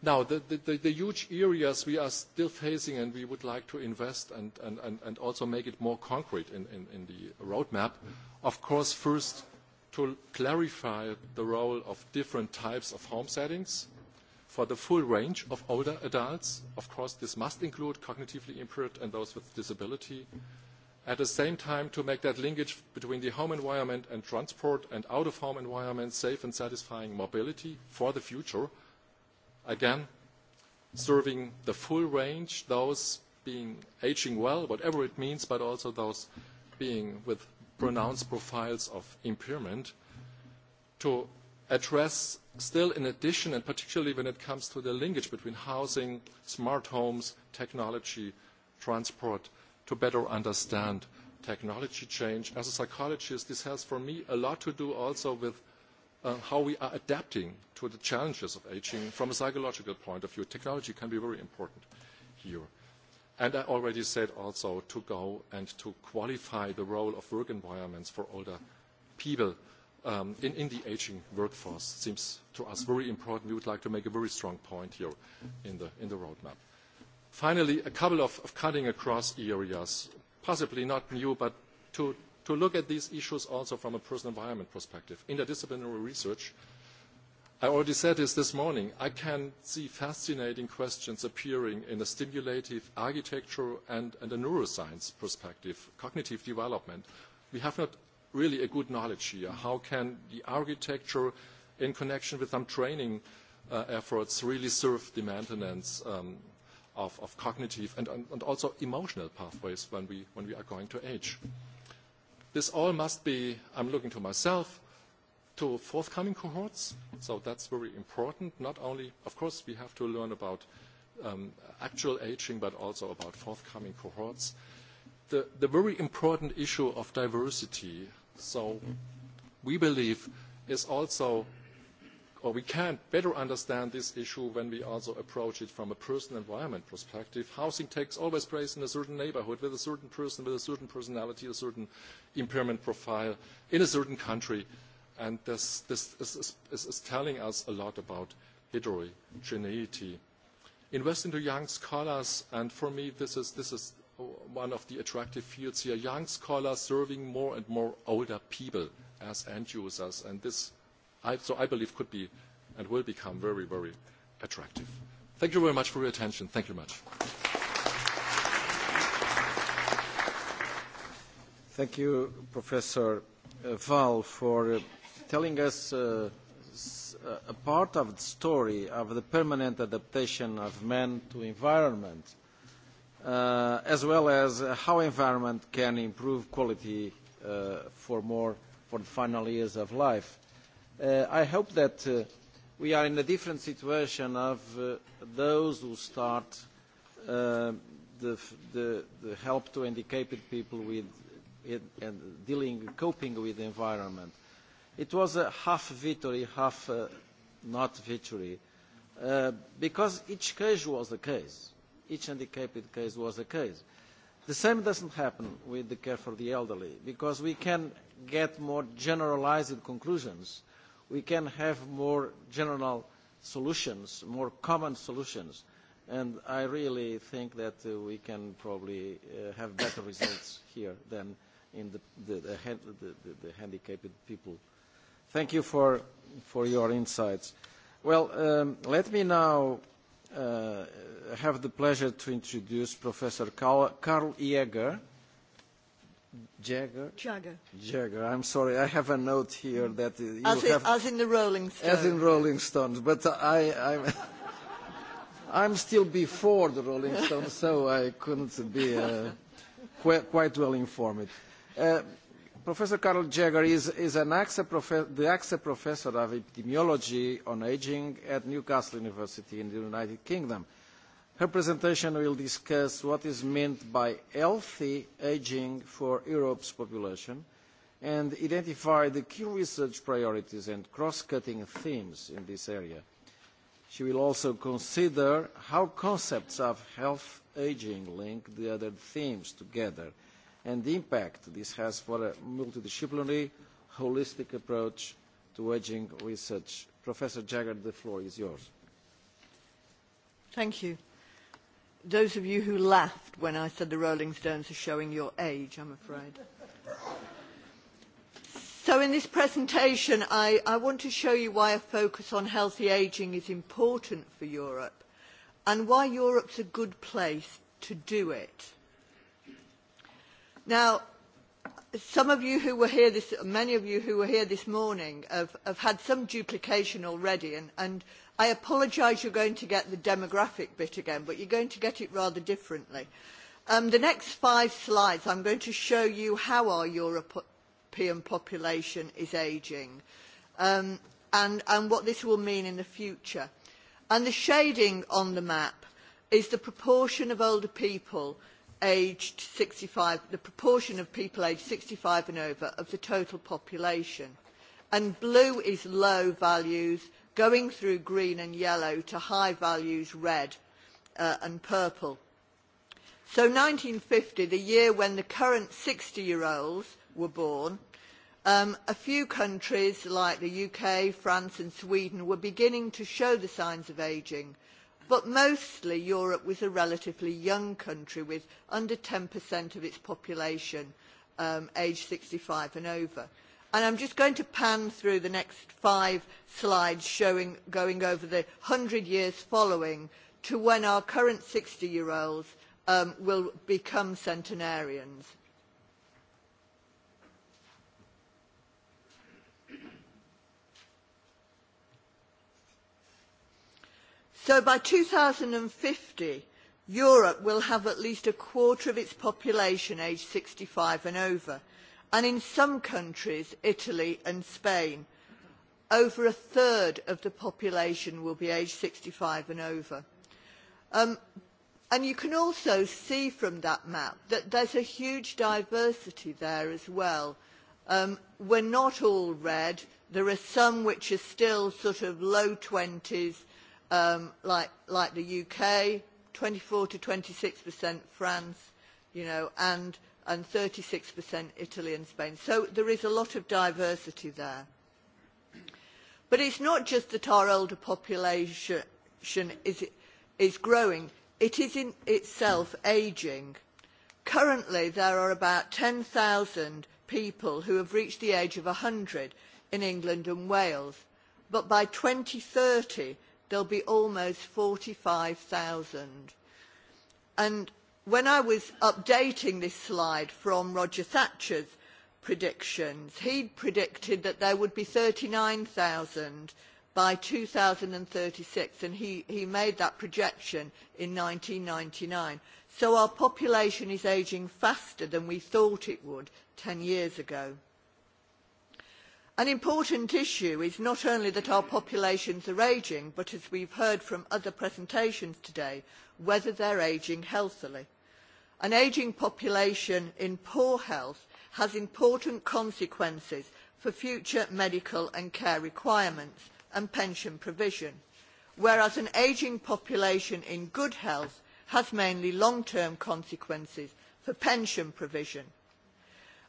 [SPEAKER 10] Now, the, the, the huge areas we are still facing and we would like to invest and, and, and also make it more concrete in, in, in the roadmap, of course, first to clarify the role of different types of home settings for the full range of older adults. Of course, this must include cognitively impaired and those with disability. At the same time, to make that linkage between the home environment and transport and out-of-home environment safe and satisfying mobility for the future. Again, serving the full range, those being aging well, whatever it means, but also those being with pronounced profiles of impairment to address still in addition, and particularly when it comes to the linkage between housing, smart homes, technology, transport, to better understand technology change. As a psychologist, this has for me a lot to do also with uh, how we are adapting to the challenges of aging from a psychological point of view. Technology can be very important here. And I already said also to go and to qualify the role of work environments for older people um, in, in the aging workforce seems to us very important. We would like to make a very strong point here in the, in the roadmap. Finally, a couple of, of cutting across areas, possibly not new, but to, to look at these issues also from a personal environment perspective. Interdisciplinary research I already said this this morning. I can see fascinating questions appearing in a stimulative architecture and, and a neuroscience perspective, cognitive development. We have not really a good knowledge here. How can the architecture, in connection with some training uh, efforts, really serve the maintenance um, of, of cognitive and, and also emotional pathways when we, when we are going to age? This all must be, I'm looking to myself, to forthcoming cohorts. So that's very important. Not only, of course, we have to learn about um, actual aging, but also about forthcoming cohorts. The, the very important issue of diversity, so we believe is also, or we can better understand this issue when we also approach it from a personal environment perspective. Housing takes always place in a certain neighborhood with a certain person, with a certain personality, a certain impairment profile, in a certain country. And this, this is, is, is, telling us a lot about heterogeneity. Invest into young scholars, and for me this is, this is one of the attractive fields here, young scholars serving more and more older people as end users. And this, I, so I believe, could be and will become very, very attractive. Thank you very much for your attention. Thank you much.
[SPEAKER 7] Thank you, Professor uh, Val, for uh, telling us uh, uh, a part of the story of the permanent adaptation of man to environment, uh, as well as how environment can improve quality uh, for more for the final years of life. Uh, I hope that uh, we are in a different situation of uh, those who start uh, the, the, the help to handicapped people with, it, and dealing, coping with the environment. Uh, It was a half victory, half uh, not victory, uh, because each case was a case. Each handicapped case was a case. The same doesn't happen with the care for the elderly, because we can get more generalized conclusions. We can have more general solutions, more common solutions. And I really think that uh, we can probably uh, have better results here than in the, the, the, the, the, the handicapped people Thank you for, for your insights. Well, um, let me now uh, have the pleasure to introduce Professor Carl, Carl Jäger. Jagger? Jagger. Jagger. I'm sorry, I have a note here mm. that you as in,
[SPEAKER 11] As in the Rolling Stones. As in
[SPEAKER 7] Rolling Stones, but I, I'm, I'm still before the Rolling Stones, so I couldn't be uh, quite, quite well informed. Uh, Professor Carl Jagger is, is an AXA the AXA Professor of Epidemiology on Aging at Newcastle University in the United Kingdom. Her presentation will discuss what is meant by healthy aging for Europe's population and identify the key research priorities and cross-cutting themes in this area. She will also consider how concepts of health aging link the other themes together – and the impact this has for a multidisciplinary, holistic approach to wedging research. Professor Jagger, the floor is yours.
[SPEAKER 11] Thank you. Those of you who laughed when I said the Rolling Stones are showing your age, I'm afraid. So in this presentation, I, I want to show you why a focus on healthy ageing is important for Europe and why Europe's a good place to do it. Now, some of you who were here this, many of you who were here this morning have, have had some duplication already, and, and I apologise you're going to get the demographic bit again, but you're going to get it rather differently. Um, the next five slides, I'm going to show you how our European population is ageing um, and, and what this will mean in the future. And the shading on the map is the proportion of older people aged 65, the proportion of people aged 65 and over of the total population. And blue is low values, going through green and yellow to high values red uh, and purple. So 1950, the year when the current 60-year-olds were born, um, a few countries like the UK, France and Sweden were beginning to show the signs of ageing – But mostly Europe was a relatively young country with under 10% of its population um, aged 65 and over. And I'm just going to pan through the next five slides showing, going over the 100 years following to when our current 60-year-olds um, will become centenarians. So by fifty Europe will have at least a quarter of its population aged sixty five and over, and in some countries, Italy and Spain, over a third of the population will be aged sixty five and over. Um, and you can also see from that map that there's a huge diversity there as well. Um, we're not all red. There are some which are still sort of low 20s, um, like, like the UK, 24 to 26% France, you know, and, and 36% Italy and Spain. So there is a lot of diversity there. But it's not just that our older population is, is growing, it is in itself ageing. Currently, there are about 10,000 people who have reached the age of 100 in England and Wales. But by 2030, there'll be almost 45,000. And when I was updating this slide from Roger Thatcher's predictions, he'd predicted that there would be 39,000 by 2036, and he, he made that projection in 1999. So our population is ageing faster than we thought it would 10 years ago. An important issue is not only that our populations are ageing, but as we have heard from other presentations today, whether they are ageing healthily. An ageing population in poor health has important consequences for future medical and care requirements and pension provision, whereas an ageing population in good health has mainly long-term consequences for pension provision.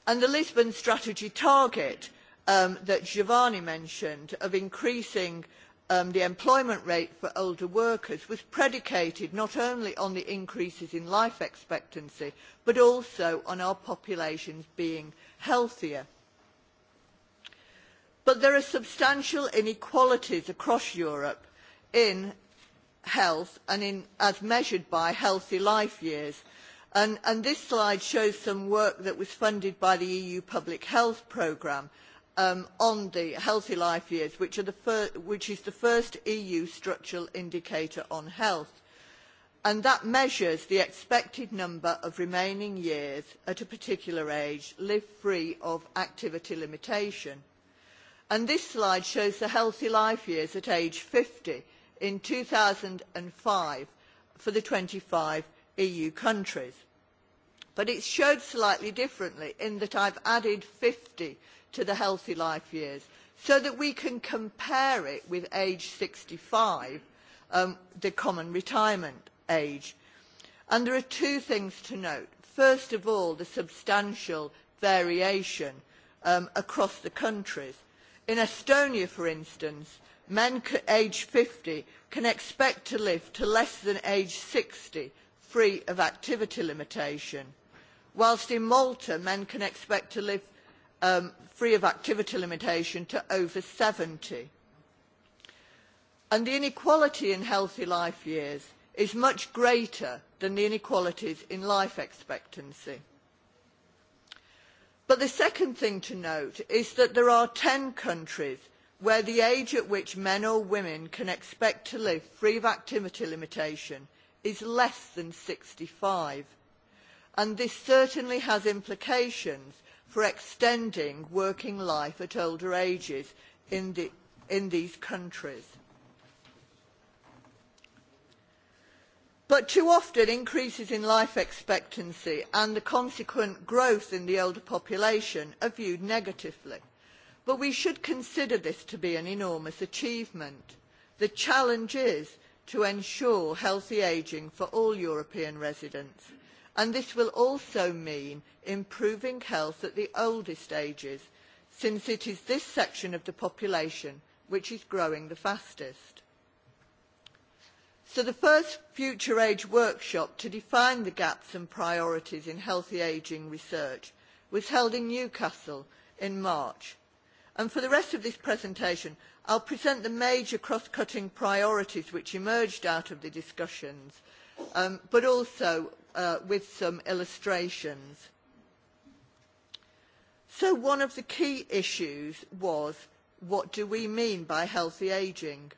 [SPEAKER 11] And the Lisbon Strategy target um, that Giovanni mentioned of increasing um, the employment rate for older workers was predicated not only on the increases in life expectancy, but also on our populations being healthier. But there are substantial inequalities across Europe in health and in, as measured by healthy life years. And, and this slide shows some work that was funded by the EU Public Health Programme um, on the healthy life years, which, are the which is the first EU structural indicator on health. And that measures the expected number of remaining years at a particular age live free of activity limitation. And this slide shows the healthy life years at age 50 in 2005 for the 25 EU countries. But it's showed slightly differently in that I've added 50 to the healthy life years so that we can compare it with age 65, um, the common retirement age. And there are two things to note. First of all, the substantial variation um, across the countries. In Estonia, for instance, men aged 50 can expect to live to less than age 60, free of activity limitation, whilst in Malta men can expect to live um, free of activity limitation to over 70. And the inequality in healthy life years is much greater than the inequalities in life expectancy. But the second thing to note is that there are 10 countries where the age at which men or women can expect to live free of activity limitation is less than 65. And this certainly has implications for extending working life at older ages in, the, in these countries. But too often increases in life expectancy and the consequent growth in the older population are viewed negatively. But we should consider this to be an enormous achievement. The challenge is to ensure healthy ageing for all European residents and this will also mean improving health at the oldest ages, since it is this section of the population which is growing the fastest. So the first Future Age workshop to define the gaps and priorities in healthy ageing research was held in Newcastle in March. And for the rest of this presentation, I will present the major cross-cutting priorities which emerged out of the discussions, um, but also uh, with some illustrations. So one of the key issues was what do we mean by healthy ageing?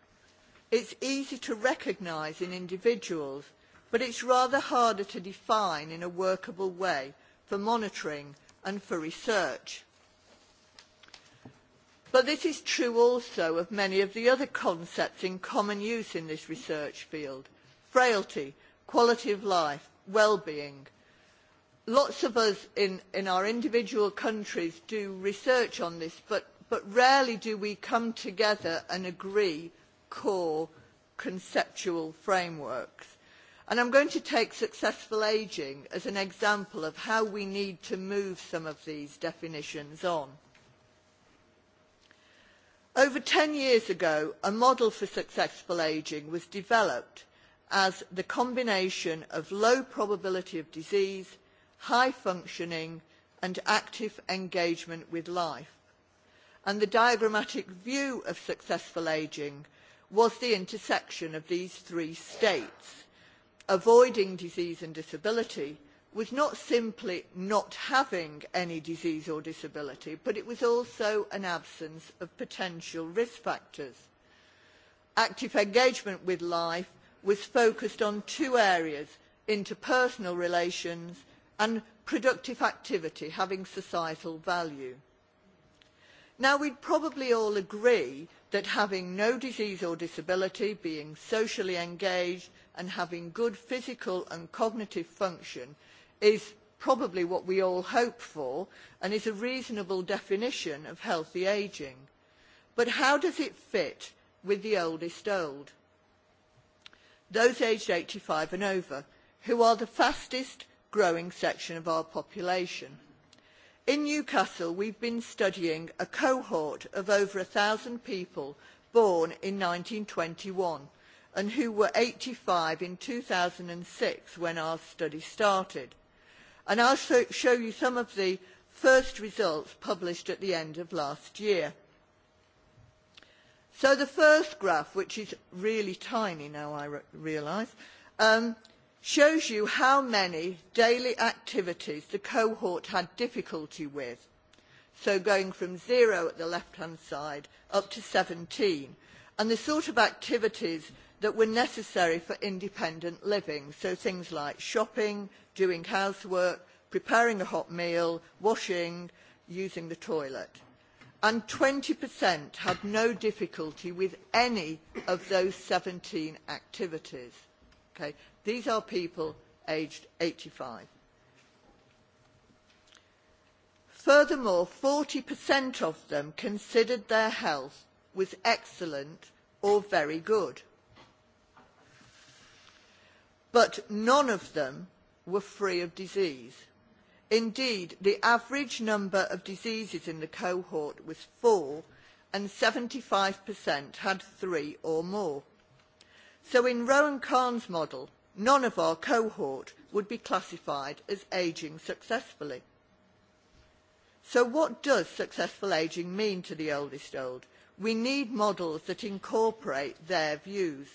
[SPEAKER 11] It's easy to recognise in individuals, but it's rather harder to define in a workable way for monitoring and for research. But this is true also of many of the other concepts in common use in this research field. Frailty, quality of life, well-being. Lots of us in, in our individual countries do research on this, but, but rarely do we come together and agree core conceptual frameworks. And I'm going to take successful ageing as an example of how we need to move some of these definitions on. Over 10 years ago, a model for successful ageing was developed as the combination of low probability of disease, high functioning and active engagement with life. And the diagrammatic view of successful ageing was the intersection of these three states. Avoiding disease and disability was not simply not having any disease or disability, but it was also an absence of potential risk factors. Active engagement with life was focused on two areas, interpersonal relations and productive activity having societal value. Now, we'd probably all agree that having no disease or disability, being socially engaged and having good physical and cognitive function is probably what we all hope for and is a reasonable definition of healthy ageing. But how does it fit with the oldest old? those aged eighty five and over, who are the fastest growing section of our population. In Newcastle, we have been studying a cohort of over a thousand people born in twenty one and who were eighty five in two thousand six when our study started. And I'll show you some of the first results published at the end of last year. So the first graph, which is really tiny now I re realise, um, shows you how many daily activities the cohort had difficulty with. So going from zero at the left-hand side up to 17. And the sort of activities that were necessary for independent living. So things like shopping, doing housework, preparing a hot meal, washing, using the toilet and 20% had no difficulty with any of those 17 activities. Okay? These are people aged 85. Furthermore, 40% of them considered their health was excellent or very good. But none of them were free of disease. Indeed, the average number of diseases in the cohort was four and 75% had three or more. So in Rowan Kahn's model, none of our cohort would be classified as ageing successfully. So what does successful ageing mean to the oldest old? We need models that incorporate their views.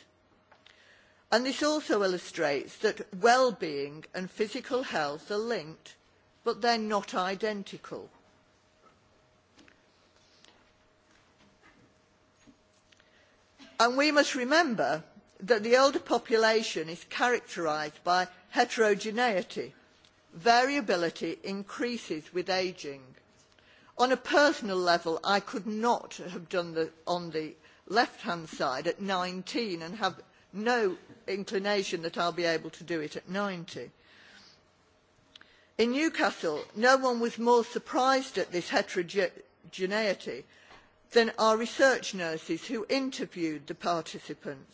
[SPEAKER 11] And this also illustrates that well-being and physical health are linked but they're not identical. And we must remember that the older population is characterised by heterogeneity. Variability increases with ageing. On a personal level, I could not have done the, on the left-hand side at 19 and have no inclination that I'll be able to do it at 90. In Newcastle, no one was more surprised at this heterogeneity than our research nurses who interviewed the participants,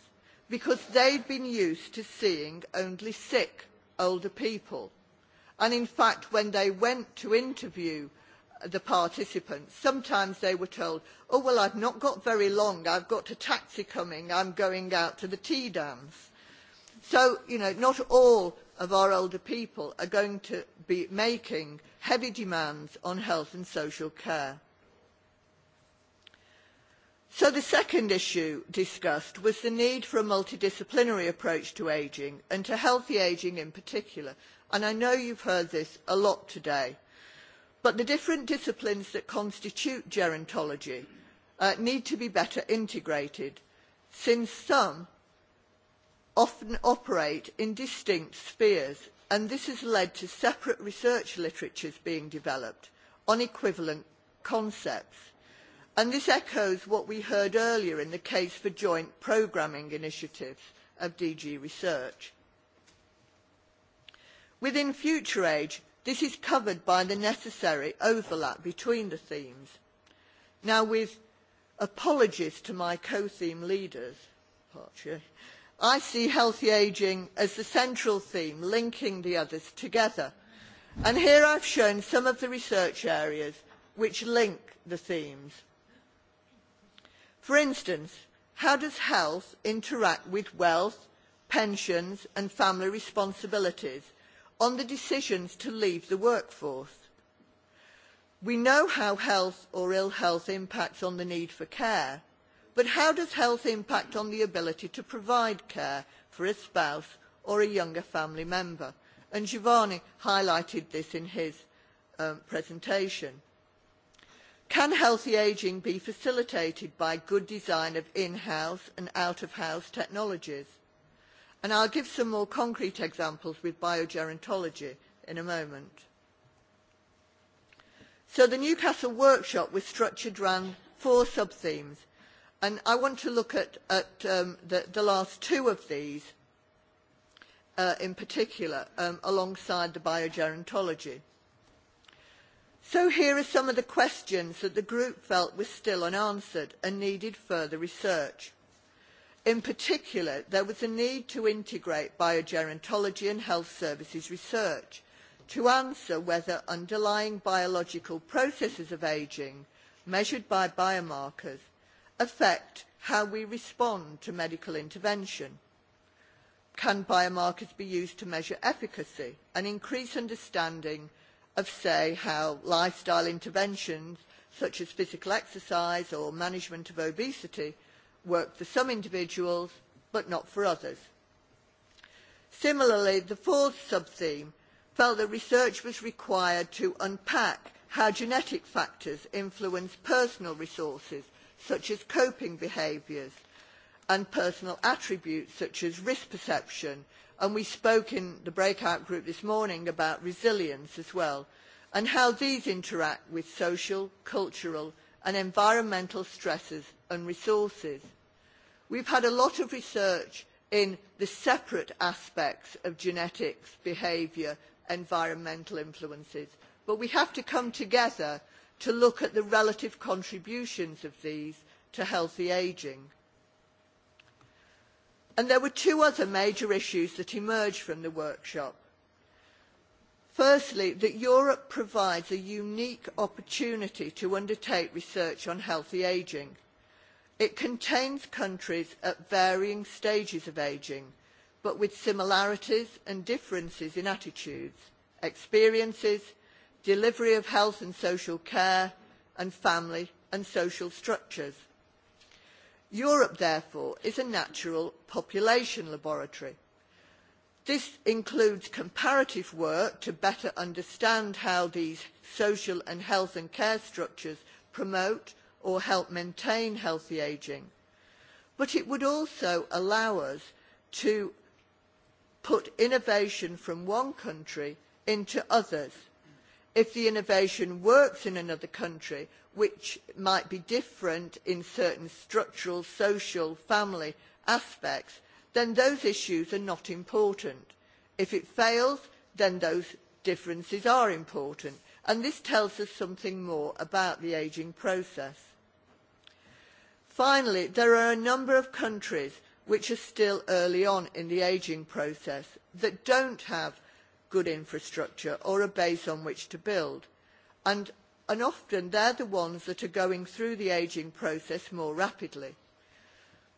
[SPEAKER 11] because they'd been used to seeing only sick older people. And in fact, when they went to interview uh, the participants, sometimes they were told, oh, well, I've not got very long. I've got a taxi coming. I'm going out to the tea dams. So, you know, not all of our older people are going to be making heavy demands on health and social care. So the second issue discussed was the need for a multidisciplinary approach to ageing and to healthy ageing in particular. And I know you've heard this a lot today. But the different disciplines that constitute gerontology uh, need to be better integrated since some often operate in distinct spheres, and this has led to separate research literatures being developed on equivalent concepts. And this echoes what we heard earlier in the case for joint programming initiatives of DG Research. Within Future Age, this is covered by the necessary overlap between the themes. Now, with apologies to my co-theme leaders, I see healthy ageing as the central theme linking the others together. And here I've shown some of the research areas which link the themes. For instance, how does health interact with wealth, pensions and family responsibilities on the decisions to leave the workforce? We know how health or ill health impacts on the need for care – But how does health impact on the ability to provide care for a spouse or a younger family member? And Giovanni highlighted this in his um, presentation. Can healthy ageing be facilitated by good design of in-house and out-of-house technologies? And I'll give some more concrete examples with biogerontology in a moment. So the Newcastle workshop was structured around four sub-themes – And I want to look at, at um, the, the last two of these uh, in particular, um, alongside the biogerontology. So here are some of the questions that the group felt were still unanswered and needed further research. In particular, there was a need to integrate biogerontology and health services research to answer whether underlying biological processes of ageing, measured by biomarkers, affect how we respond to medical intervention? Can biomarkers be used to measure efficacy and increase understanding of, say, how lifestyle interventions such as physical exercise or management of obesity work for some individuals but not for others? Similarly, the fourth sub theme felt that research was required to unpack how genetic factors influence personal resources such as coping behaviours and personal attributes such as risk perception. And we spoke in the breakout group this morning about resilience as well and how these interact with social, cultural and environmental stresses and resources. We've had a lot of research in the separate aspects of genetics, behaviour, environmental influences, but we have to come together to look at the relative contributions of these to healthy ageing. And there were two other major issues that emerged from the workshop. Firstly, that Europe provides a unique opportunity to undertake research on healthy ageing. It contains countries at varying stages of ageing, but with similarities and differences in attitudes, experiences, delivery of health and social care, and family and social structures. Europe, therefore, is a natural population laboratory. This includes comparative work to better understand how these social and health and care structures promote or help maintain healthy ageing. But it would also allow us to put innovation from one country into others – if the innovation works in another country, which might be different in certain structural, social, family aspects, then those issues are not important. If it fails, then those differences are important. And this tells us something more about the ageing process. Finally, there are a number of countries which are still early on in the ageing process that don't have good infrastructure or a base on which to build. And, and often they're the ones that are going through the ageing process more rapidly.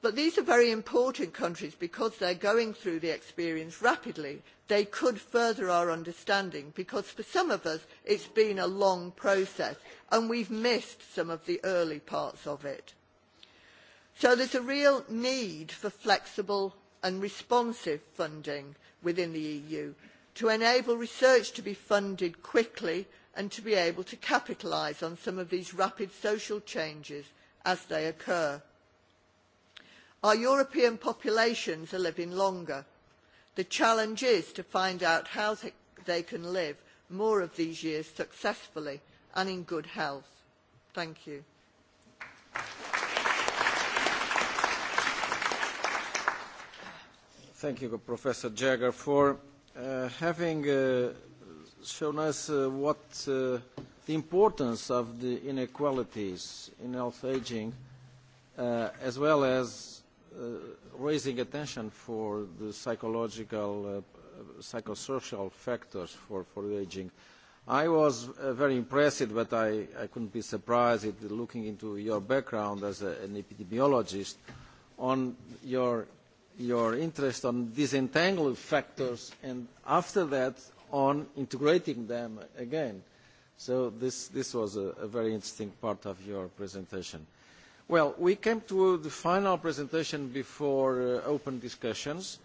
[SPEAKER 11] But these are very important countries because they're going through the experience rapidly. They could further our understanding because for some of us it's been a long process and we've missed some of the early parts of it. So there's a real need for flexible and responsive funding within the EU to enable research to be funded quickly and to be able to capitalise on some of these rapid social changes as they occur. Our European populations are living longer. The challenge is to find out how they can live more of these years successfully and in good health. Thank you.
[SPEAKER 7] Thank you, Professor Jagger, for uh, having uh, shown us uh, what uh, the importance of the inequalities in health aging, uh, as well as uh, raising attention for the psychological, uh, psychosocial factors for, for aging. I was uh, very impressed, but I, I couldn't be surprised at looking into your background as a, an epidemiologist on your your interest on disentangling factors and after that on integrating them again. So this, this was a, a very interesting part of your presentation. Well, we came to the final presentation before uh, open discussions,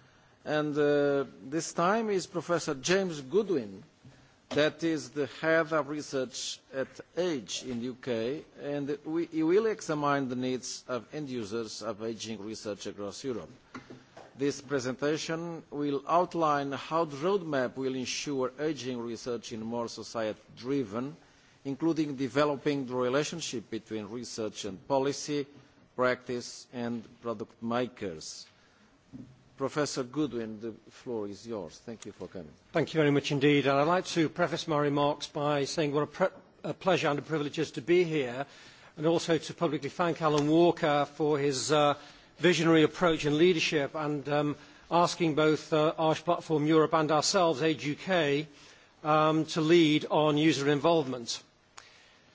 [SPEAKER 7] and uh, this time is Professor James Goodwin, that is the head of research at AGE in the UK, and we, he will examine the needs of end users of aging research across Europe. This presentation will outline how the roadmap will ensure aging research in more society-driven, including developing the relationship between research and policy, practice and product makers. Professor Goodwin, the floor is yours. Thank you for coming.
[SPEAKER 12] Thank you very much indeed. And I'd like to preface my remarks by saying what a, pre a pleasure and a privilege it is to be here, and also to publicly thank Alan Walker for his uh, visionary approach and leadership and um, asking both uh, Arch Platform Europe and ourselves, Age UK, um, to lead on user involvement.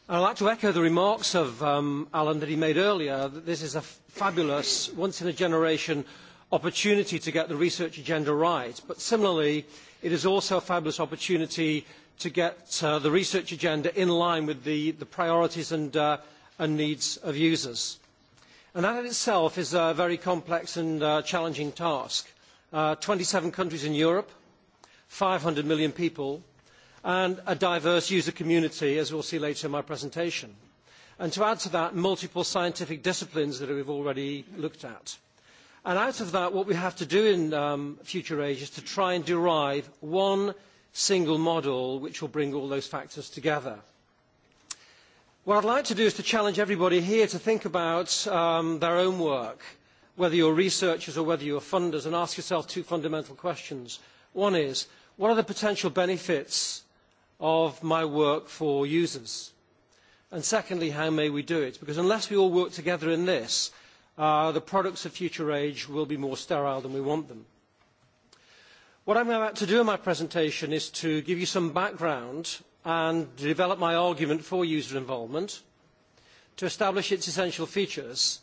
[SPEAKER 12] I would like to echo the remarks of um, Alan that he made earlier, that this is a fabulous, once-in-a-generation opportunity to get the research agenda right. But similarly, it is also a fabulous opportunity to get uh, the research agenda in line with the, the priorities and, uh, and needs of users. And that in itself is a very complex and uh, challenging task. Twenty uh, seven countries in Europe, five hundred million people, and a diverse user community, as we will see later in my presentation. And to add to that, multiple scientific disciplines that we have already looked at. And out of that, what we have to do in um, future age is to try and derive one single model which will bring all those factors together. What I'd like to do is to challenge everybody here to think about um, their own work, whether you're researchers or whether you're funders, and ask yourself two fundamental questions. One is, what are the potential benefits of my work for users? And secondly, how may we do it? Because unless we all work together in this, uh, the products of future age will be more sterile than we want them. What I'm about to do in my presentation is to give you some background and develop my argument for user involvement to establish its essential features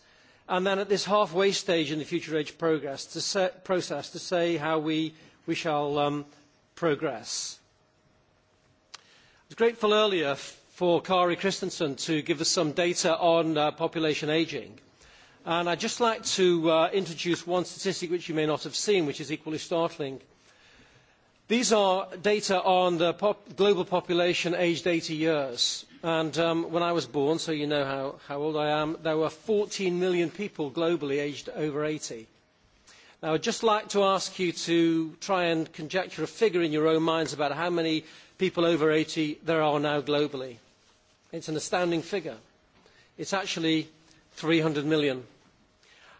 [SPEAKER 12] and then at this halfway stage in the future age progress to set, process to say how we, we shall um, progress. I was grateful earlier for Kari Christensen to give us some data on uh, population ageing. And I'd just like to uh, introduce one statistic which you may not have seen, which is equally startling – These are data on the pop global population aged 80 years. And um, when I was born, so you know how, how old I am, there were 14 million people globally aged over 80. Now, I would just like to ask you to try and conjecture a figure in your own minds about how many people over 80 there are now globally. It's an astounding figure. It's actually 300 million.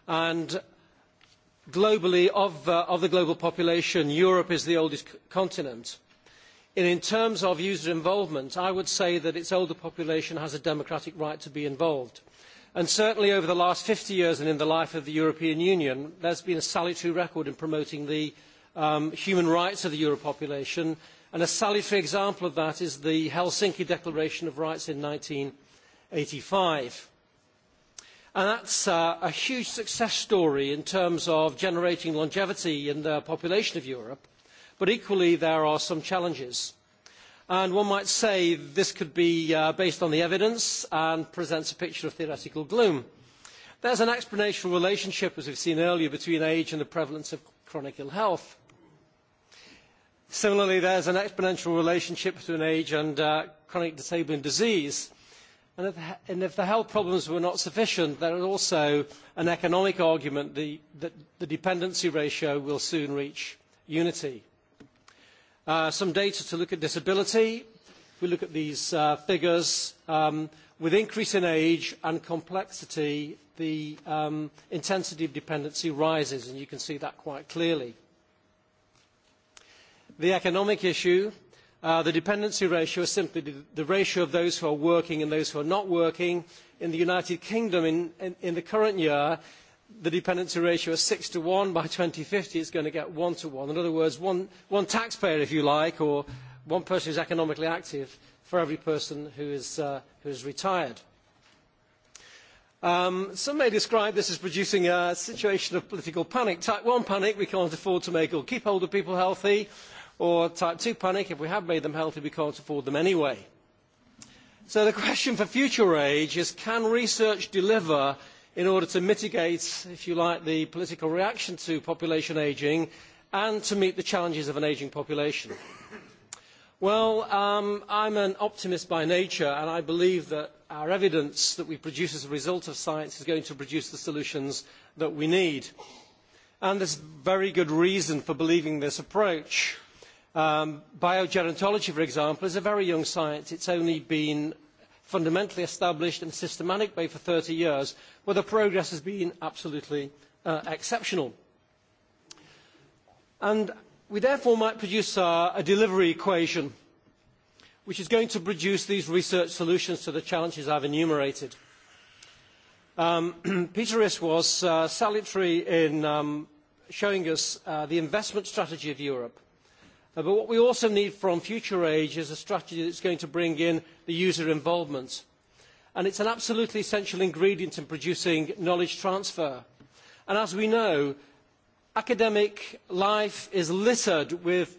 [SPEAKER 12] And globally of, uh, of the global population, Europe is the oldest continent. And in terms of user involvement, I would say that its older population has a democratic right to be involved. And certainly over the last fifty years and in the life of the European Union, there has been a salutary record in promoting the um, human rights of the Euro population. And a salutary example of that is the Helsinki Declaration of Rights in eighty five And that's uh, a huge success story in terms of generating longevity in the population of Europe, but equally there are some challenges. And one might say this could be uh, based on the evidence and presents a picture of theoretical gloom. There is an exponential relationship, as we have seen earlier, between age and the prevalence of chronic ill health. Similarly, there is an exponential relationship between age and uh, chronic disabling disease. And if, and if the health problems were not sufficient, there is also an economic argument the, that the dependency ratio will soon reach unity. Uh, some data to look at disability. If we look at these uh, figures, um, with increase in age and complexity, the um, intensity of dependency rises, and you can see that quite clearly. The economic issue, Uh, the dependency ratio is simply the ratio of those who are working and those who are not working. In the United Kingdom, in, in, in the current year, the dependency ratio is six to one. By 2050, it's going to get one to one. In other words, one, one taxpayer, if you like, or one person who is economically active for every person who is, uh, who is retired. Um, some may describe this as producing a situation of political panic. Type one panic, we can't afford to make or keep older people healthy or type 2 panic, if we have made them healthy, we can't afford them anyway. So the question for future age is can research deliver in order to mitigate, if you like, the political reaction to population ageing and to meet the challenges of an ageing population? Well, um, I'm an optimist by nature and I believe that our evidence that we produce as a result of science is going to produce the solutions that we need. And there's very good reason for believing this approach. Um, biogerontology, for example, is a very young science. It has only been fundamentally established in a systematic way for thirty years, where the progress has been absolutely uh, exceptional. And we therefore might produce uh, a delivery equation which is going to produce these research solutions to the challenges I have enumerated. Um, Peter Riss was uh, salutary in um, showing us uh, the investment strategy of Europe. Uh, but what we also need from Future Age is a strategy that is going to bring in the user involvement. And is an absolutely essential ingredient in producing knowledge transfer. And as we know, academic life is littered with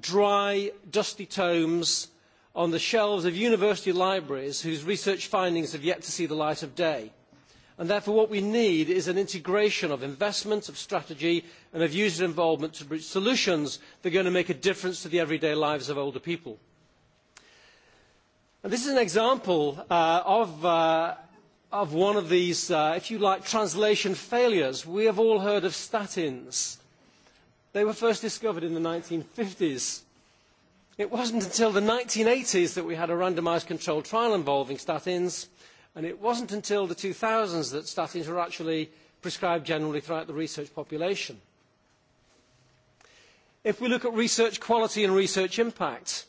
[SPEAKER 12] dry, dusty tomes on the shelves of university libraries whose research findings have yet to see the light of day and therefore what we need is an integration of investment, of strategy and of user involvement to reach solutions that are going to make a difference to the everyday lives of older people. And this is an example uh, of, uh, of one of these, uh, if you like, translation failures. We have all heard of statins. They were first discovered in the 1950s. It wasn't until the 1980s that we had a randomised controlled trial involving statins And it wasn't until the 2000s that statins were actually prescribed generally throughout the research population. If we look at research quality and research impact,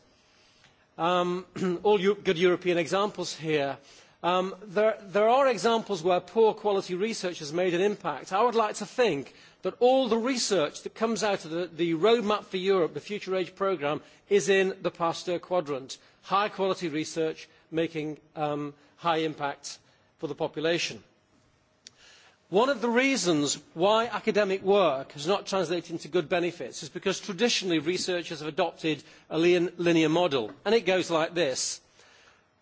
[SPEAKER 12] um, all good European examples here, um, there, there are examples where poor quality research has made an impact. I would like to think that all the research that comes out of the, the Roadmap for Europe, the Future Age programme, is in the Pasteur quadrant. High quality research making um, high impact for the population. One of the reasons why academic work has not translated into good benefits is because traditionally researchers have adopted a linear model, and it goes like this.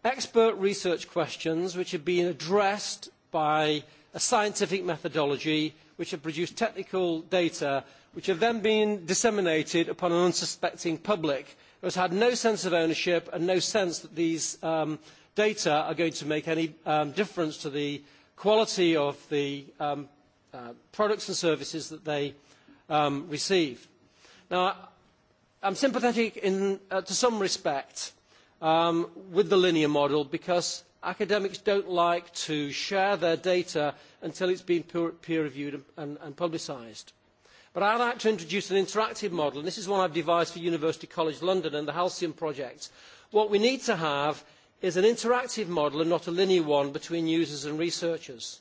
[SPEAKER 12] Expert research questions which have been addressed by a scientific methodology which have produced technical data which have then been disseminated upon an unsuspecting public who has had no sense of ownership and no sense that these um, data are going to make any um, difference to the quality of the um, uh, products and services that they um, receive. Now, I'm sympathetic in, uh, to some respect um, with the linear model because academics don't like to share their data until it's been peer-reviewed and, and publicised. But I'd like to introduce an interactive model, and this is one I've devised for University College London and the Halcyon Project. What we need to have is an interactive model and not a linear one between users and researchers.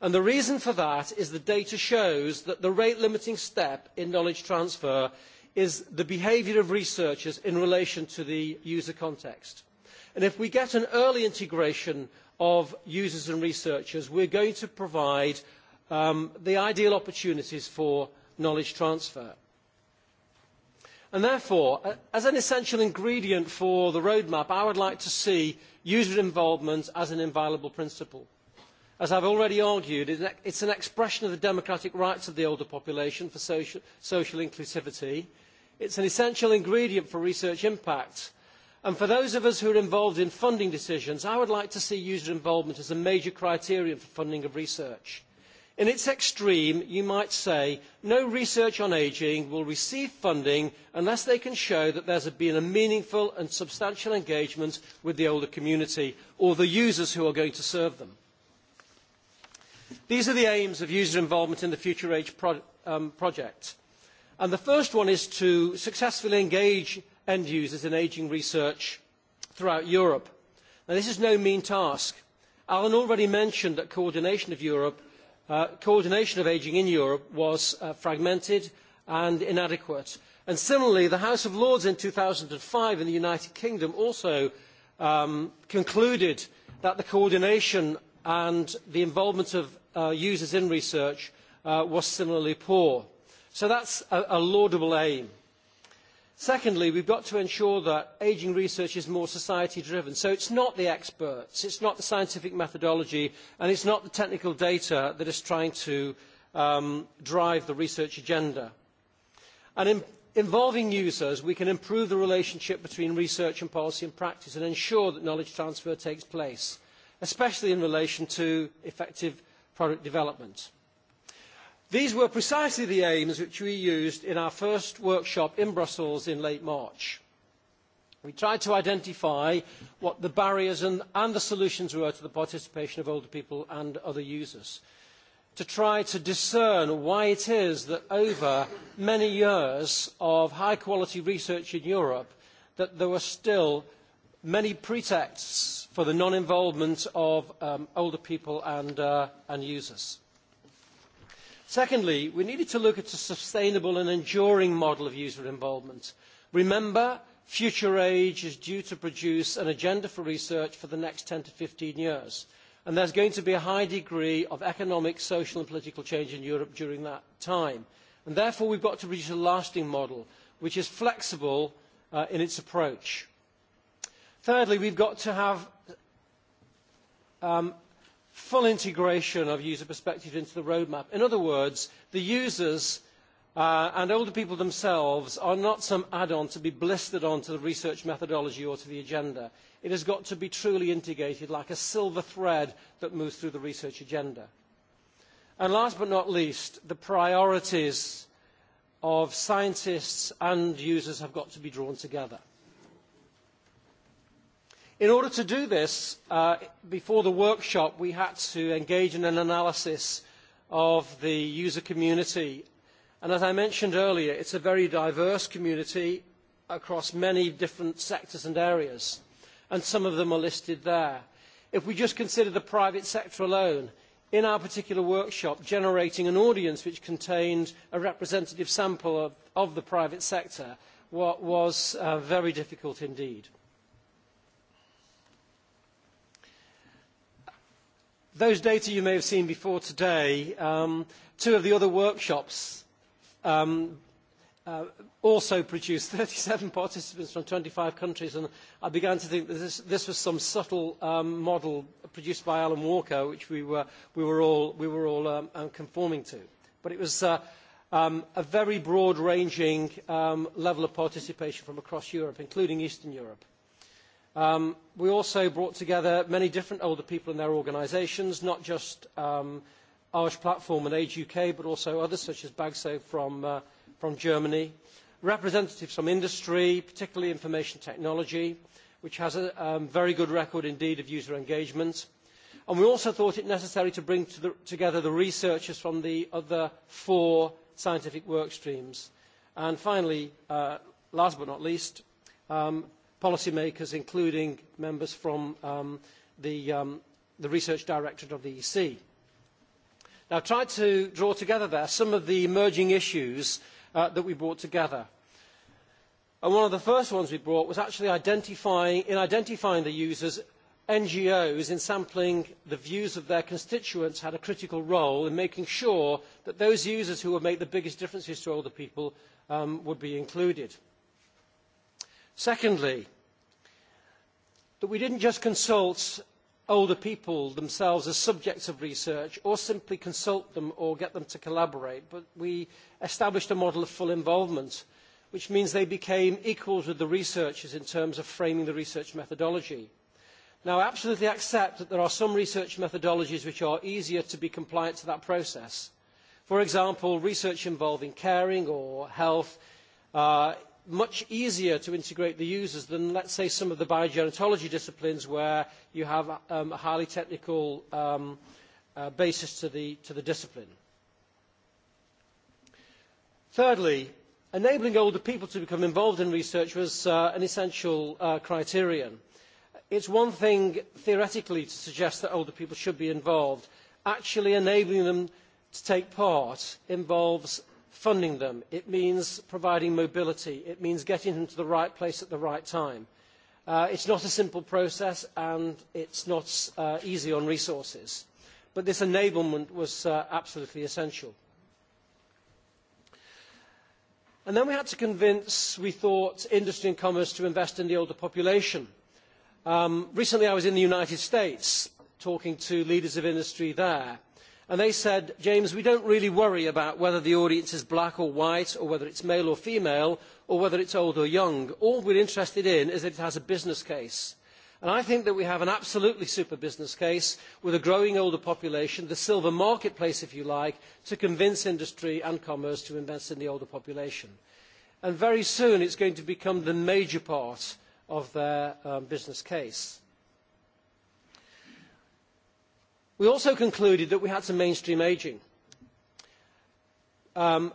[SPEAKER 12] And the reason for that is the data shows that the rate limiting step in knowledge transfer is the behaviour of researchers in relation to the user context. And if we get an early integration of users and researchers, we are going to provide um, the ideal opportunities for knowledge transfer. And therefore, as an essential ingredient for the roadmap, I would like to see user involvement as an inviolable principle. As I have already argued, it is an expression of the democratic rights of the older population for social, social inclusivity. It is an essential ingredient for research impact. And for those of us who are involved in funding decisions, I would like to see user involvement as a major criterion for funding of research. In its extreme, you might say no research on ageing will receive funding unless they can show that there has been a meaningful and substantial engagement with the older community or the users who are going to serve them. These are the aims of user involvement in the Future Age pro um, project. And the first one is to successfully engage end users in ageing research throughout Europe. Now, this is no mean task. Alan already mentioned that coordination of Europe Uh, coordination of ageing in Europe was uh, fragmented and inadequate. And similarly, the House of Lords in two thousand five in the United Kingdom also um, concluded that the coordination and the involvement of uh, users in research uh, was similarly poor. So that is a, a laudable aim. Secondly, we have got to ensure that ageing research is more society driven. So it is not the experts, it is not the scientific methodology, and it is not the technical data that is trying to um, drive the research agenda. And in involving users, we can improve the relationship between research and policy and practice and ensure that knowledge transfer takes place, especially in relation to effective product development. These were precisely the aims which we used in our first workshop in Brussels in late March. We tried to identify what the barriers and, and the solutions were to the participation of older people and other users, to try to discern why it is that over many years of high-quality research in Europe that there were still many pretexts for the non-involvement of um, older people and, uh, and users. Secondly, we needed to look at a sustainable and enduring model of user involvement. Remember, Future Age is due to produce an agenda for research for the next 10 to 15 years. And there's going to be a high degree of economic, social and political change in Europe during that time. And therefore, we've got to reach a lasting model which is flexible uh, in its approach. Thirdly, we've got to have um, full integration of user perspective into the roadmap. In other words, the users uh, and older people themselves are not some add-on to be blistered onto the research methodology or to the agenda. It has got to be truly integrated like a silver thread that moves through the research agenda. And last but not least, the priorities of scientists and users have got to be drawn together. In order to do this, uh, before the workshop, we had to engage in an analysis of the user community. And as I mentioned earlier, it is a very diverse community across many different sectors and areas, and some of them are listed there. If we just consider the private sector alone, in our particular workshop, generating an audience which contained a representative sample of, of the private sector what was uh, very difficult indeed. Those data you may have seen before today, um, two of the other workshops um, uh, also produced 37 participants from 25 countries, and I began to think that this, this was some subtle um, model produced by Alan Walker, which we were, we were all, we were all um, uh, conforming to. But it was uh, um, a very broad-ranging um, level of participation from across Europe, including Eastern Europe. Um, we also brought together many different older people in their organisations, not just um, Irish Platform and Age UK, but also others such as Bagso from, uh, from Germany, representatives from industry, particularly information technology, which has a um, very good record indeed of user engagement. And we also thought it necessary to bring to the, together the researchers from the other four scientific work streams. And finally, uh, last but not least, um, policymakers, including members from um, the, um, the Research Directorate of the EC. Now, I've tried to draw together there some of the emerging issues uh, that we brought together. And one of the first ones we brought was actually identifying, in identifying the users, NGOs in sampling the views of their constituents had a critical role in making sure that those users who would make the biggest differences to older people um, would be included. Secondly, that we did not just consult older people themselves as subjects of research or simply consult them or get them to collaborate, but we established a model of full involvement, which means they became equals with the researchers in terms of framing the research methodology. Now, I absolutely accept that there are some research methodologies which are easier to be compliant to that process. For example, research involving caring or health uh, much easier to integrate the users than, let us say, some of the biogenetology disciplines where you have um, a highly technical um, uh, basis to the, to the discipline. Thirdly, enabling older people to become involved in research was uh, an essential uh, criterion. It is one thing theoretically to suggest that older people should be involved. Actually enabling them to take part involves funding them. It means providing mobility. It means getting them to the right place at the right time. Uh, it's not a simple process and it's not uh, easy on resources. But this enablement was uh, absolutely essential. And then we had to convince, we thought, industry and commerce to invest in the older population. Um, recently I was in the United States talking to leaders of industry there. And they said, James, we don't really worry about whether the audience is black or white, or whether it's male or female, or whether it's old or young. All we're interested in is that it has a business case. And I think that we have an absolutely super business case with a growing older population, the silver marketplace, if you like, to convince industry and commerce to invest in the older population. And very soon it is going to become the major part of their um, business case. We also concluded that we had to mainstream ageing. Um,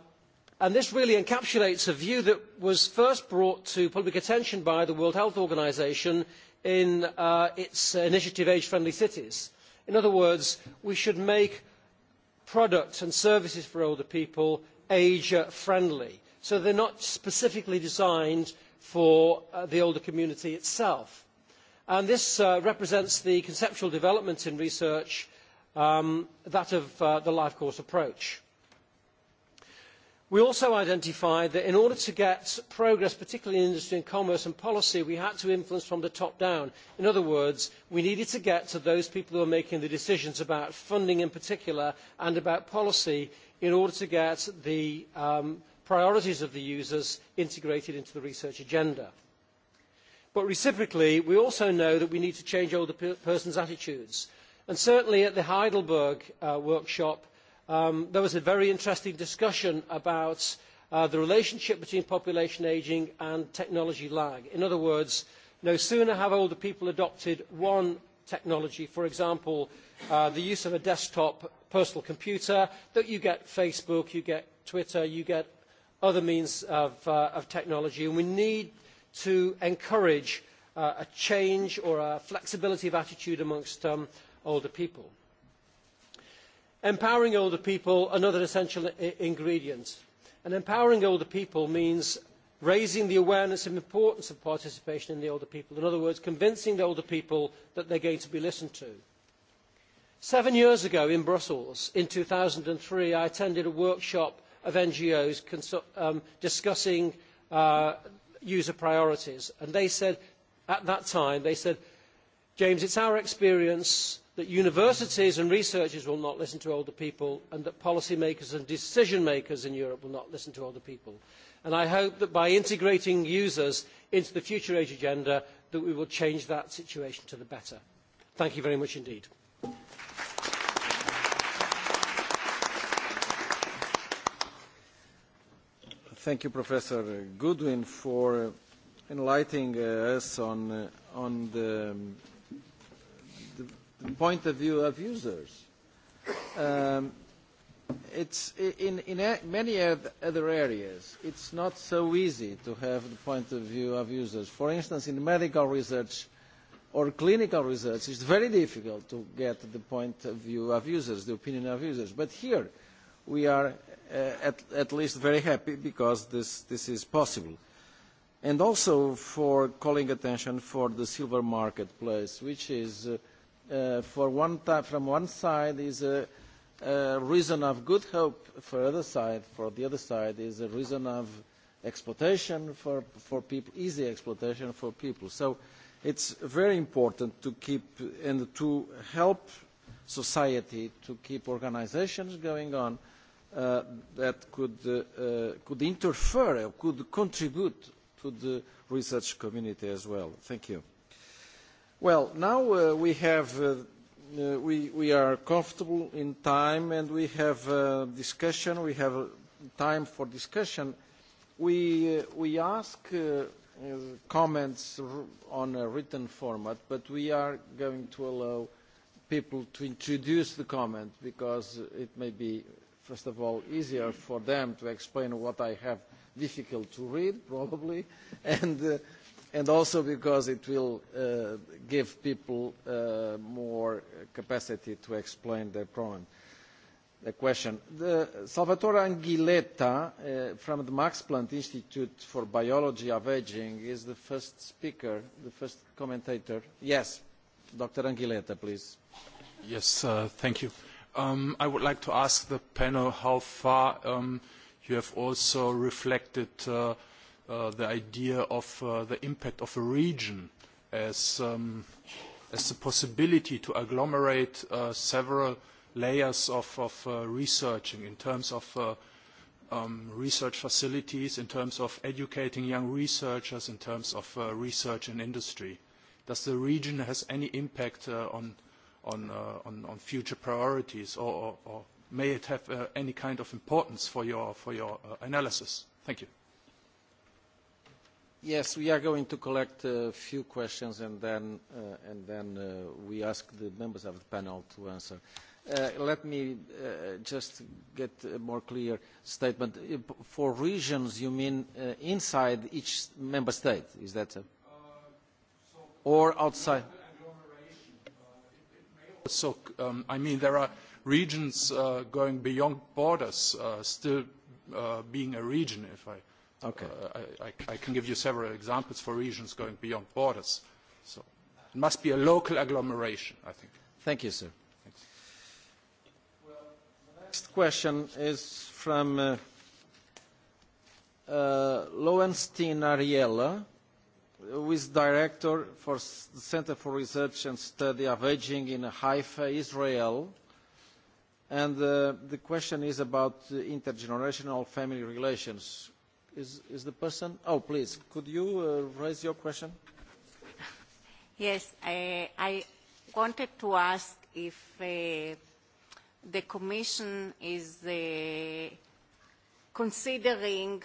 [SPEAKER 12] and this really encapsulates a view that was first brought to public attention by the World Health Organization in uh, its initiative Age Friendly Cities. In other words, we should make products and services for older people age friendly. So they are not specifically designed for uh, the older community itself. And this uh, represents the conceptual development in research, um, that of uh, the life course approach. We also identified that in order to get progress, particularly in industry and commerce and policy, we had to influence from the top down. In other words, we needed to get to those people who are making the decisions about funding in particular and about policy in order to get the um, priorities of the users integrated into the research agenda. But reciprocally, we also know that we need to change older persons' attitudes. And certainly at the Heidelberg uh, workshop, um, there was a very interesting discussion about uh, the relationship between population ageing and technology lag. In other words, no sooner have older people adopted one technology, for example, uh, the use of a desktop personal computer, that you get Facebook, you get Twitter, you get other means of, uh, of technology. And we need to encourage uh, a change or a flexibility of attitude amongst um, older people. Empowering older people, another essential ingredient. And empowering older people means raising the awareness and importance of participation in the older people. In other words, convincing the older people that they are going to be listened to. Seven years ago in Brussels, in two thousand three I attended a workshop of NGOs um, discussing uh, user priorities. And they said, at that time, they said, James, it's our experience that universities and researchers will not listen to older people and that policymakers and decision makers in Europe will not listen to older people. And I hope that by integrating users into the future age agenda, that we will change that situation to the better. Thank you very much indeed.
[SPEAKER 7] thank you, Professor Goodwin, for enlightening uh, us on, uh, on um, the, the point of view of users. Um, it's in, in a, many other areas, it's not so easy to have the point of view of users. For instance, in medical research or clinical research, it's very difficult to get the point of view of users, the opinion of users. But here, we are Uh, at, at least very happy because this, this is possible. And also for calling attention for the silver marketplace, which is uh, uh, for one time, from one side is a, a reason of good hope for other side, for the other side is a reason of exploitation for, for people, easy exploitation for people. So it's very important to keep and to help society to keep organizations going on uh, that could, uh, uh, could interfere or could contribute to the research community as well. Thank you. Well, now uh, we have, uh, uh, we, we are comfortable in time and we have uh, discussion, we have time for discussion. We, uh, we ask uh, comments on a written format, but we are going to allow people to introduce the comment because it may be first of all, easier for them to explain what I have difficult to read, probably, and, uh, and also because it will uh, give people uh, more capacity to explain their problem. The question. The Salvatore Anguilletta uh, from the Max Planck Institute for Biology of Aging is the first speaker, the first commentator. Yes, Dr. Anguilletta, please.
[SPEAKER 10] Yes, uh, thank you. Um, I would like to ask the panel how far um, you have also reflected uh, uh, the idea of uh, the impact of a region as, um, as the possibility to agglomerate uh, several
[SPEAKER 13] layers of, of uh, researching in terms of uh, um, research facilities, in terms of educating young researchers, in terms of uh, research and industry.
[SPEAKER 10] Does the region has any impact uh, on on, uh, on, on future priorities or, or, or may it have uh, any kind of importance for your, for your uh, analysis?
[SPEAKER 12] Thank you.
[SPEAKER 7] Yes, we are going to collect a few questions and then, uh, and then uh, we ask the members of the panel to answer. Uh, let me uh, just get a more clear statement. For regions, you mean uh, inside each member state, is that? so? uh,
[SPEAKER 10] so or outside? Uh, So, um, I mean, there are regions uh, going beyond borders uh, still uh, being a region, if I, okay. uh, I, I can give you several examples for regions going beyond borders. So it must be a local agglomeration, I think. Thank you, sir.
[SPEAKER 7] Well, the next question is from uh, uh, Lowenstein Ariella with director for the Center for Research and Study of Aging in Haifa, Israel. And uh, the question is about intergenerational family relations. Is, is the person? Oh, please, could you uh, raise your question?
[SPEAKER 14] Yes, I, uh, I wanted to ask if uh, the Commission is uh, considering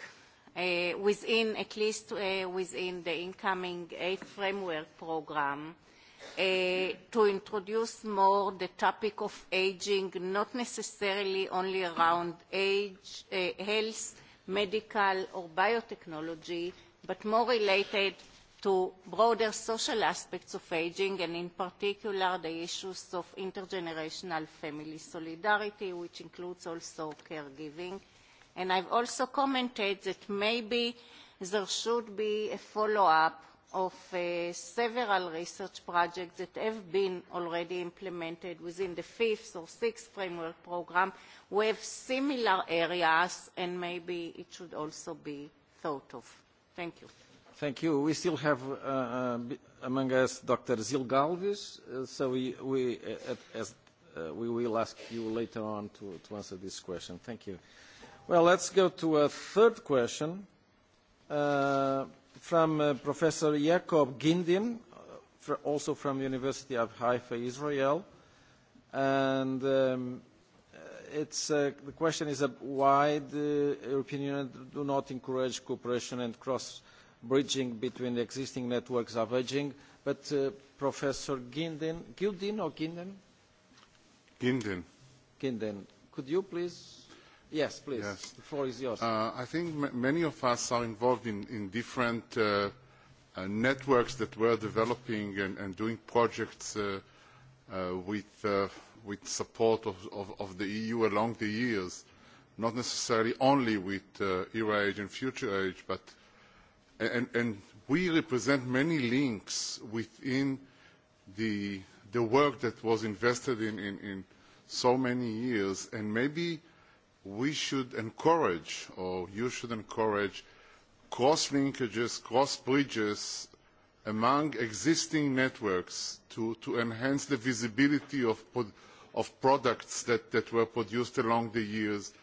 [SPEAKER 14] uh, within, at least uh, within the incoming aid framework program, uh, to introduce more the topic of aging, not necessarily only around age, uh, health, medical or biotechnology, but more related to broader social aspects of aging and in particular the issues of intergenerational family solidarity, which includes also caregiving And I've also commented that maybe there should be a follow-up of uh, several research projects that have been already implemented within the fifth or sixth framework program with similar areas and maybe it should also be thought of. Thank you.
[SPEAKER 7] Thank you. We still have uh, uh, among us Dr. Zil Galvis, uh, so we, we, uh, uh, as, uh, we will ask you later on to, to answer this question. Thank you. Well, let's go to a third question uh, from uh, Professor Jakob Gindim, also from University of Haifa, Israel. And um, uh, it's, uh, the question is uh, why the European Union do not encourage cooperation and cross-bridging between the existing networks of aging. But uh, Professor Gindin, Gildin or Gindin? Gindin. Gindin. Could you please
[SPEAKER 15] Yes, please. Yes.
[SPEAKER 7] The floor is yours. Uh,
[SPEAKER 15] I think m many of us are involved in, in different uh, uh, networks that we're developing and, and doing projects uh, uh, with, uh, with support of, of, of the EU along the years, not necessarily only with uh, ERA Age and Future Age, but and, and we represent many links within the, the work that was invested in, in, in so many years, and maybe – we should encourage, or you should encourage, cross linkages, cross bridges among existing networks to, to enhance the visibility of, of products that, that were produced along the years,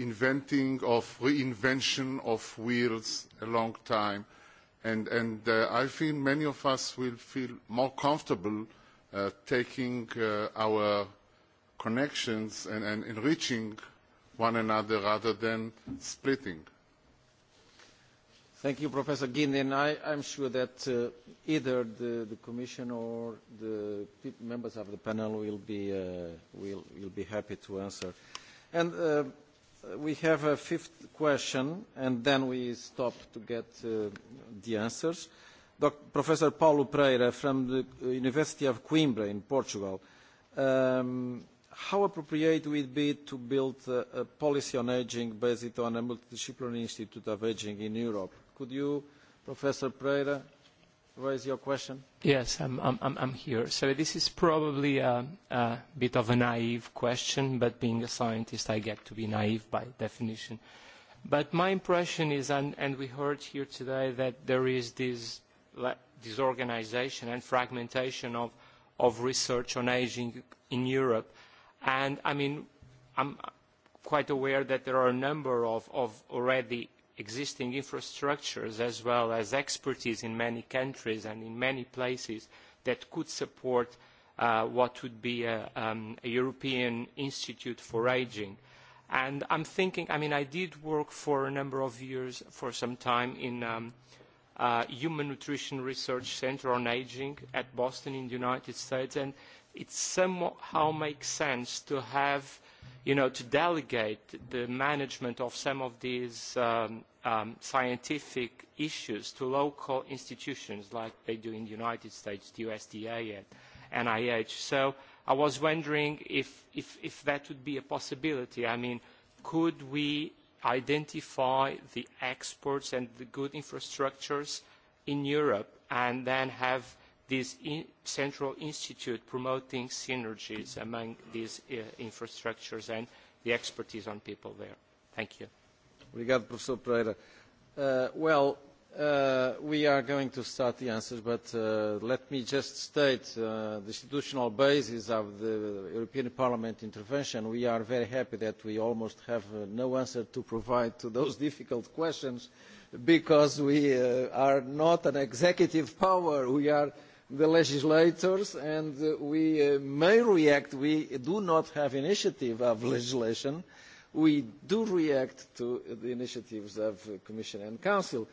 [SPEAKER 15] inventing of reinvention of wheels a long time. And, and uh, I think many of us will feel more comfortable uh, taking uh, our connections and, and enriching one another rather than splitting. Thank you, Professor Ginden. I, I'm sure that uh, either the,
[SPEAKER 7] the Commission or the members of the panel will be, uh, will, will be happy to answer. And uh, we have a fifth question, and then we stop to get uh, the answers. Doc Professor Paulo Pereira from the University of Coimbra in Portugal. Um, how appropriate would it be to build a, a policy on ageing based on a multidisciplinary institute of ageing in Europe? Could you, Professor Pereira, raise your question?
[SPEAKER 16] Yes, I'm, I'm, I'm here. So this is probably a, a bit of a naive question, but being a scientist, I get to be naive by definition. But my impression is, and, and we heard here today, that there is this disorganization and fragmentation of, of research on aging in Europe And I mean, I'm quite aware that there are a number of, of already existing infrastructures as well as expertise in many countries and in many places that could support uh, what would be a, um, a European Institute for Aging. And I'm thinking, I mean, I did work for a number of years, for some time in um, uh, Human Nutrition Research Center on Aging at Boston in the United States, and it somehow makes sense to have, you know, to delegate the management of some of these um, um, scientific issues to local institutions like they do in the United States, the USDA and NIH. So I was wondering if, if, if that would be a possibility. I mean, could we identify the exports and the good infrastructures in Europe and then have this in central institute promoting synergies among these uh, infrastructures and the expertise on people there. Thank you.
[SPEAKER 7] Obrigado, professor Pereira. Uh, well, Uh, we are going to start the answers, but uh, let me just state uh, the institutional basis of the European Parliament intervention. We are very happy that we almost have uh, no answer to provide to those difficult questions because we uh, are not an executive power. We are the legislators and uh, we uh, may react. We do not have initiative of legislation. We do react to the initiatives of the Commission and Council. Uh,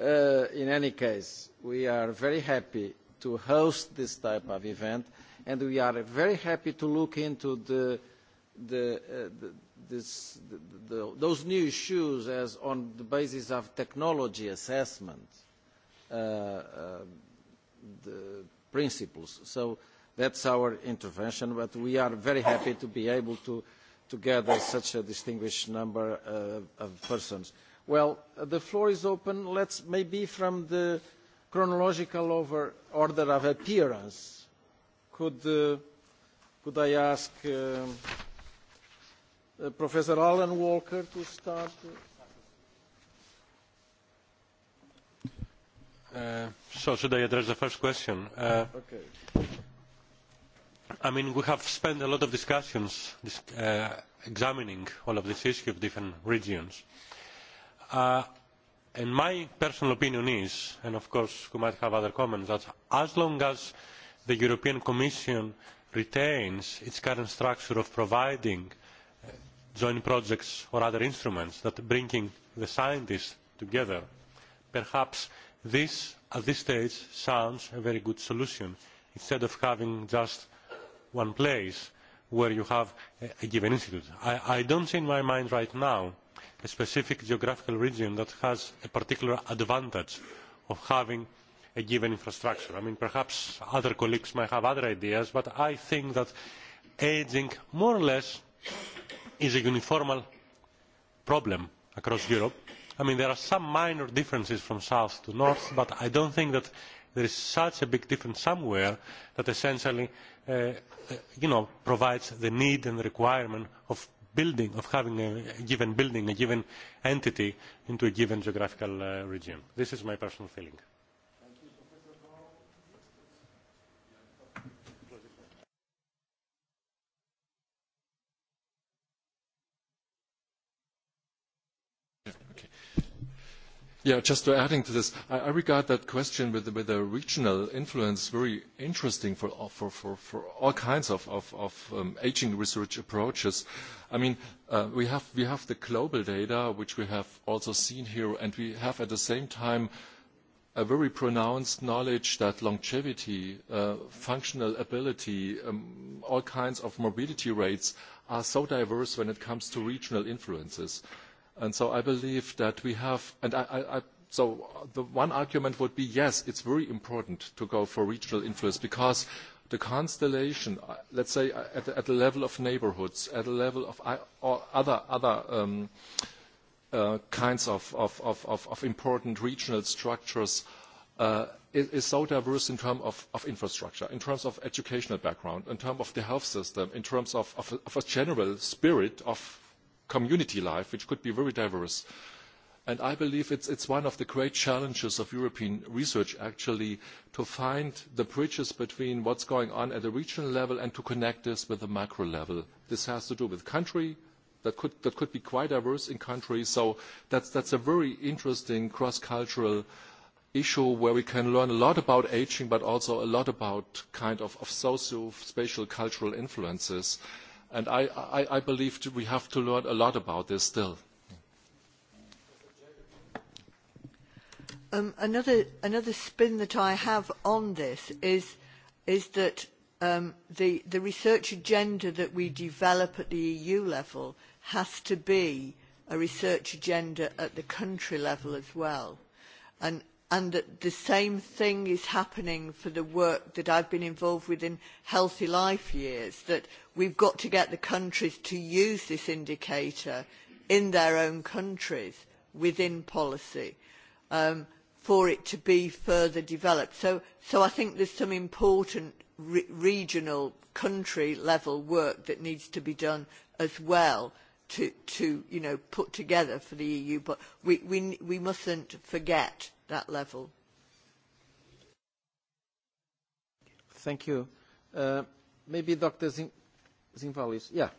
[SPEAKER 7] Uh, in any case, we are very happy to host this type of event, and we are very happy to look into the, the, uh, the, this, the, the, those new issues as on the basis of technology assessment uh, uh, the principles. So that's our intervention, but we are very happy to be able to, to gather such a distinguished number uh, of persons. Well, the floor is open. Let's maybe from the chronological over order of appearance. Could, uh, could I ask uh, uh, Professor Alan Walker to start?
[SPEAKER 8] Uh, so should I address the first question? Uh,
[SPEAKER 5] okay.
[SPEAKER 8] I mean, we have spent a lot of discussions uh, examining all of this issue of different regions. Uh, Uh, in and my personal opinion is, and of course you might have other comments, that as long as the European Commission retains its current structure of providing uh, joint projects or other instruments that bringing the scientists together, perhaps this at this stage sounds a very good solution instead of having just one place where you have a, a given institute. I, I don't see in my mind right now a specific geographical region that has a particular advantage of having a given infrastructure. I mean, perhaps other colleagues might have other ideas, but I think that ageing more or less is a uniform problem across Europe. I mean, there are some minor differences from south to north, but I don't think that there is such a big difference somewhere that essentially uh, uh you know, provides the need and the requirement of building, of having a given building, a given entity into a given geographical uh, region. This is my personal feeling.
[SPEAKER 10] Yeah, just to adding to this, I, I regard that question with, with the regional influence very interesting for, uh, for, for, for all kinds of, of, of um, aging research approaches. I mean, uh, we, have, we have the global data, which we have also seen here, and we have at the same time a very pronounced knowledge that longevity, uh, functional ability, um, all kinds of morbidity rates are so diverse when it comes to regional influences. And so I believe that we have, and I, I, I, so the one argument would be, yes, it's very important to go for regional influence because the constellation, uh, let's say uh, at, at the level of neighborhoods, at the level of or other, other um, uh, kinds of, of, of, of, of important regional structures uh, is, is so diverse in terms of, of infrastructure, in terms of educational background, in terms of the health system, in terms of, of, of a general spirit of community life, which could be very diverse. And I believe it is one of the great challenges of European research, actually, to find the bridges between what is going on at the regional level and to connect this with the macro level. This has to do with country, that could, that could be quite diverse in countries, so that is a very interesting cross-cultural issue where we can learn a lot about ageing, but also a lot about kind of, of socio-spatial cultural influences. And I, I, I believe we have to learn a lot about this still.
[SPEAKER 11] Um, another, another spin that I have on this is, is that um, the, the research agenda that we develop at the EU level has to be a research agenda at the country level as well. And and that the same thing is happening for the work that I've been involved with in Healthy Life Years, that we've got to get the countries to use this indicator in their own countries within policy um, for it to be further developed. So, so I think there's some important re regional country level work that needs to be done as well to, to you know, put together for the EU, but we, we, we mustn't forget that level.
[SPEAKER 7] Thank you. Uh, maybe Dr. Zin Zinvalis. Yeah.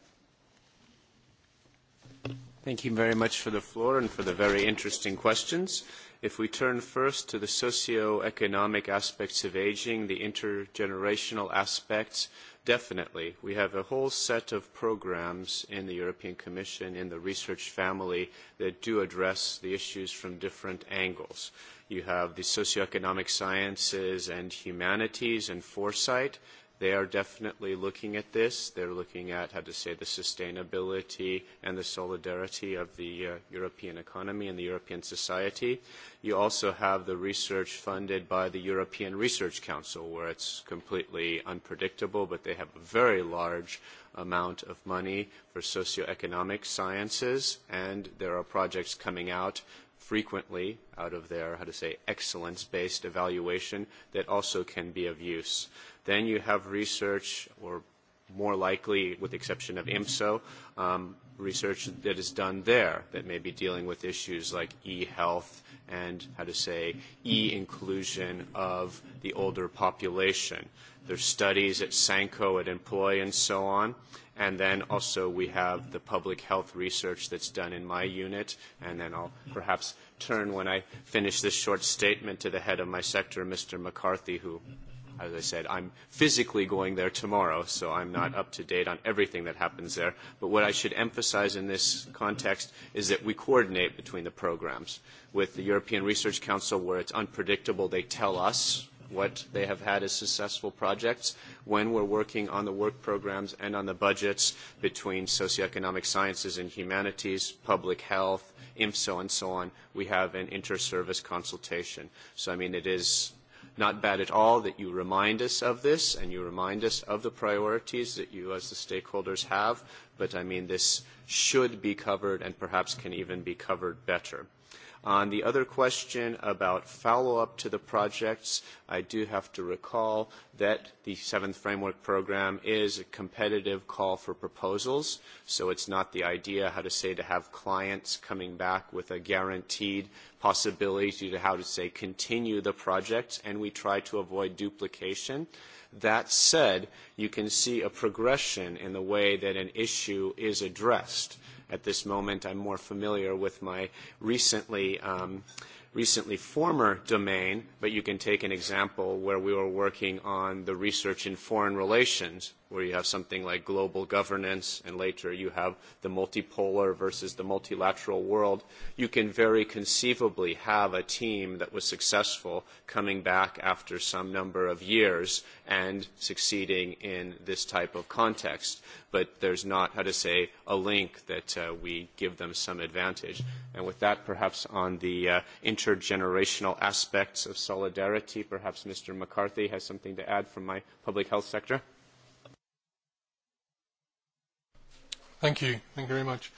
[SPEAKER 5] Thank you very much for the floor and for the very interesting questions. If we turn first to the socioeconomic aspects of aging, the intergenerational aspects, definitely. We have a whole set of programs in the European Commission, in the research family, that do address the issues from different angles. You have the socioeconomic sciences and humanities and foresight. They are definitely looking at this. They're looking at how to say the sustainability and the solidarity of the uh, European economy and the European society. You also have the research funded by the European Research Council, where it's completely unpredictable, but they have a very large amount of money for socioeconomic sciences, and there are projects coming out frequently out of their, how to say, excellence-based evaluation that also can be of use. Then you have research, or more likely, with the exception of IMSO, um, research that is done there that may be dealing with issues like e-health and how to say e-inclusion of the older population. There's studies at Sanko, at Employ, and so on. And then also we have the public health research that's done in my unit. And then I'll perhaps turn when I finish this short statement to the head of my sector, Mr. McCarthy, who As I said, I'm physically going there tomorrow, so I'm not mm-hmm. up to date on everything that happens there. But what I should emphasize in this context is that we coordinate between the programs. With the European Research Council, where it's unpredictable, they tell us what they have had as successful projects when we're working on the work programs and on the budgets between socioeconomic sciences and humanities, public health, IMSO and so on, we have an inter-service consultation. So I mean, it is not bad at all that you remind us of this and you remind us of the priorities that you as the stakeholders have, but I mean this should be covered and perhaps can even be covered better. On the other question about follow-up to the projects, I do have to recall that the seventh framework program is a competitive call for proposals, so it's not the idea how to say to have clients coming back with a guaranteed possibility to how to say continue the project, and we try to avoid duplication. That said, you can see a progression in the way that an issue is addressed at this moment. I'm more familiar with my recently um, recently former domain, but you can take an example where we were working on the research in foreign relations where you have something like global governance, and later you have the multipolar versus the multilateral world, you can very conceivably have a team that was successful coming back after some number of years and succeeding in this type of context. But there's not, how to say, a link that uh, we give them some advantage. And with that, perhaps on the uh, intergenerational aspects of solidarity, perhaps Mr. McCarthy has something to add from my public health sector.
[SPEAKER 13] Thank you. Thank you very much.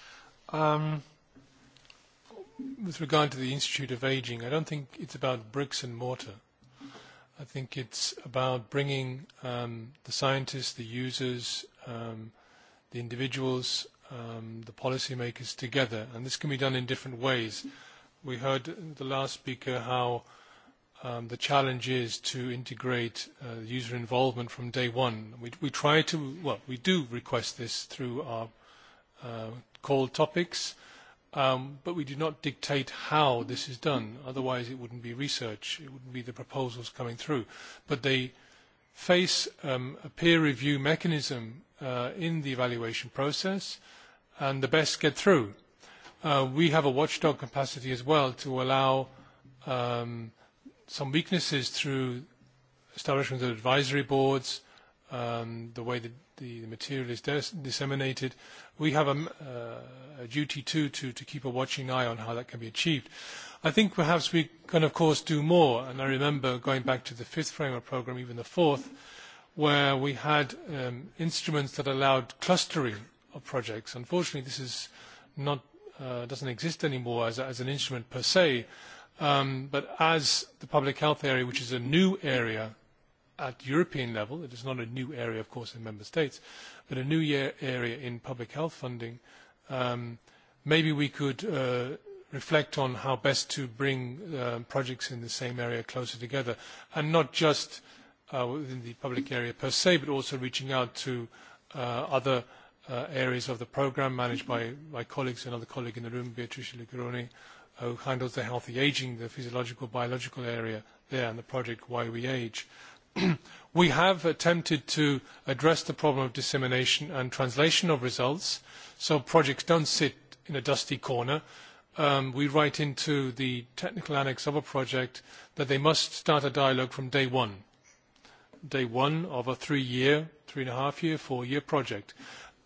[SPEAKER 13] Um, with regard to the Institute of Aging, I don't think it's about bricks and mortar. I think it's about bringing um, the scientists, the users, um, the individuals, um, the policymakers together. And this can be done in different ways. We heard the last speaker how um, the challenge is to integrate uh, user involvement from day one. We, we try to, well, we do request this through our uh, call topics, um, but we do not dictate how this is done. Otherwise, it wouldn't be research. It wouldn't be the proposals coming through. But they face um, a peer review mechanism uh, in the evaluation process, and the best get through. Uh, we have a watchdog capacity as well to allow um, some weaknesses through establishment of advisory boards, uh, um, the way that the, the material is dis disseminated. We have a, uh, a duty too to, to keep a watching eye on how that can be achieved. I think perhaps we can of course do more, and I remember going back to the fifth framework program, even the fourth, where we had um, instruments that allowed clustering of projects. Unfortunately, this is not, uh, doesn't exist anymore as, as an instrument per se, um, but as the public health area, which is a new area at European level, it is not a new area, of course, in member states, but a new year area in public health funding, um, maybe we could uh, reflect on how best to bring uh, projects in the same area closer together, and not just uh, within the public area per se, but also reaching out to uh, other uh, areas of the program managed by my colleagues, another colleague in the room, Beatrice Ligroni, who handles the healthy aging, the physiological, biological area there, and the project Why We Age we have attempted to address the problem of dissemination and translation of results, so projects don't sit in a dusty corner. Um, we write into the technical annex of a project that they must start a dialogue from day one, day one of a three-year, three-and-a-half-year, four-year project.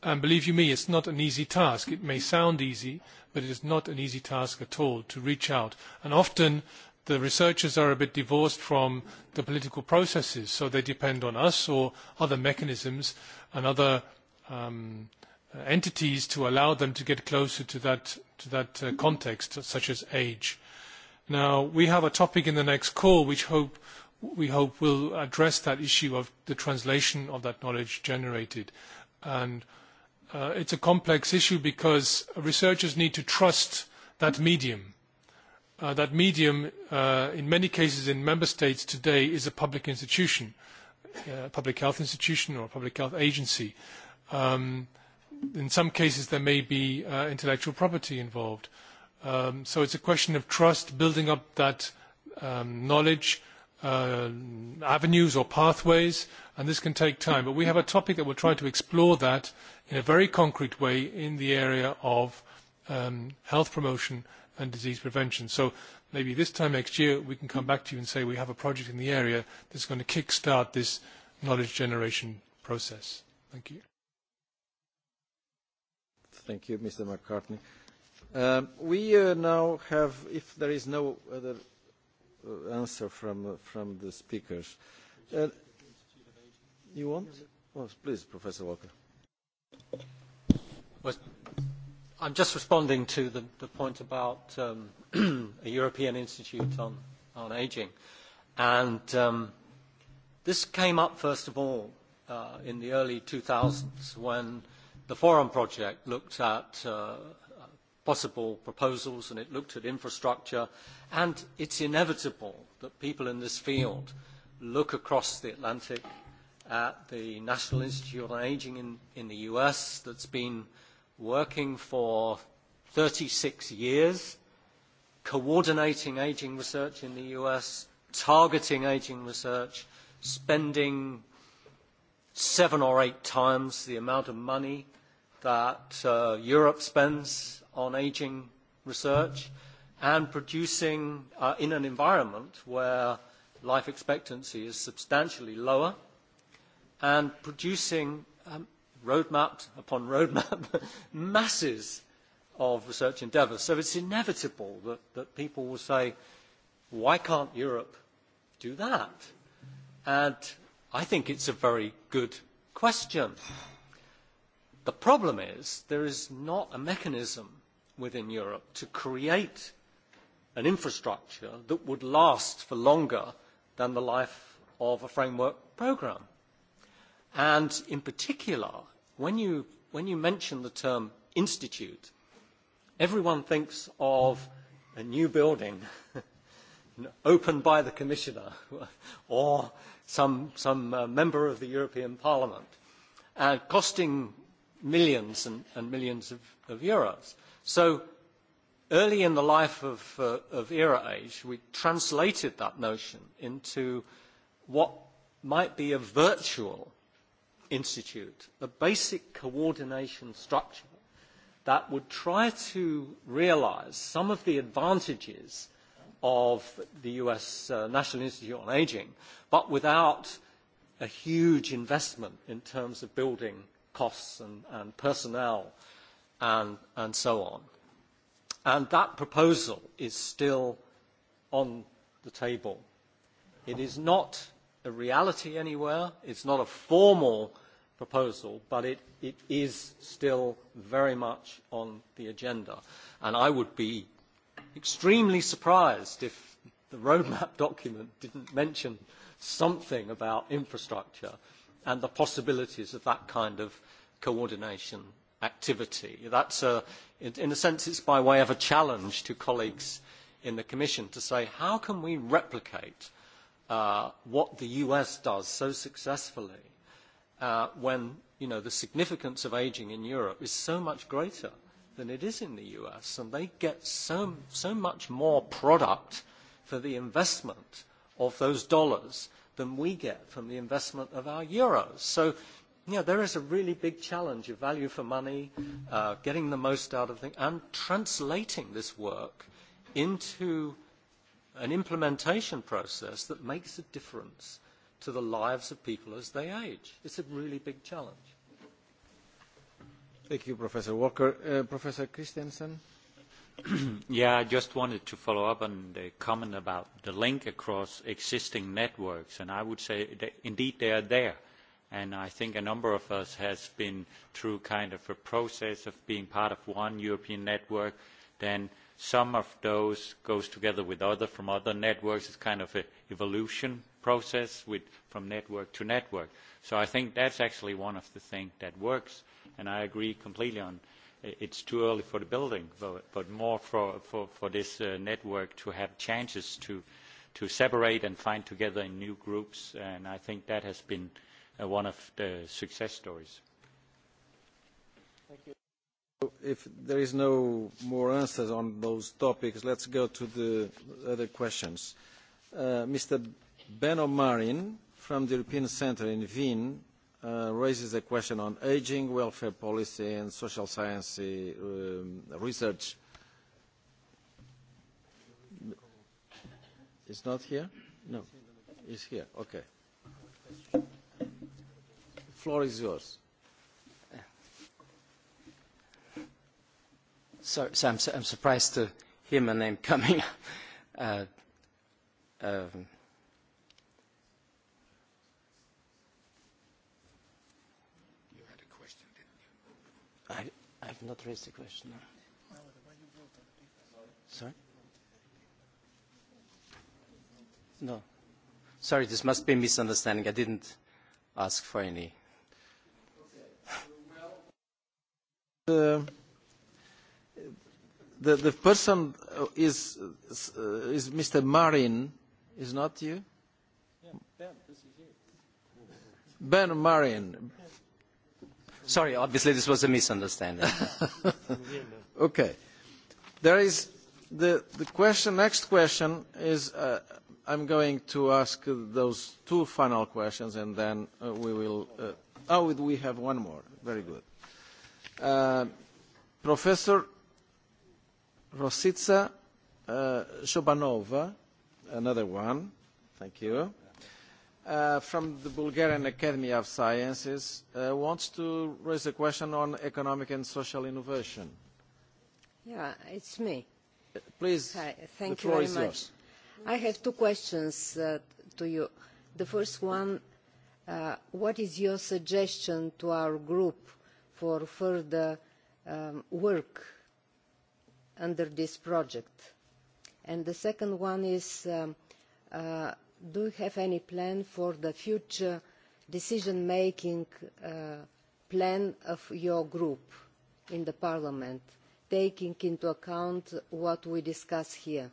[SPEAKER 13] And believe you me, it's not an easy task. It may sound easy, but it is not an easy task at all to reach out. And often the researchers are a bit divorced from the political processes, so they depend on us or other mechanisms and other um, entities to allow them to get closer to that, to that uh, context, such as age. Now, we have a topic in the next call which hope, we hope will address that issue of the translation of that knowledge generated. And uh, it's a complex issue because researchers need to trust that medium Uh, that medium, uh, in many cases in member states today, is a public institution, uh, a public health institution or a public health agency. Um, in some cases, there may be uh, intellectual property involved. Um, so it's a question of trust, building up that um, knowledge, uh, avenues or pathways, and this can take time. But we have a topic that will try to explore that in a very concrete way in the area of um, health promotion and disease prevention. So maybe this time next year we can come back to you and say we have a project in the area that's going to kick-start this knowledge generation process. Thank you.
[SPEAKER 7] Thank you, Mr. McCartney. Um, we uh, now have, if there is no other uh, answer from, uh, from the speakers, uh, you want? Oh, please, Professor Walker.
[SPEAKER 3] Well, I'm just responding to the, the point about um, a European Institute on, on Aging. And um, this came up, first of all, uh, in the early 2000s when the Forum Project looked at uh, possible proposals and it looked at infrastructure. And it's inevitable that people in this field look across the Atlantic at the National Institute on Aging in, in the US that's been – working for 36 years, coordinating aging research in the US, targeting aging research, spending seven or eight times the amount of money that uh, Europe spends on aging research and producing uh, in an environment where life expectancy is substantially lower and producing um, roadmap upon roadmap, masses of research endeavours. So it's inevitable that, that people will say, why can't Europe do that? And I think it's a very good question. The problem is there is not a mechanism within Europe to create an infrastructure that would last for longer than the life of a framework programme. And in particular, when you, when you mention the term institute, everyone thinks of a new building opened by the commissioner or some, some uh, member of the European Parliament, uh, costing millions and, and millions of, of euros. So early in the life of, uh, of era age, we translated that notion into what might be a virtual Institute, a basic coordination structure that would try to realize some of the advantages of the US uh, National Institute on Aging, but without a huge investment in terms of building costs and, and personnel and, and so on. And that proposal is still on the table. It is not a reality anywhere. It's not a formal proposal, but it, it is still very much on the agenda. And I would be extremely surprised if the roadmap document didn't mention something about infrastructure and the possibilities of that kind of coordination activity. That's a, uh, in a sense, it's by way of a challenge to colleagues in the Commission to say, how can we replicate uh, what the US does so successfully uh, when you know, the significance of aging in Europe is so much greater than it is in the US, and they get so, so much more product for the investment of those dollars than we get from the investment of our euros. So you know, there is a really big challenge of value for money, uh, getting the most out of things, and translating this work into – an implementation process that makes a difference to the lives of people as they age. It's a really big challenge.
[SPEAKER 7] Thank you, Professor Walker. Uh, Professor Christensen?
[SPEAKER 4] yeah, I just wanted to follow up on the uh, comment about the link across existing networks, and I would say that indeed they are there. And I think a number of us has been through kind of a process of being part of one European network, then Some of those goes together with other from other networks. It's kind of an evolution process with, from network to network. So I think that's actually one of the things that works, and I agree completely on it's too early for the building, but, but more for, for, for this uh, network to have chances to, to separate and find together in new groups, and I think that has been uh, one of the success stories.
[SPEAKER 5] Thank you.
[SPEAKER 7] If there is no more answers on those topics, let's go to the other questions. Uh, Mr. Ben O'Marin from the European Centre in Wien uh, raises a question on ageing, welfare policy and social science um, research. Is not here? No. here. Okay. floor is yours.
[SPEAKER 12] So, so I'm, I'm surprised to hear my name coming. uh,
[SPEAKER 16] um,
[SPEAKER 9] you had a question, didn't
[SPEAKER 16] you? I, I've
[SPEAKER 7] not raised a question. No.
[SPEAKER 1] Sorry?
[SPEAKER 3] No. Sorry, this must be a misunderstanding. I didn't
[SPEAKER 7] ask for any. Okay. well, uh, the, the person uh, is, uh, is Mr. Marin, is not you? Yeah, ben, this is you. Ben Marin. Sorry, obviously this was a misunderstanding. okay. There is the, the question, next question is, uh, I'm going to ask those two final questions and then uh, we will, uh, oh, we have one more. Very good. Uh, Professor Rosica uh, Shobanova, another one, thank you, uh, from the Bulgarian Academy of Sciences, uh, wants to raise a question on economic and social innovation. Yeah, it's me. Please, Hi, thank the floor you very is much. yours.
[SPEAKER 6] I have two questions uh, to you. The first one, uh, what is your suggestion to our group for further um, work under this project? And the second one is, um, uh, do you have any plan for the future decision-making uh, plan of your group in the Parliament, taking into account what we discuss here?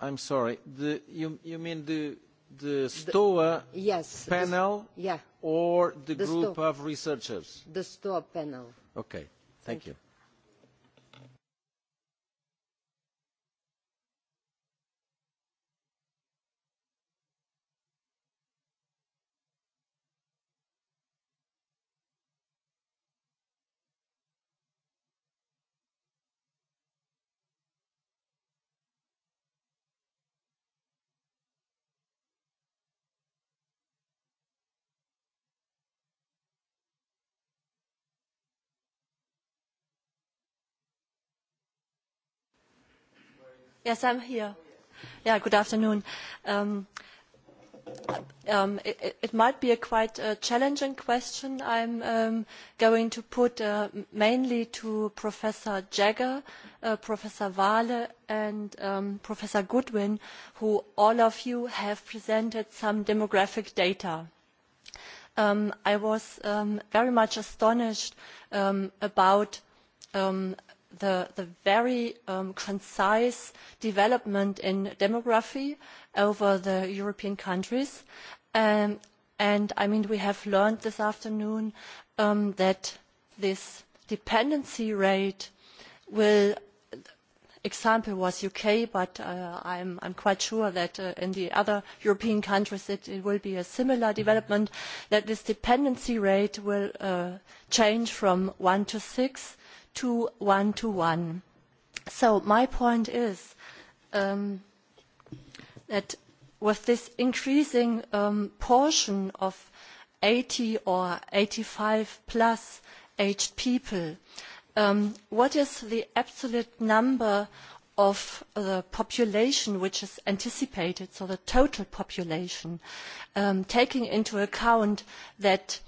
[SPEAKER 7] I'm sorry, the, you, you mean the, the STOA the, yes, panel the, yeah. or the, the group STOA, of researchers?
[SPEAKER 14] The STOA panel.
[SPEAKER 7] Okay, thank, thank you. you.
[SPEAKER 17] Yes, I'm here. Yeah, good afternoon. Um, um, it, it might be a quite uh, challenging question. I'm um, going to put uh, mainly to Professor Jagger, uh, Professor Wale, and um, Professor Goodwin, who all of you have presented some demographic data. Um, I was um, very much astonished um, about um, the, the very um, concise development in demography over the European countries. Um, and I mean, we have learned this afternoon um, that this dependency rate will example was UK, but uh, I'm, I'm quite sure that uh, in the other European countries it, it will be a similar mm-hmm. development, that this dependency rate will uh, change from one to six to one to one. So my point is um, that with this increasing um, portion of 80 or 85 plus aged people, um, what is the absolute number of the population which is anticipated, so the total population, um, taking into account that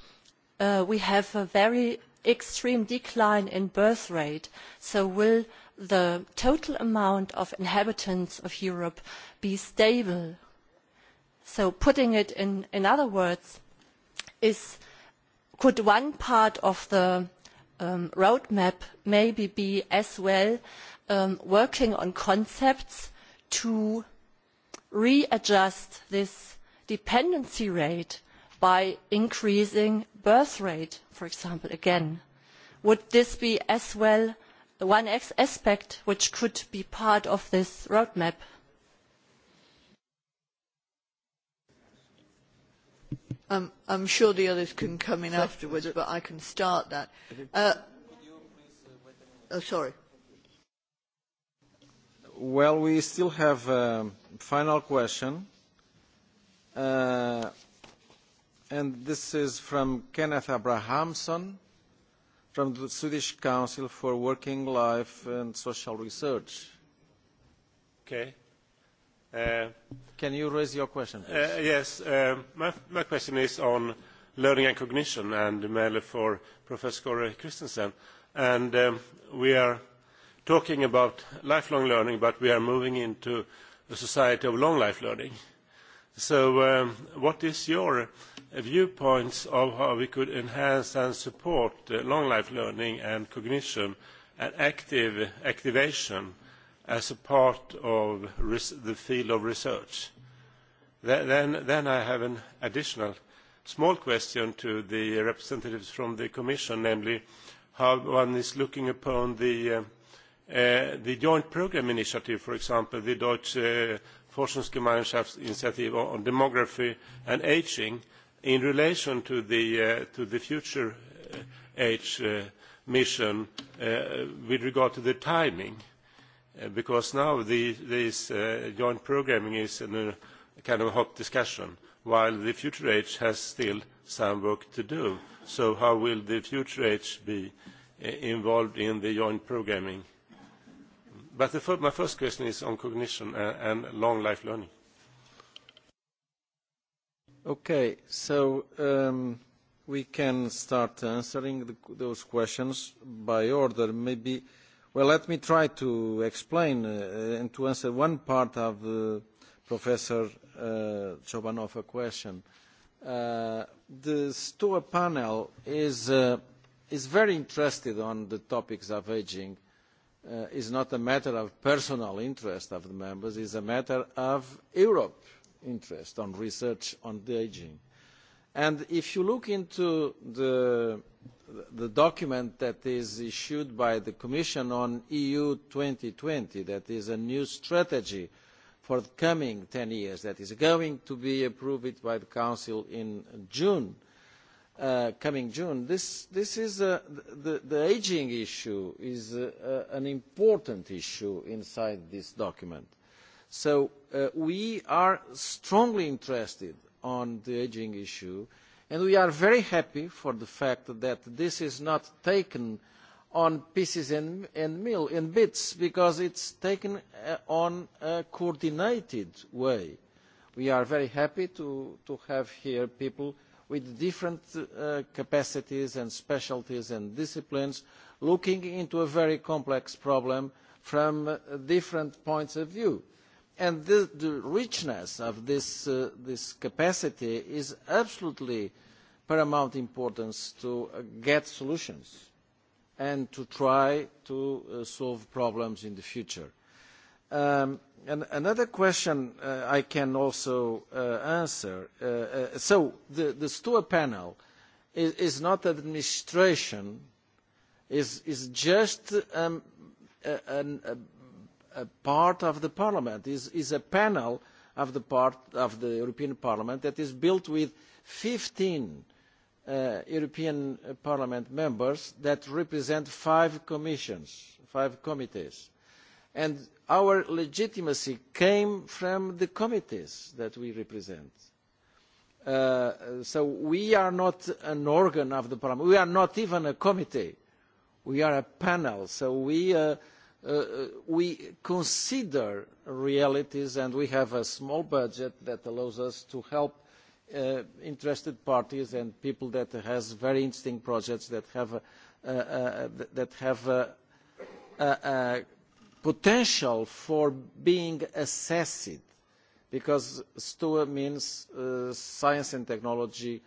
[SPEAKER 17] uh, we have a very extreme decline in birth rate, so will the total amount of inhabitants of Europe be stable? So putting it in, in other words, is could one part of the um, roadmap maybe be as well um, working on concepts to readjust this dependency rate by increasing birth rate, for example, again, would this be as well one aspect which could be part of this
[SPEAKER 11] roadmap? Um, I'm sure the others can come in so, afterwards, but I can start that. Uh, oh, sorry.
[SPEAKER 7] Well, we still have a um, final question. Uh, and this is from Kenneth Abrahamson from the Swedish Council for Working Life and Social Research.
[SPEAKER 1] Okay. Uh,
[SPEAKER 7] Can you raise your question,
[SPEAKER 1] uh, please? Uh, yes. Uh, my, my question is on learning and cognition and mainly for Professor Corey Christensen. And um, we are talking about lifelong learning, but we are moving into a society of long life learning. So um, what is your viewpoints of how we could enhance and support uh, long life learning and cognition and active activation as a part of res the field of research. Th then, then I have an additional small question to the representatives from the Commission, namely how one is looking upon the, uh, uh, the joint program initiative, for example, the Deutsche Forschungsgemeinschaftsinitiative on demography and aging, In relation to the, uh, to the future age uh, uh, mission uh, with regard to the timing, uh, because now the, this uh, joint programming is in a kind of hot discussion, while the future age has still some work to do. So how will the future age be uh, involved in the joint programming? But the, my first question is on cognition and, uh, and long life learning.
[SPEAKER 7] Okay, so um, we can start answering the, those questions by order. Maybe, well, let me try to explain uh, and to answer one part of uh, Professor uh, Chobanova question. Uh, the STOA panel is, uh, is very interested on the topics of aging. Uh, it's not a matter of personal interest of the members, it's a matter of Europe interest on research on the aging. And if you look into the, the document that is issued by the Commission on EU twenty, that is a new strategy for the coming ten years that is going to be approved by the Council in June, uh, coming June, this, this is a, the, the aging issue is a, a, an important issue inside this document. So uh, we are strongly interested on the ageing issue, and we are very happy for the fact that this is not taken on pieces and, and mill in bits because it's taken uh, on a coordinated way. We are very happy to, to have here people with different uh, capacities and specialties and disciplines looking into a very complex problem from uh, different points of view. And the, the richness of this, uh, this capacity is absolutely paramount importance to uh, get solutions and to try to uh, solve problems in the future. Um, and another question uh, I can also uh, answer. Uh, uh, so the, the STOA panel is, is not administration, is, is just um, a, a, a part of the parliament, is, is a panel of the part of the European Parliament that is built with 15 uh, European uh, Parliament members that represent five commissions, five committees. And our legitimacy came from the committees that we represent. Uh, so we are not an organ of the parliament. We are not even a committee. We are a panel. So we uh, Uh, uh, we consider realities and we have a small budget that allows us to help uh, interested parties and people that has very interesting projects that have a, uh, uh, that have a, a, a potential for being assessed because STOA means uh, science and technology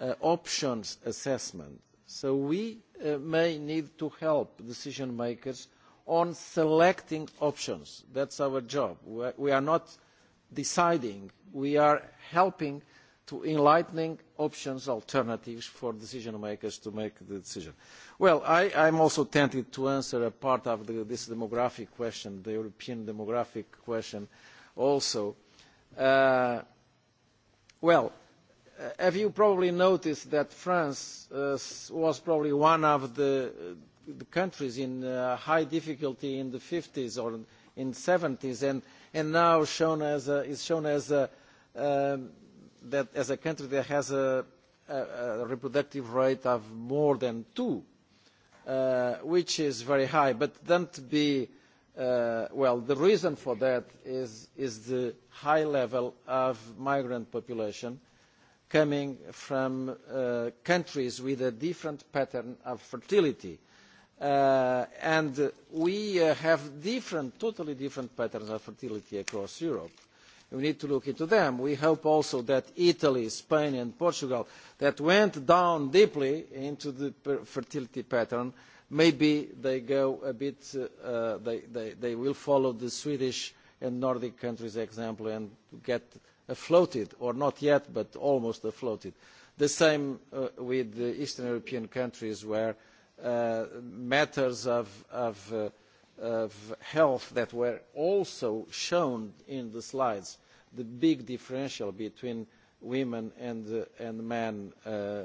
[SPEAKER 7] uh, options assessment. So we uh, may need to help decision makers on selecting options. That's our job. We are not deciding. We are helping to enlightening options, alternatives for decision makers to make the decision. Well, I, I'm also tempted to answer a part of the, this demographic question, the European demographic question also. Uh, well, uh, have you probably noticed that France uh, was probably one of the the countries in uh, high difficulty in the 50s or in 70s and, and now shown as a, is shown as a, um, that as a country that has a, a, a reproductive rate of more than two, uh, which is very high. But don't be, uh, well, the reason for that is, is the high level of migrant population coming from uh, countries with a different pattern of fertility Uh, and we uh, have different, totally different patterns of fertility across Europe. We need to look into them. We hope also that Italy, Spain and Portugal that went down deeply into the fertility pattern, maybe they go a bit, uh, they, they, they will follow the Swedish and Nordic countries example and get afloated or not yet, but almost afloated. The same uh, with the Eastern European countries where uh, matters of, of, uh, of health that were also shown in the slides, the big differential between women and, uh, and men uh,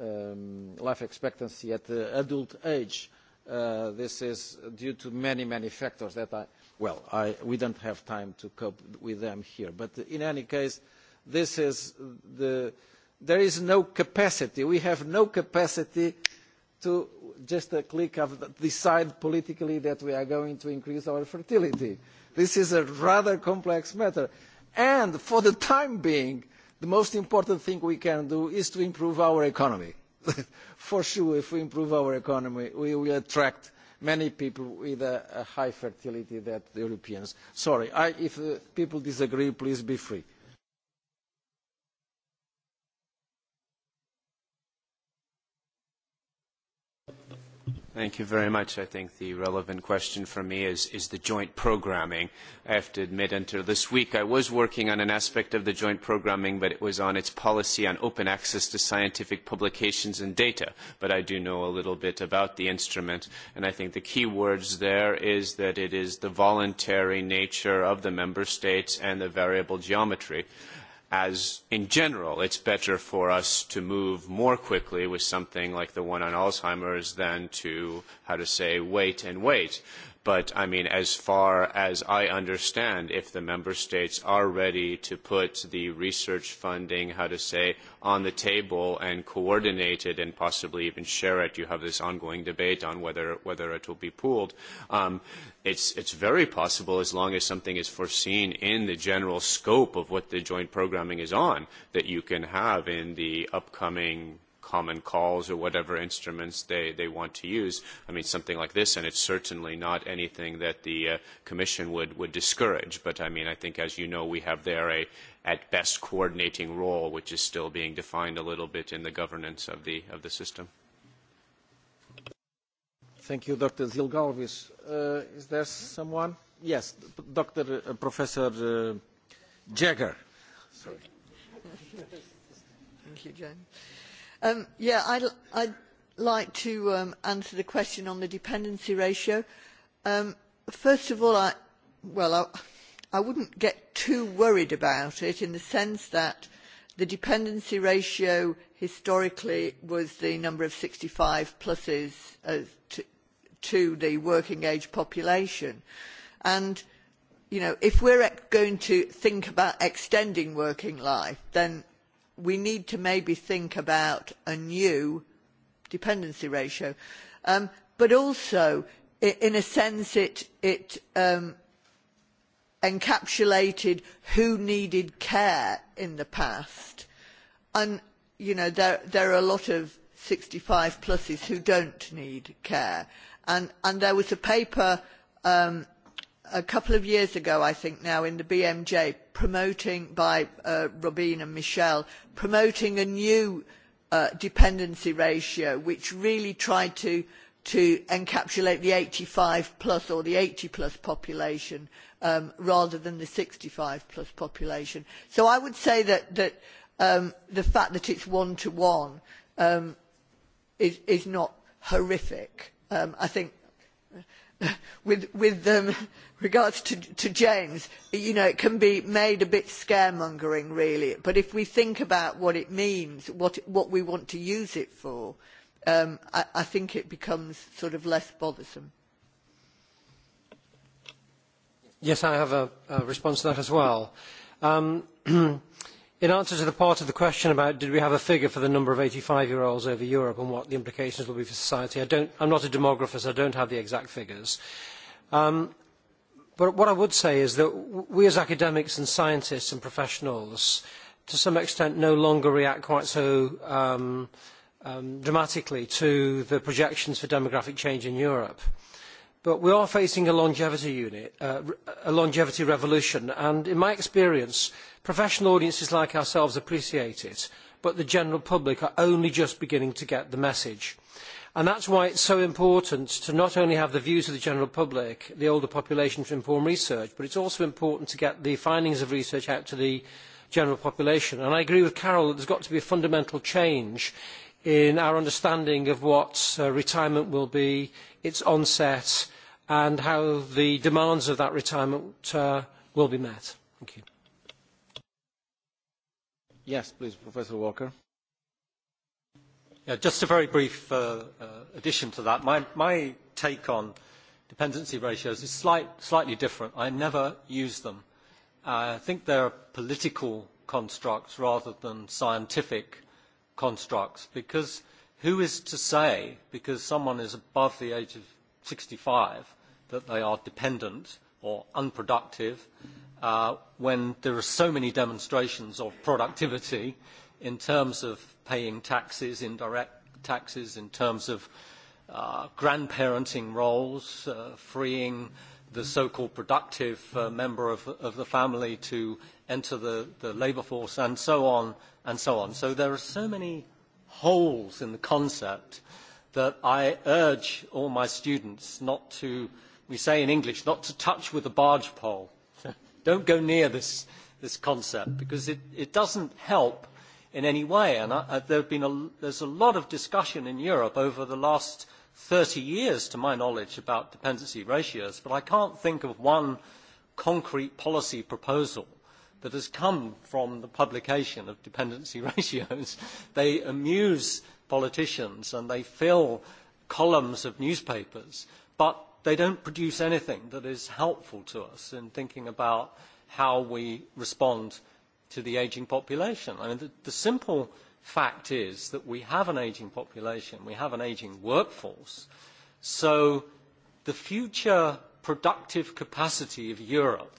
[SPEAKER 7] um, life expectancy at the adult age. Uh, this is due to many, many factors that I, well, I, we don't have time to cope with them here. But in any case, this is the, there is no capacity. We have no capacity to just a click of decide politically that we are going to increase our fertility. This is a rather complex matter. And for the time being, the most important thing we can do is to improve our economy. for sure, if we improve our economy, we will attract many people with a, a high fertility that the Europeans. Sorry, I, if uh, people disagree, please be free.
[SPEAKER 5] Thank you very much. I think the relevant question for me is, is the joint programming. I have to admit, until this week, I was working on an aspect of the joint programming, but it was on its policy on open access to scientific publications and data. But I do know a little bit about the instrument, and I think the key words there is that it is the voluntary nature of the member states and the variable geometry as in general, it's better for us to move more quickly with something like the one on Alzheimer's than to, how to say, wait and wait. But I mean, as far as I understand, if the member states are ready to put the research funding, how to say, on the table and coordinate it and possibly even share it, you have this ongoing debate on whether, whether it will be pooled. Um, it's, it's very possible, as long as something is foreseen in the general scope of what the joint programming is on, that you can have in the upcoming common calls or whatever instruments they, they want to use. I mean, something like this, and it's certainly not anything that the uh, Commission would, would discourage. But I mean, I think, as you know, we have there a, at best, coordinating role, which is still being defined a little bit in the governance of the, of the system.
[SPEAKER 7] Thank you, Dr. Zilgalvis. Uh, is there someone? Yes, Dr. Uh, Professor uh, Jagger.
[SPEAKER 11] Sorry. Thank you, John. Um, yeah, I'd, I'd like to um, answer the question on the dependency ratio. Um, first of all, I, well, I, I wouldn't get too worried about it in the sense that the dependency ratio historically was the number of 65 pluses uh, to, to the working age population. And, you know, if we're e-, going to think about extending working life, then we need to maybe think about a new dependency ratio. Um, but also, in a sense, it, it um, encapsulated who needed care in the past. And, you know, there, there are a lot of 65 pluses who don't need care. And, and there was a paper um, a couple of years ago, I think now, in the BMJ, promoting by uh, Robin and Michelle, promoting a new uh, dependency ratio, which really tried to, to encapsulate the 85 plus or the 80 plus population um, rather than the 65 plus population. So I would say that, that um, the fact that it's one to one um, is, is not horrific. Um, I think with, with um, regards to, to James, you know, it can be made a bit scaremongering, really. But if we think about what it means, what, what we want to use it for, um, I, I think it becomes sort of less bothersome.
[SPEAKER 12] Yes, I have a, a response to that as well. Um, In answer to the part of the question about did we have a figure for the number of eighty five year olds over Europe and what the implications will be for society, I don't, I'm not a demographer, so I don't have the exact figures. Um, but what I would say is that we as academics and scientists and professionals, to some extent, no longer react quite so um, um, dramatically to the projections for demographic change in Europe. But we are facing a longevity unit, uh, a longevity revolution, and in my experience, professional audiences like ourselves appreciate it, but the general public are only just beginning to get the message. And is why it is so important to not only have the views of the general public, the older population to inform research, but it is also important to get the findings of research out to the general population. And I agree with Carol that there has got to be a fundamental change in our understanding of what uh, retirement will be, its onset, and how the demands of that retirement uh, will be met. Thank
[SPEAKER 7] you. Yes, please, Professor Walker.
[SPEAKER 3] Yeah, just a very brief uh, uh, addition to that. My, my take on dependency ratios is slight, slightly different. I never use them. Uh, I think they're political constructs rather than scientific constructs because who is to say, because someone is above the age of 65, that they are dependent or unproductive uh, when there are so many demonstrations of productivity in terms of paying taxes, indirect taxes, in terms of uh, grandparenting roles, uh, freeing the so-called productive uh, member of, of the family to enter the, the labour force and so on and so on. So there are so many holes in the concept that I urge all my students not to, we say in English, not to touch with a barge pole. Don't go near this, this concept because it, it doesn't help in any way. And I, I, uh, there've been a, there's a lot of discussion in Europe over the last 30 years, to my knowledge, about dependency ratios, but I can't think of one concrete policy proposal that has come from the publication of dependency ratios. They amuse politicians and they fill columns of newspapers, but they don't produce anything that is helpful to us in thinking about how we respond to the ageing population. I mean, the, the simple fact is that we have an ageing population, we have an ageing workforce, so the future productive capacity of Europe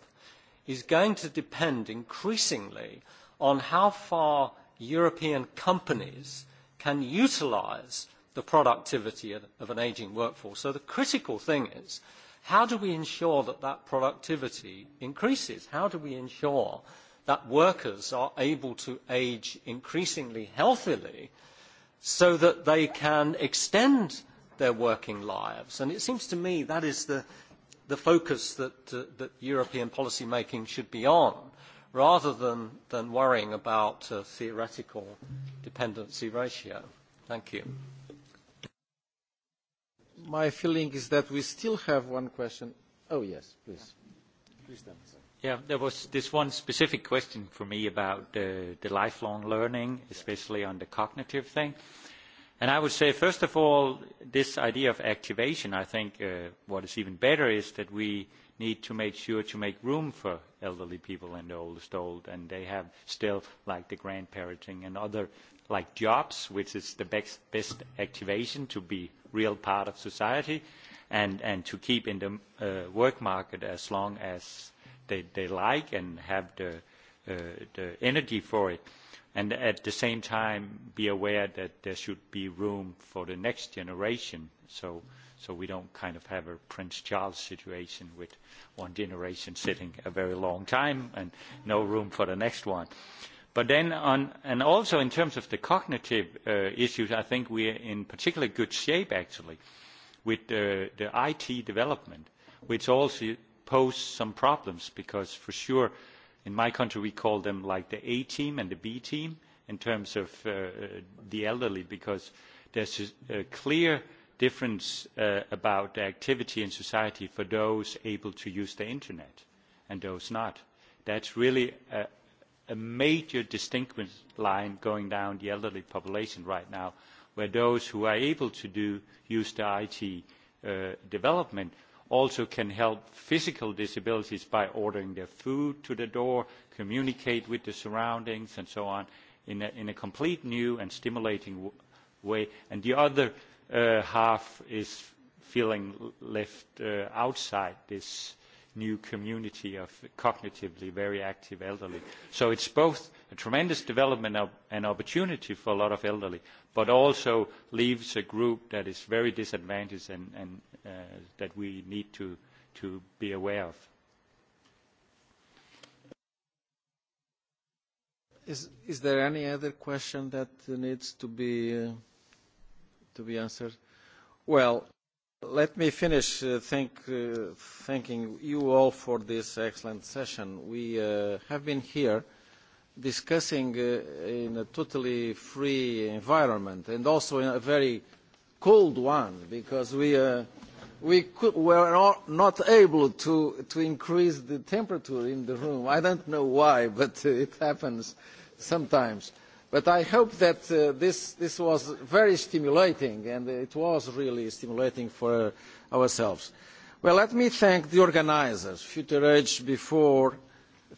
[SPEAKER 3] is going to depend increasingly on how far European companies can utilise the productivity of an ageing workforce. So the critical thing is, how do we ensure that that productivity increases? How do we ensure that workers are able to age increasingly healthily so that they can extend their working lives? And it seems to me that is the, the focus that, uh, that European policy making should be on, rather than, than worrying about a theoretical
[SPEAKER 7] dependency ratio. Thank you. My feeling is that we still have one question. Oh, yes, please. please
[SPEAKER 4] yeah, there was this one specific question for me about uh, the lifelong learning, especially on the cognitive thing. Uh, And I would say, first of all, this idea of activation, I think uh, what is even better is that we need to make sure to make room for elderly people and the oldest old, and they have still like the grandparenting and other like jobs, which is the best, best activation to be real part of society and, and to keep in the uh, work market as long as they, they like and have the, uh, the energy for it and at the same time be aware that there should be room for the next generation so so we don't kind of have a Prince Charles situation with one generation sitting a very long time and no room for the next one. But then on, and also in terms of the cognitive uh, issues, I think we are in particularly good shape actually with uh, the IT development, which also poses some problems because for sure in my country we call them like the A team and the B team in terms of uh, uh the elderly because there's a clear difference uh, about the activity in society for those able to use the internet and those not. That's really a, a major distinction line going down the elderly population right now where those who are able to do, use the IT uh, development also can help physical disabilities by ordering their food to the door, communicate with the surroundings and so on in a, in a complete new and stimulating w way. And the other uh, half is feeling left uh, outside this new community of cognitively very active elderly. So it's both a tremendous development of, and opportunity for a lot of elderly, but also leaves a group that is very disadvantaged and, and uh, that we need to, to be aware of.
[SPEAKER 7] Is, is there any other question that needs to be, uh, to be answered? Well, let me finish uh, thank, uh, thanking you all for this excellent session. We uh, have been here discussing uh, in a totally free environment and also in a very cold one because we, uh, we could, were not, able to, to increase the temperature in the room. I don't know why, but uh, it happens sometimes. But I hope that uh, this, this was very stimulating and it was really stimulating for ourselves. Well, let me thank the organizers, Future Age before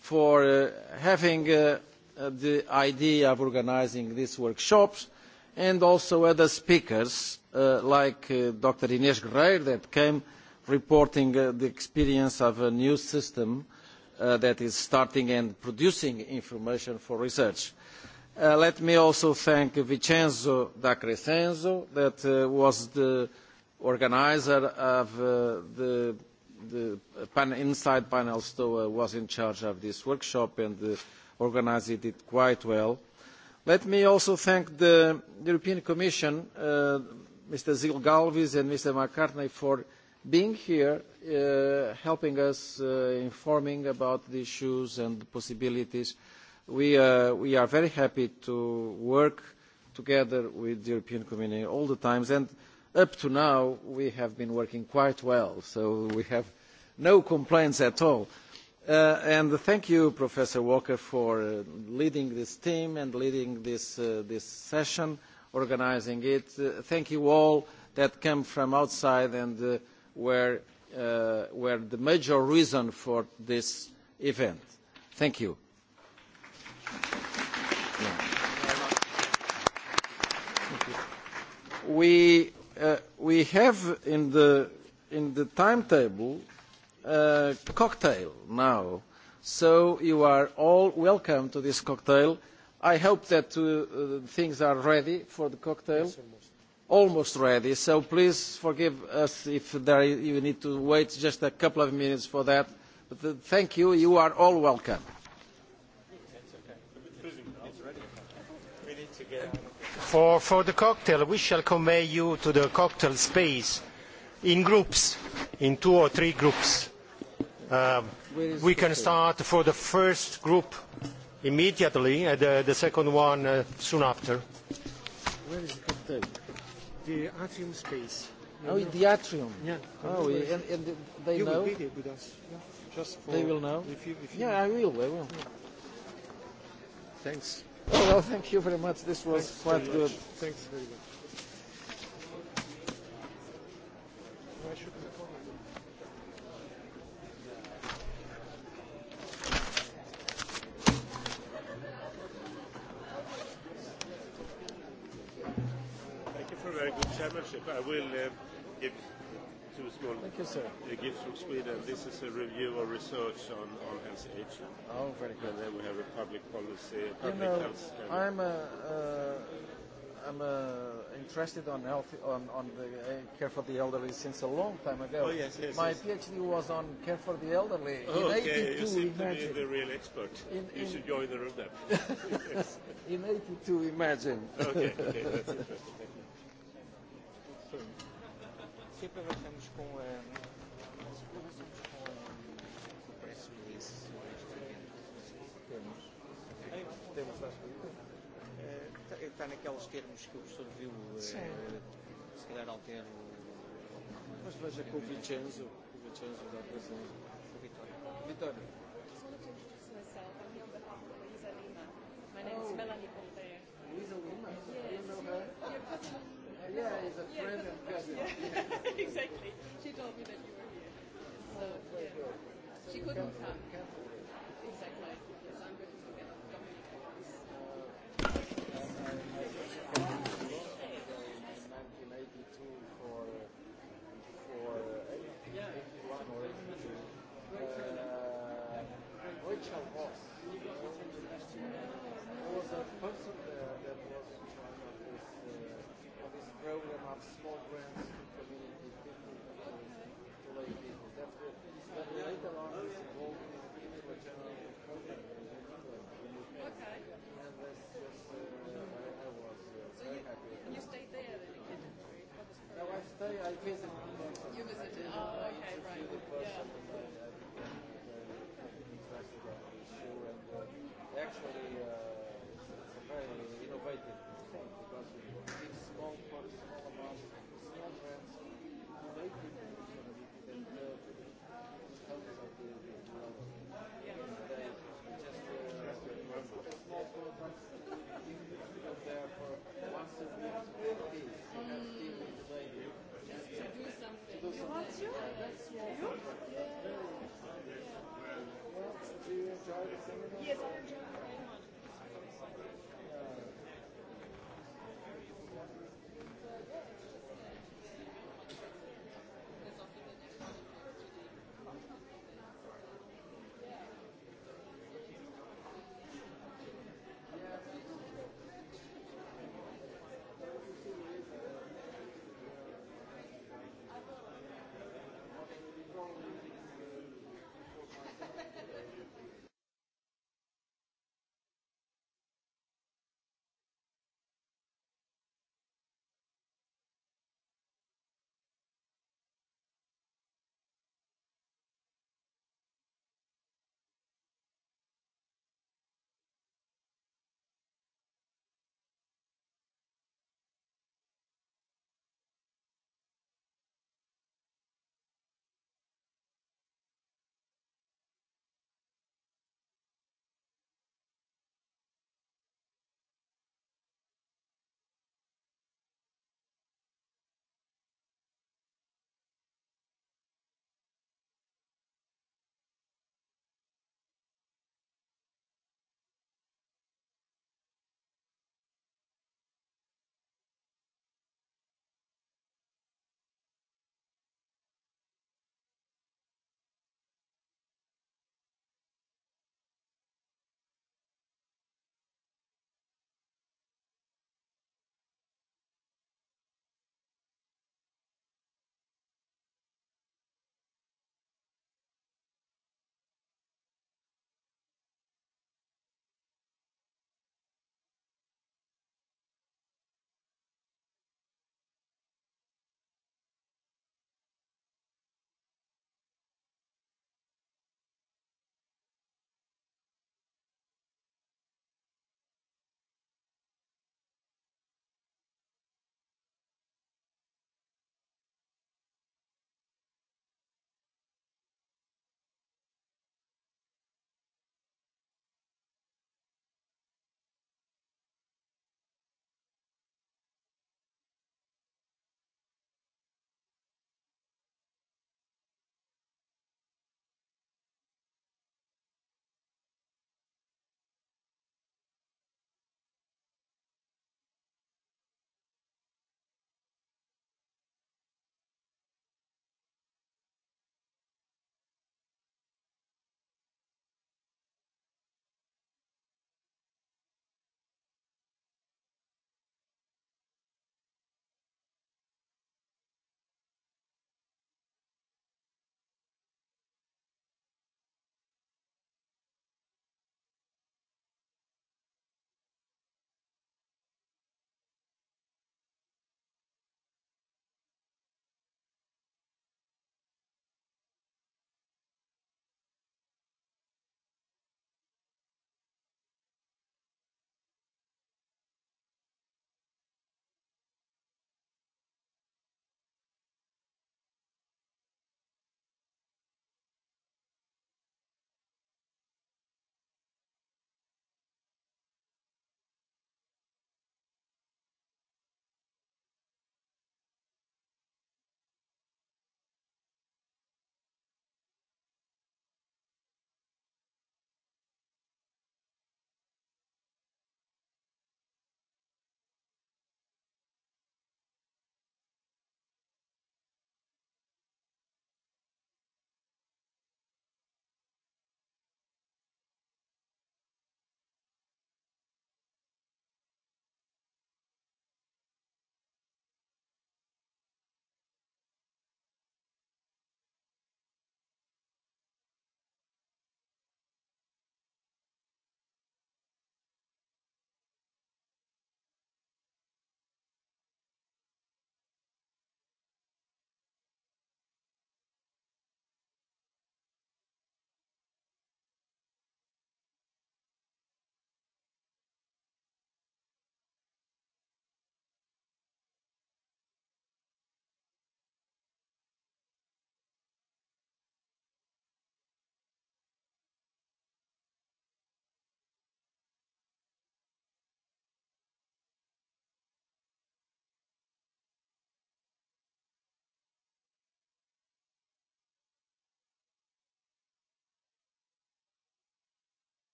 [SPEAKER 7] for uh, having uh, uh the idea of organising these workshops and also other speakers uh, like uh, Dr. Ines Guerreiro that came reporting uh, the experience of a new system that is starting and producing information for research. let me also thank Vincenzo da Crescenzo that was the organiser of the the pan, inside panel Stoa was in charge of this workshop and uh, organised it quite well. Let me also thank the European Commission, uh, Mr. Zil Galvis and Mr. McCartney for being here, uh, helping us, uh, informing about the issues and the possibilities. We, uh, we are very happy to work together with the European Community all the times. And up to now, we have been working quite well, so we have no complaints at all. Uh, and thank you, Professor Walker, for uh, leading this team and leading this, uh, this session, organizing it. Uh, thank you all that came from outside and uh, were, uh, were the major reason for this event. Thank you. Yeah. We uh, we have in the, in the timetable a cocktail now. So you are all welcome to this cocktail. I hope that uh, things are ready for the cocktail. Yes, almost. ready. So please forgive us if there you need to wait just a couple of minutes for that. But uh, thank you. You are all
[SPEAKER 1] welcome.
[SPEAKER 4] It's okay. It's ready. We need to get out.
[SPEAKER 1] For, for the cocktail, we shall convey you to the cocktail space in groups, in two or three groups. Uh, we can start for the first group immediately and uh, the second one uh, soon after. Where is the cocktail? The atrium space. oh, in the
[SPEAKER 7] atrium. Yeah. Oh, we, and, and they you know. You will be there
[SPEAKER 12] with us. Yeah. Just for they will know. If you, if you yeah, know.
[SPEAKER 7] I will. I will. Yeah. Thanks. Oh, well, thank you very much. This was Thanks quite good.
[SPEAKER 13] Much. Thanks very much.
[SPEAKER 1] Thank you for a very good chairmanship. I will. Uh, Thank you, sir. A gift from Sweden. This is a review of research on, on health aging. Oh, very good. And then we have a public policy, public you know, health. Area. I'm
[SPEAKER 7] a, uh, I'm a uh, interested on health, on, on the uh, care for the elderly since a long time ago. Oh, yes, yes. My yes. PhD was on care for the elderly. Oh, in okay. 82, you seem to be the
[SPEAKER 1] real expert. In, you in, should join the room then.
[SPEAKER 7] in 82, imagine. Okay, okay,
[SPEAKER 5] that's interesting.
[SPEAKER 1] Thank you sempre
[SPEAKER 3] eh,
[SPEAKER 16] eh,
[SPEAKER 7] eh, está naqueles termos que o professor viu, se calhar altero. Mas veja com o Vincenzo, da prisão. Um-
[SPEAKER 4] My name is Melanie
[SPEAKER 10] Colbert
[SPEAKER 17] yeah, he's a yeah, friend and cousin. Yeah. exactly. She told me that you were here. So,
[SPEAKER 4] yeah.
[SPEAKER 17] She couldn't come. Exactly.